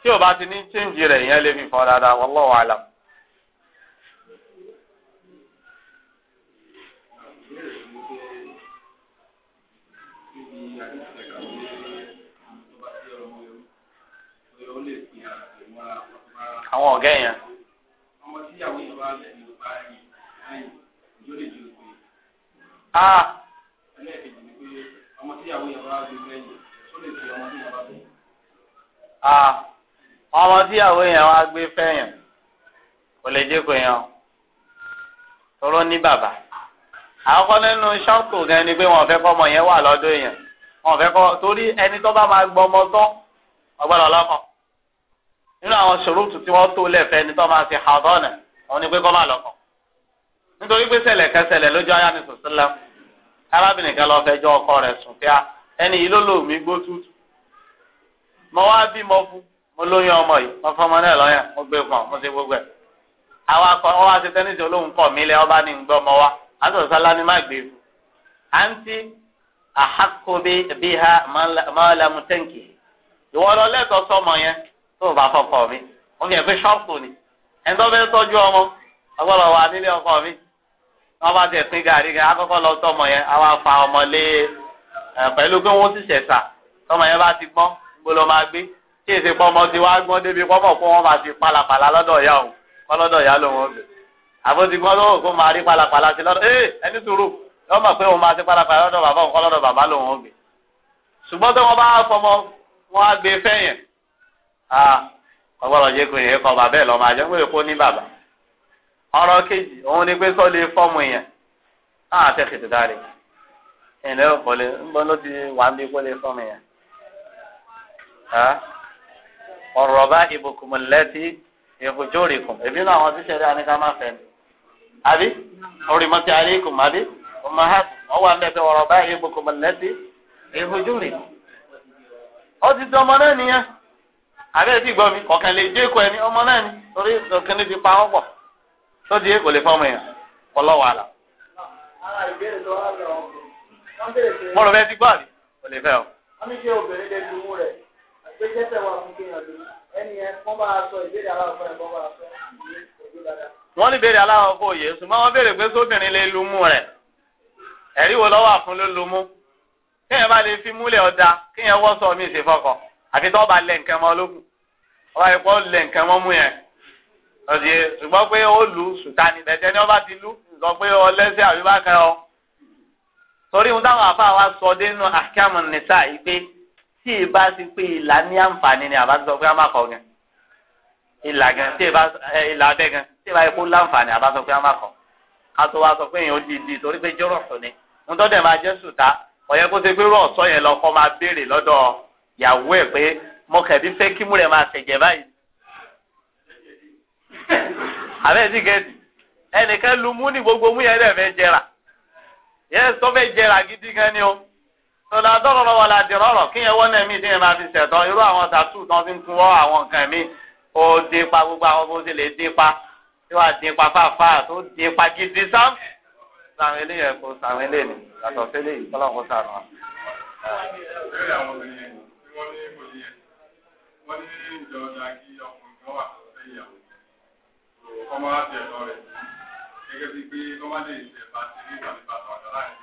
tí ò bá ti ní ṣéǹjì rẹ̀ ìyẹn lè fi fọ̀ dáadáa wallahu alam. àwọn ọ̀gá yẹn. Ah ọmọ tíyàwó yẹn wá gbé fẹ́yàn kò lè jẹ́ kó yẹn tọrọ ní bàbá àkọ́kọ́ nínú ṣọ́ọ̀tù gan ni pé wọ́n fẹ́ kọ́mọ yẹn wà lọ́dọ̀ yẹn wọn fẹ́ tori torí ẹni tó bá máa gbọ́ ọmọ tán ọgbọ́dọ̀ nínú àwọn ṣòrútù tí wọ́n tó lẹ́fẹ̀ẹ́ ẹni tó máa ṣe hàdọ́nà òun ni pé kọ́ máa lọ́kàn nítorí pé ṣẹlẹ̀ kẹsẹlẹ̀ lójú ayé arábìnrin kan lọ ọkọ rẹ̀ sùn pé ẹni yìí ló lò mí gbó tútù fún mo lóyún ọmọ ọ mo ṣe gbogbo àwọn akọ wọn ni má gbé fún àhàkó bí ha máa lamu tẹ́ǹkì ìwọ lọ lẹ́tọ̀ọ́ sọmọ yẹn tó o bá fọkọ mi wọ́n fi hàn pé ṣọ́ọ̀kù ni ẹni tó fẹ́ tọ́jú ọmọ ọgbọ́dọ̀ wà nílé ọkọ mi wọ́n bá tẹ̀ pín gàrí gan akọ́kọ́ lọ sọmọ yẹn á wá fa ọmọ lé pẹ̀lú pé wọ́n ti ṣẹ̀ṣà sọmọ yẹn bá ti gbọ́n gbọ́dọ̀ máa gbé tí èsì pọ́ ti wá gbọ́n débi pọ́pọ̀ kó wọ́n máa ti palapàla lọ́dọ̀ ìyá òun kọ́ ìyá lòun ọ̀gbìn àbótigbọ́n lọ́wọ́ kó máa rí palapàla sí lọ́dọ̀ ẹ ẹni sùúrù yọ mọ̀ pé òun máa ti parapara lọ́dọ̀ bàbá òun kọ́ lọ́dọ̀ bàbá lòun ò gbé ṣùgbọ́n tó wọn bá fọmọ wọn á gbé fẹ́yìn ọgbọ́dọ̀ jẹ́ kó yẹn kọ́ bàbá ẹ̀ lọ́mọ àjọ pé kó ní bàbá ọ̀rọ̀ kejì òun ni pé sọ lè fọ́ọ̀mù yẹn náà àti kìtì dáre ẹ̀lẹ́ ò kọ́ lè ń gbọ́n ló ti wà ń bí kó lè fọ́ọ̀mù yẹn ọ̀rọ̀ bá ìbùkún lẹ́tí ìfòjórìkùn èmi náà àwọn tíṣẹ̀rẹ́ àníkà ummahatu wọ́n wà mẹ́fẹ́ báyìí gbogbo mọ̀lẹ́tì ìfojú rẹ̀. ọmọ náà nìyẹn àbẹ́ ti gbọ́ mi lè dé kọ ẹni ọmọ náà ni torí kọ̀ọ̀kan níbi pa wọ́n pọ̀ tó èkó lè fọ́ọ̀mù yẹn àlà. bẹ́ẹ̀ ti gbọ́ kò lè fẹ́ o. wọ́n ní obìnrin lè sọ ìbéèrè fún ẹ̀rí wo lọ́wọ́ àfún ló lo mú kéèyàn bá lè fi múlẹ̀ ọ̀dà kéèyàn wọ́sọ̀ mí ṣe fọkàn àfi tó bá lẹ̀ nǹkan mọ́ lókun ọba yìí kọ́ lẹ̀ nǹkan mọ́ mú yẹn ọ̀dì ṣùgbọ́n pé ó lù sùtánì tẹ̀tẹ̀ ni ọba ti lù sọ pé ọ lẹ́sẹ̀ àbí bá kẹ́ ọ. torí ohun táwọn afa wa sọ dé nínú akíámù nìsa yìí pé tí ì bá ti pé ìlà ní àǹfààní ni àbá ti sọ pé a máa kọ gan ìlà gan tí ì bá ìlà abẹ́ gan tí ì bá yẹ láǹfààní àbá sọ pé a máa kọ ká tó wa sọ pé èèyàn ó di di torí pé jọ́rọ̀ sọ ni nítorí dẹ̀ máa jẹ́ sùtá ọ̀yẹ́ kó ṣe pé rọ̀ ọ̀sọ́ yẹn lọ́kọ́ máa béèrè lọ́dọ̀ ìyàwó ẹ̀ pé mo kẹ̀bí fẹ́ kí mú rẹ̀ máa tẹ̀jẹ̀ báyìí. àbẹ́ ti gẹ̀ẹ́dì ẹnìkan lu mú ní gbogbo mú yẹn dẹ̀ fẹ́ yẹn sọ fẹ́ jẹrà gidi gan ni o tọ́lá dọ́rọ̀rọ̀ wà ládìrọ̀rọ̀ kí yẹn wọ́n ẹ̀mí tí yẹn máa fi ṣẹ̀tọ́ irú àwọn tàtú tán fi ń tún wọ́ àwọn nǹkan ẹ̀mí ó dín pa sàwọn eléyìí ẹ̀kọ́ sàwọn eléyìí yàtọ̀ sílẹ̀ yìí kọ́lọ́ kó sàrọ̀. ìbéèrè àwọn obìnrin tí wọ́n ní kò yẹ wọ́n ní ìjọ ọjà kí ọkùnrin kan wà fẹ́ ìyàwó kọ́ máa ti ẹ̀tọ́ rẹ̀ gẹ́gẹ́ bíi pé kọ́ máa ti rí ìbàdìbà ọ̀dọ́ láàrin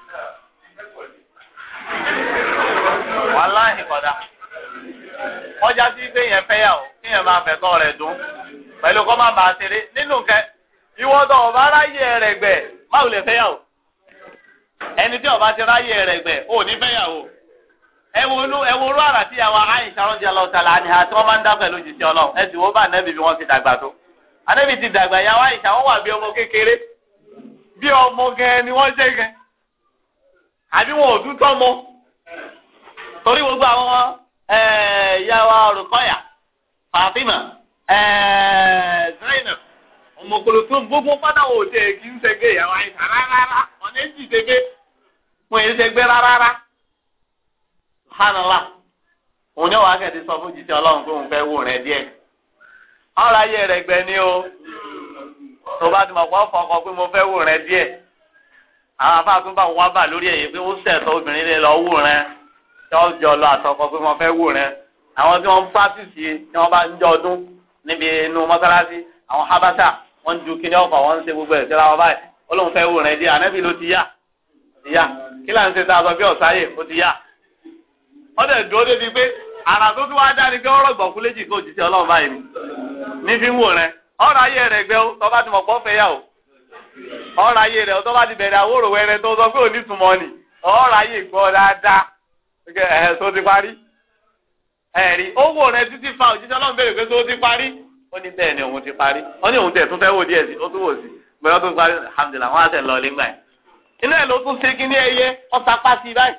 wàhálà ìkọ̀dà ọjà tí gbé yẹn fẹ́ yà ó kí yẹn máa fẹ́ rẹ̀ dùn pẹ̀lú kọ́ máa bàa ṣeré nínú kẹ́ ìwọ tó ọba ráyè rẹ gbẹ má ẹni tí ọba ti ráyè rẹ gbẹ ò ní ni àti wọ́n máa ń dá pẹ̀lú jíjẹ ọlọ́run ẹ sì bá ànábì bí ti dàgbà tó ànábì ti dàgbà ìyá àwọn àyìnṣà wà bí ọmọ kékeré bí ọmọ ni àbí wọn ò tún tọ́ torí gbogbo àwọn ìyá wa Rùkọ́yà Fàtímà Zainab ọmọkòlò tó ń gbógun fádáwò tẹ kí ń sẹgbẹ ìyàwó àyíká rárá wọn ní ti sẹgbẹ wọn yìí sẹgbẹ rárá hánàlá òun yóò wá kẹ́ẹ̀dé sọ fún jìṣẹ́ ọlọ́run pé òun fẹ́ wò rẹ díẹ̀ ọ̀rọ̀ ayé rẹ gbẹ ni o tó bá ti mọ̀ pọ́ fọkọ pé mo fẹ́ wò rẹ díẹ̀ àwọn afáàfin bá wọn bà lórí ẹ̀yẹ pé ó sẹ̀tọ́ obìnrin lè lọ wò rẹ tọ́jọ́ lọ àtọkọ pé mo fẹ́ wò rẹ àwọn tí wọ́n ń pàṣìṣe tí wọ́n bá ń jọ ọdún níbi inú mọ́sálásí àwọn habasa wọ́n ju kí ni ọ̀fà wọ́n ń ṣe gbogbo ẹ̀ síra wọn olóhùn di ló ti yá ti yá kí là ń ṣe bí ọ̀sáyè ó ti yá. wọ́n dẹ̀ dúró débi pé àrà tó tún wáá dání pé ọ̀rọ̀ gbọ̀kú léjì kó ọlọ́run báyìí ní fi ń wò rẹ̀ ọ̀rọ̀ ayé rẹ̀ gbẹ́ ti o ọ̀rọ̀ ayé rẹ̀ tó bá ti bẹ̀rẹ̀ àwòrò tó sọ pé ni ọ̀rọ̀ ayé gbọ́ dáadáa tó ti parí ó ní bẹ́ẹ̀ ni òun ti parí ó ní òun tẹ̀ tún fẹ́ wò díẹ̀ sí ó tún wò sí gbọ́dọ̀ tó parí alhamdulilah wọ́n á tẹ̀ lọ lẹ́gbà yẹn. inú ẹ̀ ló tún ṣe kí ní ẹyẹ ọ̀sà pàṣẹ báyìí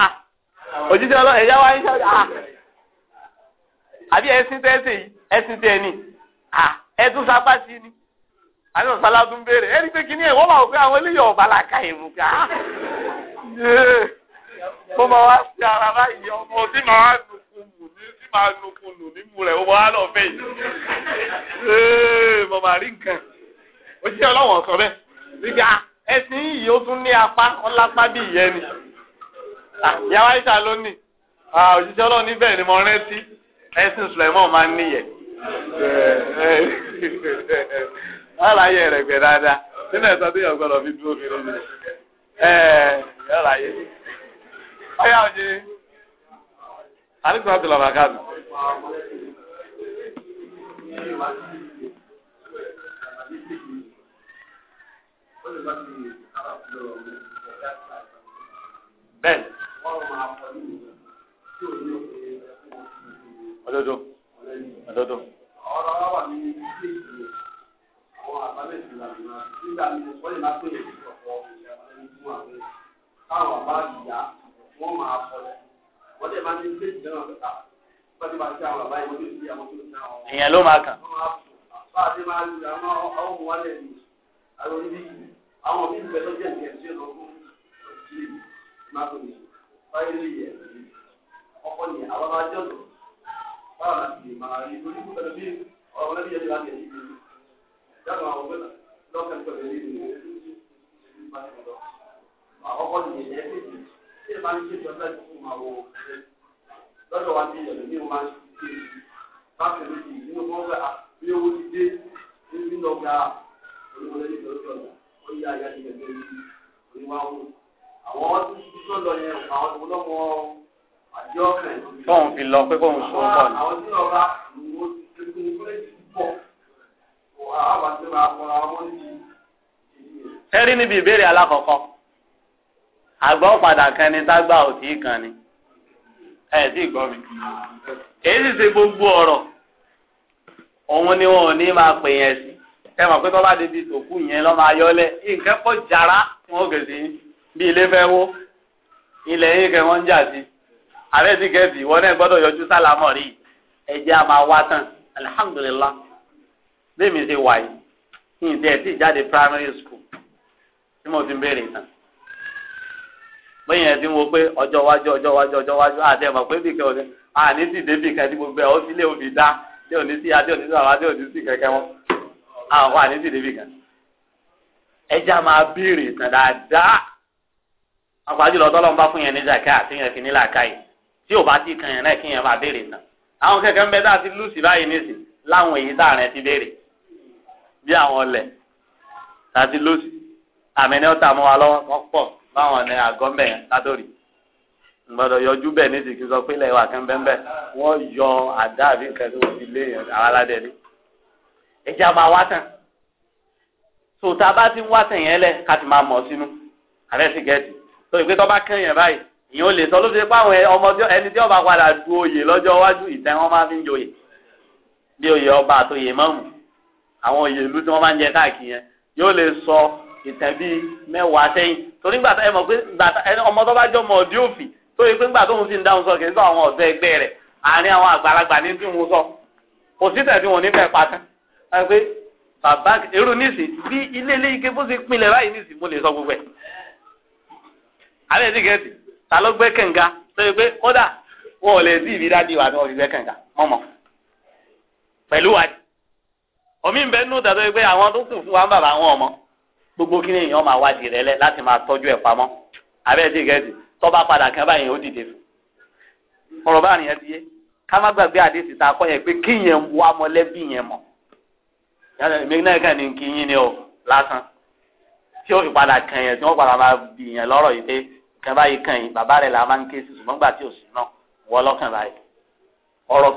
ah òjijì ọlọ ẹ̀yà wa ń ṣàlẹ̀ àbí ẹ̀sìn tẹ́ ẹ̀sìn yìí ẹ̀sìn tẹ́ ẹni ah ẹ̀tún sapá sí ni àbí ọ̀sálà tún béèrè ẹ̀rí pé kí ní ẹ̀ máa wò àwọn eléyìí ọ̀bà là ká mo máa wá sí tí màá nukun nù nímú rẹ̀ wọ́n á lọ fẹ́ yìí. mo máa rí nǹkan òṣìṣẹ́ ọlọ́wọ̀n sọ bẹ́ẹ̀ nígbà ẹsìn yìí ó tún ní apá ọlápá bí ìyẹn ni. ìyáwá ìṣà lónìí òṣìṣẹ́ ọlọ́run níbẹ̀ ni mo rántí ẹsìn sùlẹ̀mọ́ máa ń níyẹ̀. wọ́n láyé rẹ̀ gbẹ̀ dáadáa nínú ẹ̀sán tó yẹ ọgbọ́dọ̀ fi dúró fi rí mi. ẹ̀ẹ́ yọ̀ọ́ láyé. ọ̀yá òjì àríkùn àti lọ́ba káàdì. bẹ́ẹ̀ òdodo òdodo. ọ̀rọ̀ wa wà ní ilé ìgbìmọ̀ àwọn àbálẹ̀ ìgbìmọ̀ nígbà tí wọ́n lè má pè é ọ̀pọ̀ ìyàwó ẹni fún àwọn káwọn bá wọ́n máa fọlẹ̀ wọ́n tẹ̀ máa ń gbé ìjẹ́ náà lọ́ta wọ́n ṣe àwọn àbáyé wọ́n ti fi àwọn tó ń ṣe àwọn. ló máa kàn. bá a ti máa lu àwọn ọmọ wa ní àwọn ibi àwọn òbí ìgbẹ́ jẹ́ ìgbẹ́ tí lọ fún ìdílé mákò ní báyé lè yẹ ọkọ ní àwọn bá jọ lọ báwa láti máa rí lórí kú pẹ̀lú bí ọ̀rọ̀ lẹ́bí yẹn ti láti ẹ̀ yíyẹ dábàá àwọn ọgbẹ́ lọ́kàn pẹ̀lú ẹ̀rí ìrìn àkọ́kọ́ nìyẹn tí èèyàn ń ṣe ìjọba ìdókòwò máa wọ ọ̀rẹ́ lọ́dọ̀ wa ní ìyẹ̀lẹ̀ ní o máa ń ṣe méjì nínú wọn fẹ́ owó ti dé nínú ọgbà olúwọlé ní ìtọ́jú ọ̀nà ó yá ayá ti gbẹ̀gbẹ̀ ní oníwáwó àwọn ọdún tó lọ yẹn àwọn ọlọ́mọ àjọ ọ̀fẹ́. tóun fi lọ pé kóun sọ pọ̀ ní. àwọn tí ọba ìwọ ti ṣe fún púpọ̀ àwọn àbàtì máa kọ́ra ọmọ níbi. ẹ rí níbi ìbéèrè alákọ̀ọ́kọ́. àgbọ̀ padà kan ni tágbà ò tí kan ni ezi ti gbogbo ọ̀rọ̀ òun ni wọn ò ní máa pè yẹn sí ẹ mọ̀ pé tòkú yẹn lọ́ máa nǹkan pọ̀ wọn bí ilé fẹ́ wó ilẹ̀ yín kẹ́ wọ́n ń jà sí sì kẹ́sì ìwọ a máa wá tán alihamudulilá mi ṣe wà yìí jáde primary school bẹ́yìn ẹ̀sìn wo pé ọjọ́ wájú ọjọ́ wájú ọjọ́ wájú àti ẹ̀mọ̀ pé bìkẹ́ òní àní sì dé bìkẹ́ tí gbogbo ẹ̀ ó sì lé òbí dá tí òní sí adé òní sí àwọn adé òní sí kẹ̀kẹ́ wọn àwọn àní sì dé bìkẹ́. ẹja máa béèrè tán dáadáa àpàjù lọ tọ́lọ́mù fún yẹn ní zakẹ́ àti yẹn fi nílà káyì tí ò bá ti kàn yẹn náà kí yẹn máa béèrè tán. àwọn kẹ̀kẹ́ ń bẹ tá a ti lùsì báyìí nísìn láwọn èyí tá àrẹ ti báwọn ní àgọ́ mẹ́ látòrí gbọ́dọ̀ yọjú bẹ́ẹ̀ ní ìsìnkú sọ pé ilẹ̀ wà kán bẹ́ẹ̀ wọ́n yọ àdá àbí nǹkan tí wọ́n fi lé yẹn àwọn aládẹ ní. ẹja máa wá tàn sòtá bá ti ń wá tàn yẹn lẹ̀ ká ti máa mọ̀ sínú àrẹ sì gẹ̀ẹ́sì tó ìpè tó bá kàn yẹn báyìí ìyẹn ò lè sọ ló fi pé àwọn ọmọ ẹni tí ọba padà du oyè lọ́jọ́ iwájú ìtẹ́ wọn máa fi ń joyè bí oyè ọba àtòyè mọ́mù àwọn oyè ìlú tí wọ́n máa ń jẹ káàkiri yẹn yóò lè sọ ìtẹ́ bíi mẹ́wàá sẹ́yìn torí gbàtà ẹ mọ̀ pé gbàtà ọmọ tó bá jọ mọ̀ ọdí òfì tó yẹ pé gbàtà òun sì ń dáhùn sọ kì í sọ àwọn ọ̀dọ́ ẹgbẹ́ rẹ̀ àárín àwọn àgbàlagbà ní bí wọn sọ kò sí tẹ̀sí wọn níbẹ̀ pátá ẹ pé bàbá èrò níìsì bí ilé ilé ike bó ṣe pinlẹ̀ báyìí níìsì mo lè sọ gbogbo ẹ̀. alẹ́ ti gẹ̀ẹ́sì ta ló gbẹ́ kànga tó yẹ pé kódà wọn ò lè dí ìbí dá omi ń bẹ́ẹ̀ nù tàbí pé àwọn tó kù fún wa ń bàbá àwọn ọmọ gbogbo kí ni ma máa wádìí rẹ lẹ láti máa tọ́jú ẹ̀ pamọ́ abẹ́rẹ́ gẹ̀ẹ́sì tọ́ba padà kan báyìí ó dìde ọ̀rọ̀ bá nìyẹn ti yé ká má gbàgbé àdéhùn ta kọ́ yẹn pé kí yẹn wá mọ́lẹ́bí yẹn mọ̀ èmi náà kàn ni o lásán tí ó kàn yẹn tí wọ́n padà máa bì yẹn lọ́rọ̀ yìí pé kàn báyìí la máa ń ké sí gbà tí ò sí náà wọ́ lọ́kàn báyìí ọ̀rọ̀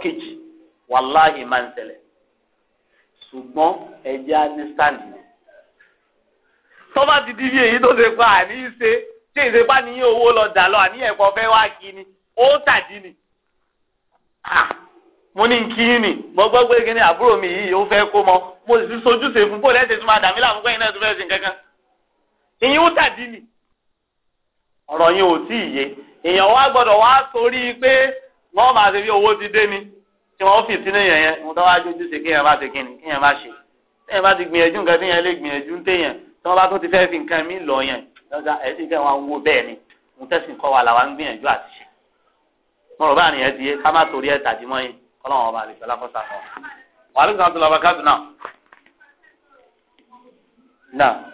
tó bá ti di bí èyí tó ṣe pa àní ṣe ṣe ìṣepá ní owó lọ dà lọ àní ẹ̀kọ́ fẹ́ wá kí ni ó tàdí ni ah, mo ní kí ni mo gbọ́ pé kí ni àbúrò mi yìí ó fẹ́ kó mọ mo sì sojúṣe fún bó lẹ́sẹ̀ tó máa dàmí láàmú pé iná tó fẹ́ sìn kankan ìyẹn ó tàdí ni ọ̀rọ̀ yẹn ò tí ì yé èèyàn wá gbọ́dọ̀ wá torí pé wọ́n máa ṣe bí owó ti dé ni tí wọ́n fi sínú yẹn yẹn mo tọ́ wá jójúṣe kí yẹn bá ṣe kí ni kí yẹn bá ṣe tí ti gbìyànjú nǹkan tí yẹn lè gbìyànjú ń téyàn tí wọ́n bá tún ti fẹ́ fi nǹkan mí lọ yẹn lọ́jà ẹ̀ sì fẹ́ wọn wo bẹ́ẹ̀ ni mo tẹ̀sí kọ́ wa làwa ń gbìyànjú àti ṣe mo rò bá nìyẹn ti yé ká má torí ẹ̀ tàbí mọ́ yín kọ́lọ́wọ́n ọba àlejò aláfọ́sà kan wàhálà kan tó lọ bá káàdùn náà. náà. torí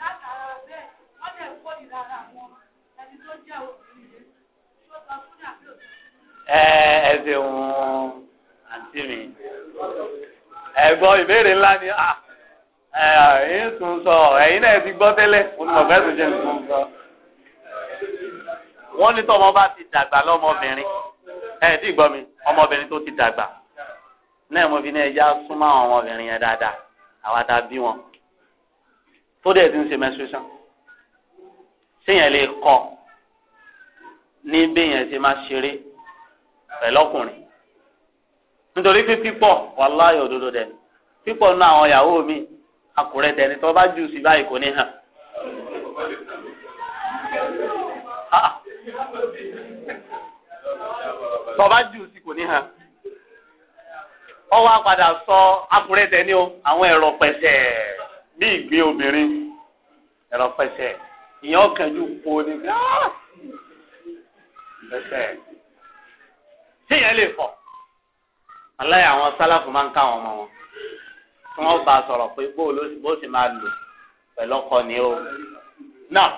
látara bẹ́ẹ̀ wọ́n dẹ̀ kó ìlara àwọn ẹni tó jẹ́ obìnrin yẹn tó sọ fún ní àbí òtún. ẹ ẹ ṣeun àǹtí mi ẹ̀gbọ́n ìbéèrè ńlá ni ẹ̀yin tún sọ ẹ̀yin náà ti gbọ́ tẹ́lẹ̀ onímọ̀fẹ́ tún jẹ́ nǹkan sọ. wọ́n ní tọ́mọ bá ti dàgbà lọ́mọbìnrin ẹ̀ tí gbọ́ mi ọmọbìnrin tó ti dàgbà náà mo fi ní ẹja súnmọ́ àwọn ọmọbìnrin yẹn dáadáa àwa ta bí wọn tó dẹ̀ ti ń ṣe menstruation séèyàn lè kọ́ ní béèyàn ti máa ṣeré pẹ̀lọ́kùnrin nítorí pé pípọ̀ wàláyé ya dẹ̀ pípọ̀ nínú àwọn ìyàwó mi akùrẹ́ tẹ̀ tó bá jù sí báyìí kò ní ah, ah. tọba kò ní hàn ọ wá padà sọ akùrẹ́ tẹ̀lé o àwọn ẹ̀rọ pẹ̀sẹ̀ bí ìgbé obìnrin ẹ̀rọ pẹ̀sẹ̀ ìyẹn kẹjú po ni ah! pẹ̀sẹ̀ tí ìyẹn lè fọ̀ aláì àwọn sálàfù máa ń ká àwọn ọmọ wọn tí wọ́n bá a sọ̀rọ̀ pé bó sì máa lò pẹ̀lú ọkọ ni o náà.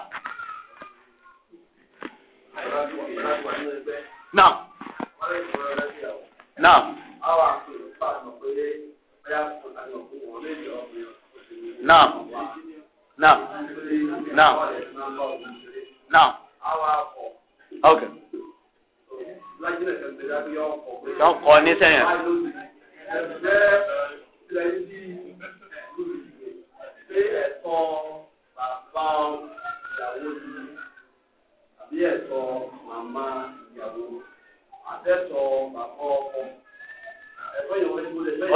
Náà. Náà náà náà náà náà ok. Wọ́n kọ́ ní sẹ́yìn.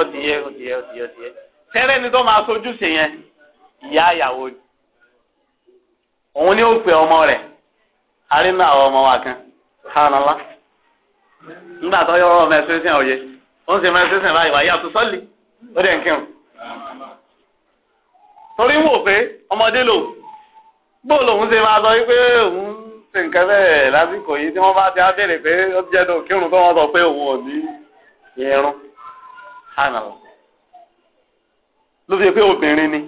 Ó ti yé, ó ti yé, ó ti yé, ó ti yé. tẹ́rẹ́ ni tó máa sojú sí yẹn ìyá ìyàwó ni ó pe ọmọ rẹ̀ arínú àwọn ọmọ wa kan hánàlá nígbà tó yọ ọmọ ẹsẹ sẹ òye ó ń ṣe ọmọ ẹsẹ sẹ báyìí wáyé àtúnṣọ́lì ó dẹ̀ ń torí wò pé ọmọdé lò gbọ́ lòun ṣe máa sọ wípé òun ṣe nǹkan bẹ́ẹ̀ lásìkò yìí tí wọ́n bá ti á béèrè pé ó jẹ́ dùn kírun tó wọ́n sọ pé òun ò ní ló fi pé obìnrin ni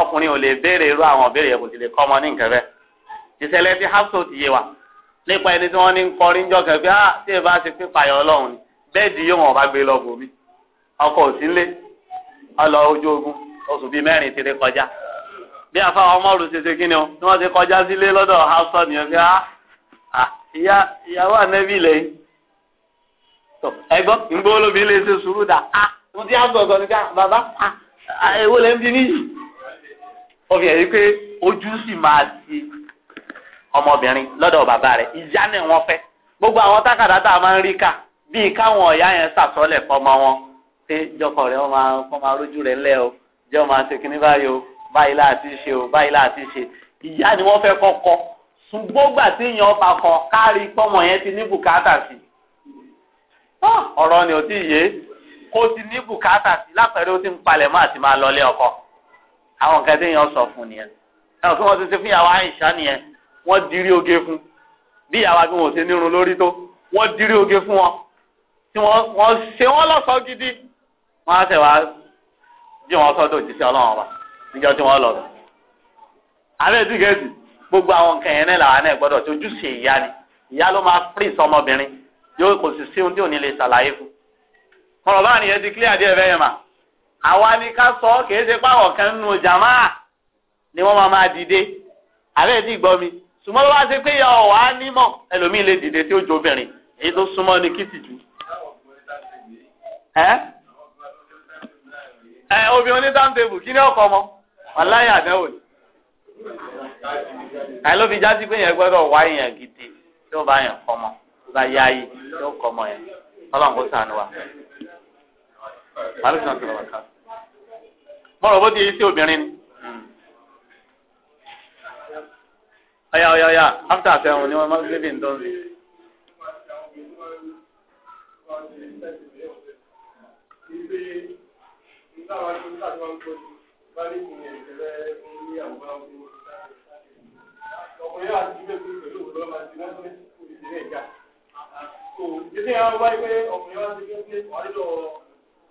ọkùnrin ò lè béèrè irú àwọn òbèrè yẹn kò sì lè kọ́ ní nǹkan ti ti yé wa nípa ẹni tí wọ́n ní kọrin jọ kẹ́ pé ah, tí ẹ bá ṣe pípayọ̀ ọlọ́run ni yóò wọn bá gbé lọ bòmí ọlọ ojú ogun oṣù bíi ti rí kọjá bí àfáwọn ṣe o tí ti kọjá sílé ni ah, ah, ìyá ìyàwó ànẹ́bí ẹgbọ́n olóbi ṣe sùúrù dà mo ti èwo lẹ́ ń bi níyì ó fi hàn yí pé ojú sì máa ti ọmọbìnrin lọ́dọ̀ bàbá rẹ̀ ìyá náà wọ́n fẹ́ gbogbo àwọn tákàdá tá a máa ń rí kà bíi káwọn ọ̀yá yẹn sàtọ́lẹ̀ fọmọ wọn pé jọkọ̀ rẹ̀ wọ́n máa kọ́ máa rójú rẹ̀ ńlẹ̀ o jẹ́ ọmọ àti kìnní báyìí o báyìí láti ṣe o báyìí láti ṣe ìyá ni wọ́n fẹ́ kọ́kọ́ ṣùgbọ́n gbà tí èèyàn ọba kan kárí pọ́mọ yẹn ti ní bùkátà sí ah, ọ̀rọ̀ ni ò tí ì yé kó ti ní bùkátà sí lápẹ̀rẹ̀ ó ti ń palẹ̀ mọ́ àti máa lọlé ọkọ àwọn nǹkan tí èèyàn sọ fún nìyẹn ẹ̀rọ tí wọ́n ti ṣe fún ìyàwó àyìnṣá nìyẹn wọ́n dirí oge fún bí ìyàwó àti wọn ò ṣe nírun lórí tó wọ́n dirí oge fún wọn tí wọ́n ṣe wọ́n lọ́sọ̀ọ́ gidi wọ́n á ṣẹ̀ wá jí wọn sọ́dọ̀ òjíṣẹ́ ọlọ́run ọba níjọ́ tí wọ́n lọ rẹ̀ àbẹ́ tí gbogbo àwọn nǹkan yẹn náà làwọn náà gbọ́dọ̀ tó ojúṣe ìyá ni ìyá ló máa pírísì ọmọbìnrin yóò kò sì sí ohun tí ò ní lè ṣàlàyé fún ọba nìyẹn ti clear díẹ̀ bẹ́ẹ̀ mà àwa ni ká sọ kìí ṣe pàwọ̀ kan nù jàmá ni wọ́n máa dìde àbẹ́ ti gbọ́ mi bá ṣe pé yọ wàá nímọ̀ ẹlòmíì lè dìde tí ó obìnrin èyí tó súnmọ́ ni jù. ẹ obìnrin kí ni ọkọ ni. ló fi já sí pé yẹn gbọ́dọ̀ wá yẹn gidi tí ó bá yẹn kọ́ mọ́ tó bá yá yìí kọ́ mọ́ màálùkàn mọ̀rọ̀ bó ti sí obìnrin ọ̀yà ọ̀yà ọ̀yà after àtẹ̀wọ̀n ni wọ́n máa gbé bí nǹkan sí. ọkùnrin àti ìgbésí pẹ̀lú òkúta máa ti wọ́n tó ní ìdílé ìjà. so ìdílé àwọn wáyé pé ọkùnrin wá sí pé wàá ọ̀hẹ̀wò.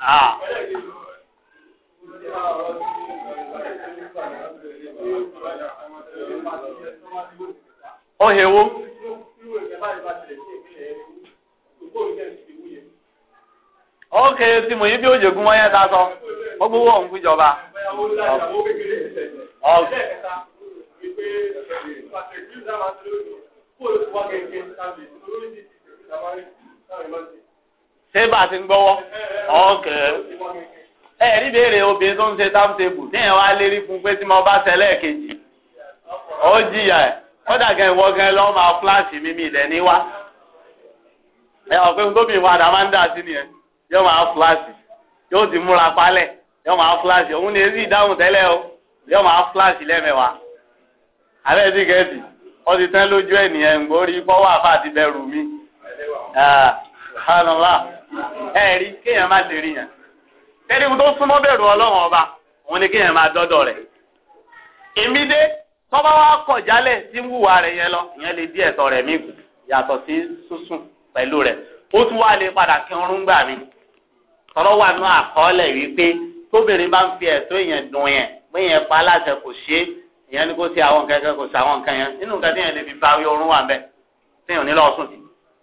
Ah. ókè tí mo yí bí òjògùn wọn yẹn ta sọ ó ṣé bá a ti ń gbọ́wọ́ ọ̀kẹ́ ẹ rí béèrè obìnrin tó ń ṣe tábùtébù téèyàn wá lérí fún pé tí mo bá ṣe lẹ́ẹ̀kejì ó jìyà ẹ̀ kódà gan ìwọ gan lọ́wọ́ máa fúláṣì mímí ilẹ̀ níwá ẹ ọ̀pẹ́ ń tóbi ìwọ̀n àdá máa ń dà sí nìyẹn yóò máa fúláṣì yóò ti múra palẹ̀ yóò máa fúláṣì òun ni èsì ìdáhùn tẹ́lẹ̀ o yóò máa fúláṣì lẹ́mẹ̀wàá abẹ́ẹ̀ sí gẹ̀ẹ́sì ó ti tẹ́ lójú ẹ̀ nìyẹn gbórí pọ́wọ́ àfa àti bẹ̀rù mi hàlọ́lá ẹ rí kéèyàn má lè rí yẹn tẹ́lẹ̀ ohun tó súnmọ́ bẹ̀rù ọlọ́run ọba òun ni kéèyàn máa dọ́dọ̀ rẹ̀ èmi dé tọ́ba wa kọ̀ jálẹ̀ tí ń wùwà rẹ̀ yẹn lọ ìyẹn lè dí ẹ̀tọ́ rẹ̀ mí kù yàtọ̀ sí sísun pẹ̀lú rẹ̀ ó tún wá lè padà kí ọrùn gbà mí tọ́lọ́ wà nú àkọọ́lẹ̀ wípé tóbìnrin bá ń fi ẹ̀tọ́ èèyàn dùn yẹn bóyá pa aláṣẹ kò ṣeé ìyẹn ni kò sí àwọn kẹkẹ kò sí àwọn nǹkan yẹn nínú nǹkan tí yẹn lè fi ba ọrùn wa bẹ tí yẹn ò ní lọ sùn sí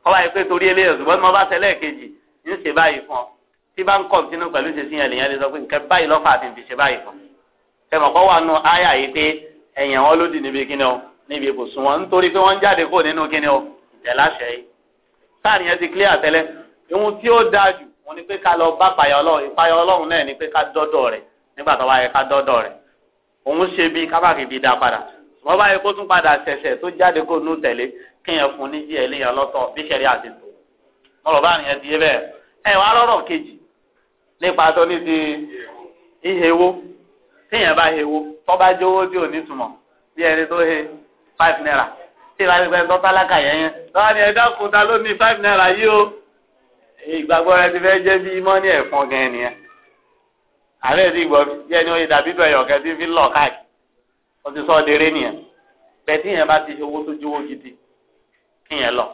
kọ́ba yìí pé torí eléyìí ṣùgbọ́n tí wọ́n bá ṣẹlẹ̀ kejì ń ṣe báyìí fún ọ tí bá ń kọ̀ sínú pẹ̀lú ṣe sí yẹn lè yẹn lè sọ pé nǹkan báyìí lọ́fà àti ìfi ṣe báyìí fún tẹmọ̀ kọ́ wà nù áyà yìí pé ẹ̀yìn wọn ló dì níbi kíni o níbi ibùsùn wọn nítorí pé wọ́n jáde kó nínú kíni o ìtẹ̀láṣẹ yìí sáàrin yẹn ti clear tẹ́lẹ̀ ohun tí ó dáa jù wọn ni pé ká lọ bá payọ̀ ọlọ́run ìpayọ̀ ọlọ́run náà ni pé ká dọ́dọ̀ rẹ̀ nígbà tó bá yẹ ká dọ́dọ̀ rẹ̀ òun ṣe bí kábàkì fi dá padà wọ́n bá yẹ kó tún padà ṣẹ̀ṣẹ̀ tó jáde kó nú tẹ̀lé kéèyàn fún ní díẹ̀ léèyàn lọ́tọ̀ bí sẹ́rí àti tó ọ̀rọ̀ bá nìyẹn ti yé bẹ́ẹ̀ ẹ wàá lọ́rọ̀ kejì nípa tó ní ti ìhewó téèyàn bá hewó tó bá jówó tí ò nítumọ̀ bí ẹni tó he five naira tí ìlànà ìgbẹ́ tó tálákà yẹn yẹn lọ́wọ́ ni ẹ̀dá kúta ló ní five naira yìí o ìgbàgbọ́ rẹ ti fẹ́ jẹ́ bí mọ́ní ẹ̀fọn gan-an nìyẹn àárẹ̀ ti gbọ́ yẹ ni oye dàbí bẹ̀rẹ̀ ọ̀kẹ́ tí fi lọ káàkiri ó ti sọ ọ́ nìyẹn bẹ́ẹ̀ yẹn bá ti ṣe owó tó jówó gidi kí yẹn lọ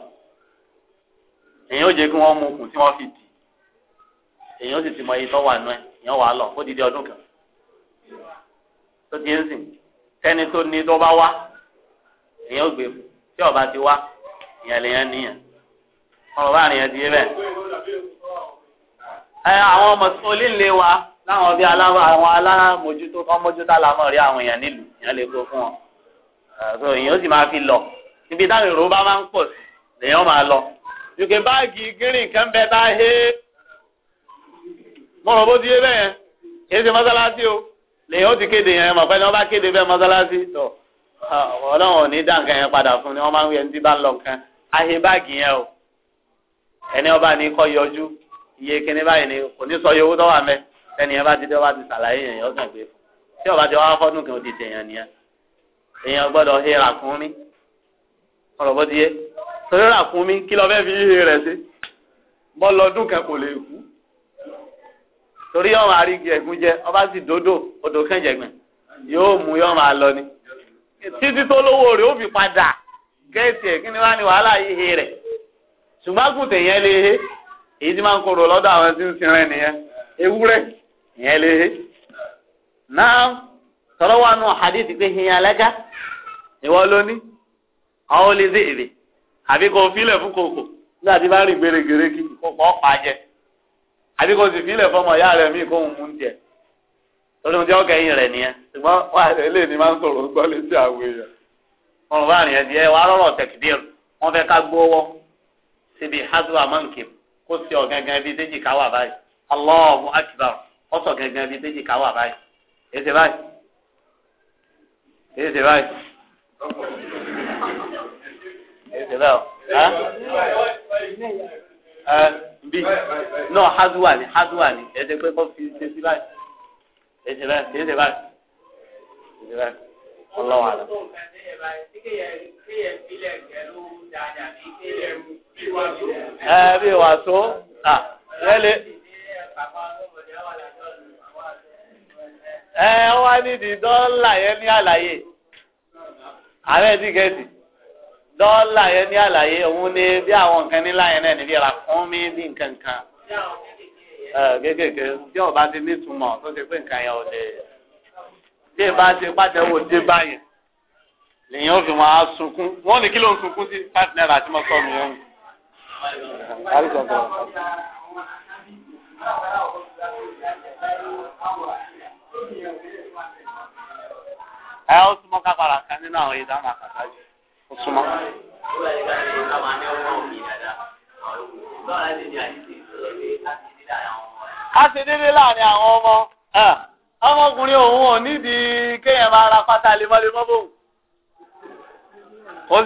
èyàn ó kí wọ́n mú okùn tí wọ́n fi dì ó sì ti mọ iye tó wà nù wà á kan tó tó ní tó bá wá ó gbé fún tí ọba ti wá lèyàn wọn bá rìn ti yé àwọn láwọn bí àwọn alámójútó kan mójútó àlámọ̀ rí àwọn èèyàn nílùú èèyàn lè kó fún wọn so èèyàn ó sì máa fi lọ ibi táwọn èrò bá máa ń pọ̀ sí lèèyàn máa lọ yòókè báàgì gírìn kan bẹ tá a hé mọ̀rọ̀ bó ti yé bẹ́ẹ̀ kì í ṣe mọ́sálásí o lèèyàn ó ti kéde yẹn mọ̀ pé ni wọ́n bá kéde bẹ́ẹ̀ mọ́sálásí tọ̀ ah, ọlọ́run ò ní dá nǹkan yẹn padà fún ni wọ́n máa ń wí ẹni tí bá ń lọ nǹkan a ni kò ní sọ iye owó tó tẹ́ni ẹ bá ti dé wá ti sàlàyé yẹn yọ kàn gbé tí ọba ti wá fọ́dún kan ó ti tẹ̀yàn nìyẹn èèyàn gbọ́dọ̀ hé ràkúnmí ọ̀rọ̀ bó ti yé torí ràkúnmí kí lọ fẹ́ fi hé rẹ̀ sí bọ́lọ́dún kan kò lè kú torí ọmọ àrígi ẹ̀gún jẹ ọba sì dodo odò kẹjẹgbẹ yóò mú yọ máa lọ ni títí tó lówó rẹ̀ ó fi padà gẹ̀ẹ́sì ẹ̀ kí ni wá ní wàhálà yíhe rẹ̀ ṣùgbọ́n àgùntàn yẹn lè he èyí tí máa ń korò lọ́dọ̀ àwọn tí ń sinrin nìyẹn ewúrẹ́. ìyẹn lè he náà sọ̀rọ̀ wà nù hadithi pé ni? lẹ́ka ìwọ lóní àwọn olè àbí kò fún kòkò nígbà tí bá rìn gbèrègbèrè kí kòkò ọ̀pá jẹ àbí kò sì fílẹ̀ fún ọmọ ìyá rẹ̀ míì ń mú jẹ lórí nìyẹn wà á lè ní máa ń létí àwọn èèyàn wọn bá rìn ẹdí ẹ wà á rọrọ wọn ká síbi amankim kó déjì ká wà ọsọ gẹ́gẹ́ bíi méjì ká wà báyìí èsè báyìí èsè báyìí èsè báyìí ọ bí náà hazuwa ni hazuwa ni èsè pé kó fi ṣe sí báyìí èsè báyìí èsè báyìí èsè báyìí ọlọ́wọ́ àlọ́. ẹ bí wàásù ah wẹ́lẹ̀ ẹ wá nídìí dọ́là yẹn ní àlàyé ààrẹ tíkẹ́ẹ̀tì dọ́là yẹn ní àlàyé òun ni bí àwọn nǹkan nílá yẹn náà níbi ràkúnmí bí nǹkan kan kéékèèké tí ọba ti nítumọ̀ tó ti pé nǹkan yẹn ò lè bí ìbá ti pàtẹ́wò dé báyìí lèyìn òfin wọn á sunkún wọn ní kí ló ń sunkún sí five naira tí mo sọ nìyẹn. ẹ ó súnmọ́ ká padà kan nínú àwọn ìdáhùn àkàtàjù ó súnmọ́. ká ṣe déédéé láàrin àwọn ọmọ ọmọkùnrin òun ò nídìí kéèyàn máa ra pátá lemọ́lemọ́ bòun kò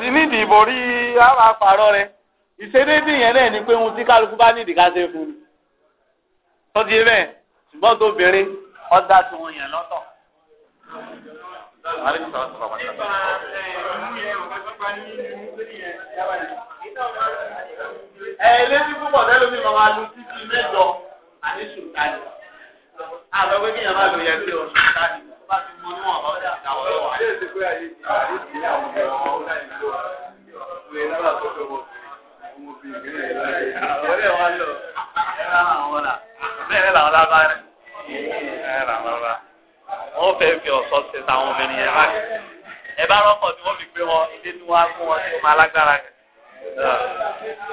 sí ó di bẹ́ẹ̀ ṣùgbọ́n tó obìnrin ọ̀dà tí wọ́n yàn lọ́tọ̀. ẹ létí púpọ̀ tẹ́lẹ̀ mi máa lu títí mẹ́jọ àní sùtánì àlọ́ pé kíyàn máa lo yẹn sí ọ̀sùn sùtánì bá ti mọ níwọ̀n bá dà àwọn ọ̀rọ̀ àdéhùn ti pé àyè àwọn ọmọ ọ̀gá ìlú wa ìwé lábàá tó tó wọ̀ ọmọ bíi ìgbéyàwó àwọn ọ̀rẹ́ wa lọ ẹ̀rọ àwọn ọ̀la bẹ́ẹ̀ làwọn lábá rẹ̀ bẹ́ẹ̀ làwọn lábá wọ́n fẹ́ fi ọ̀sọ́ ṣe táwọn obìnrin yẹn báyìí ẹ bá rọ́pọ̀ tí wọ́n fi gbé wọn ilé tí wọ́n á fún wọn tí wọ́n máa lágbára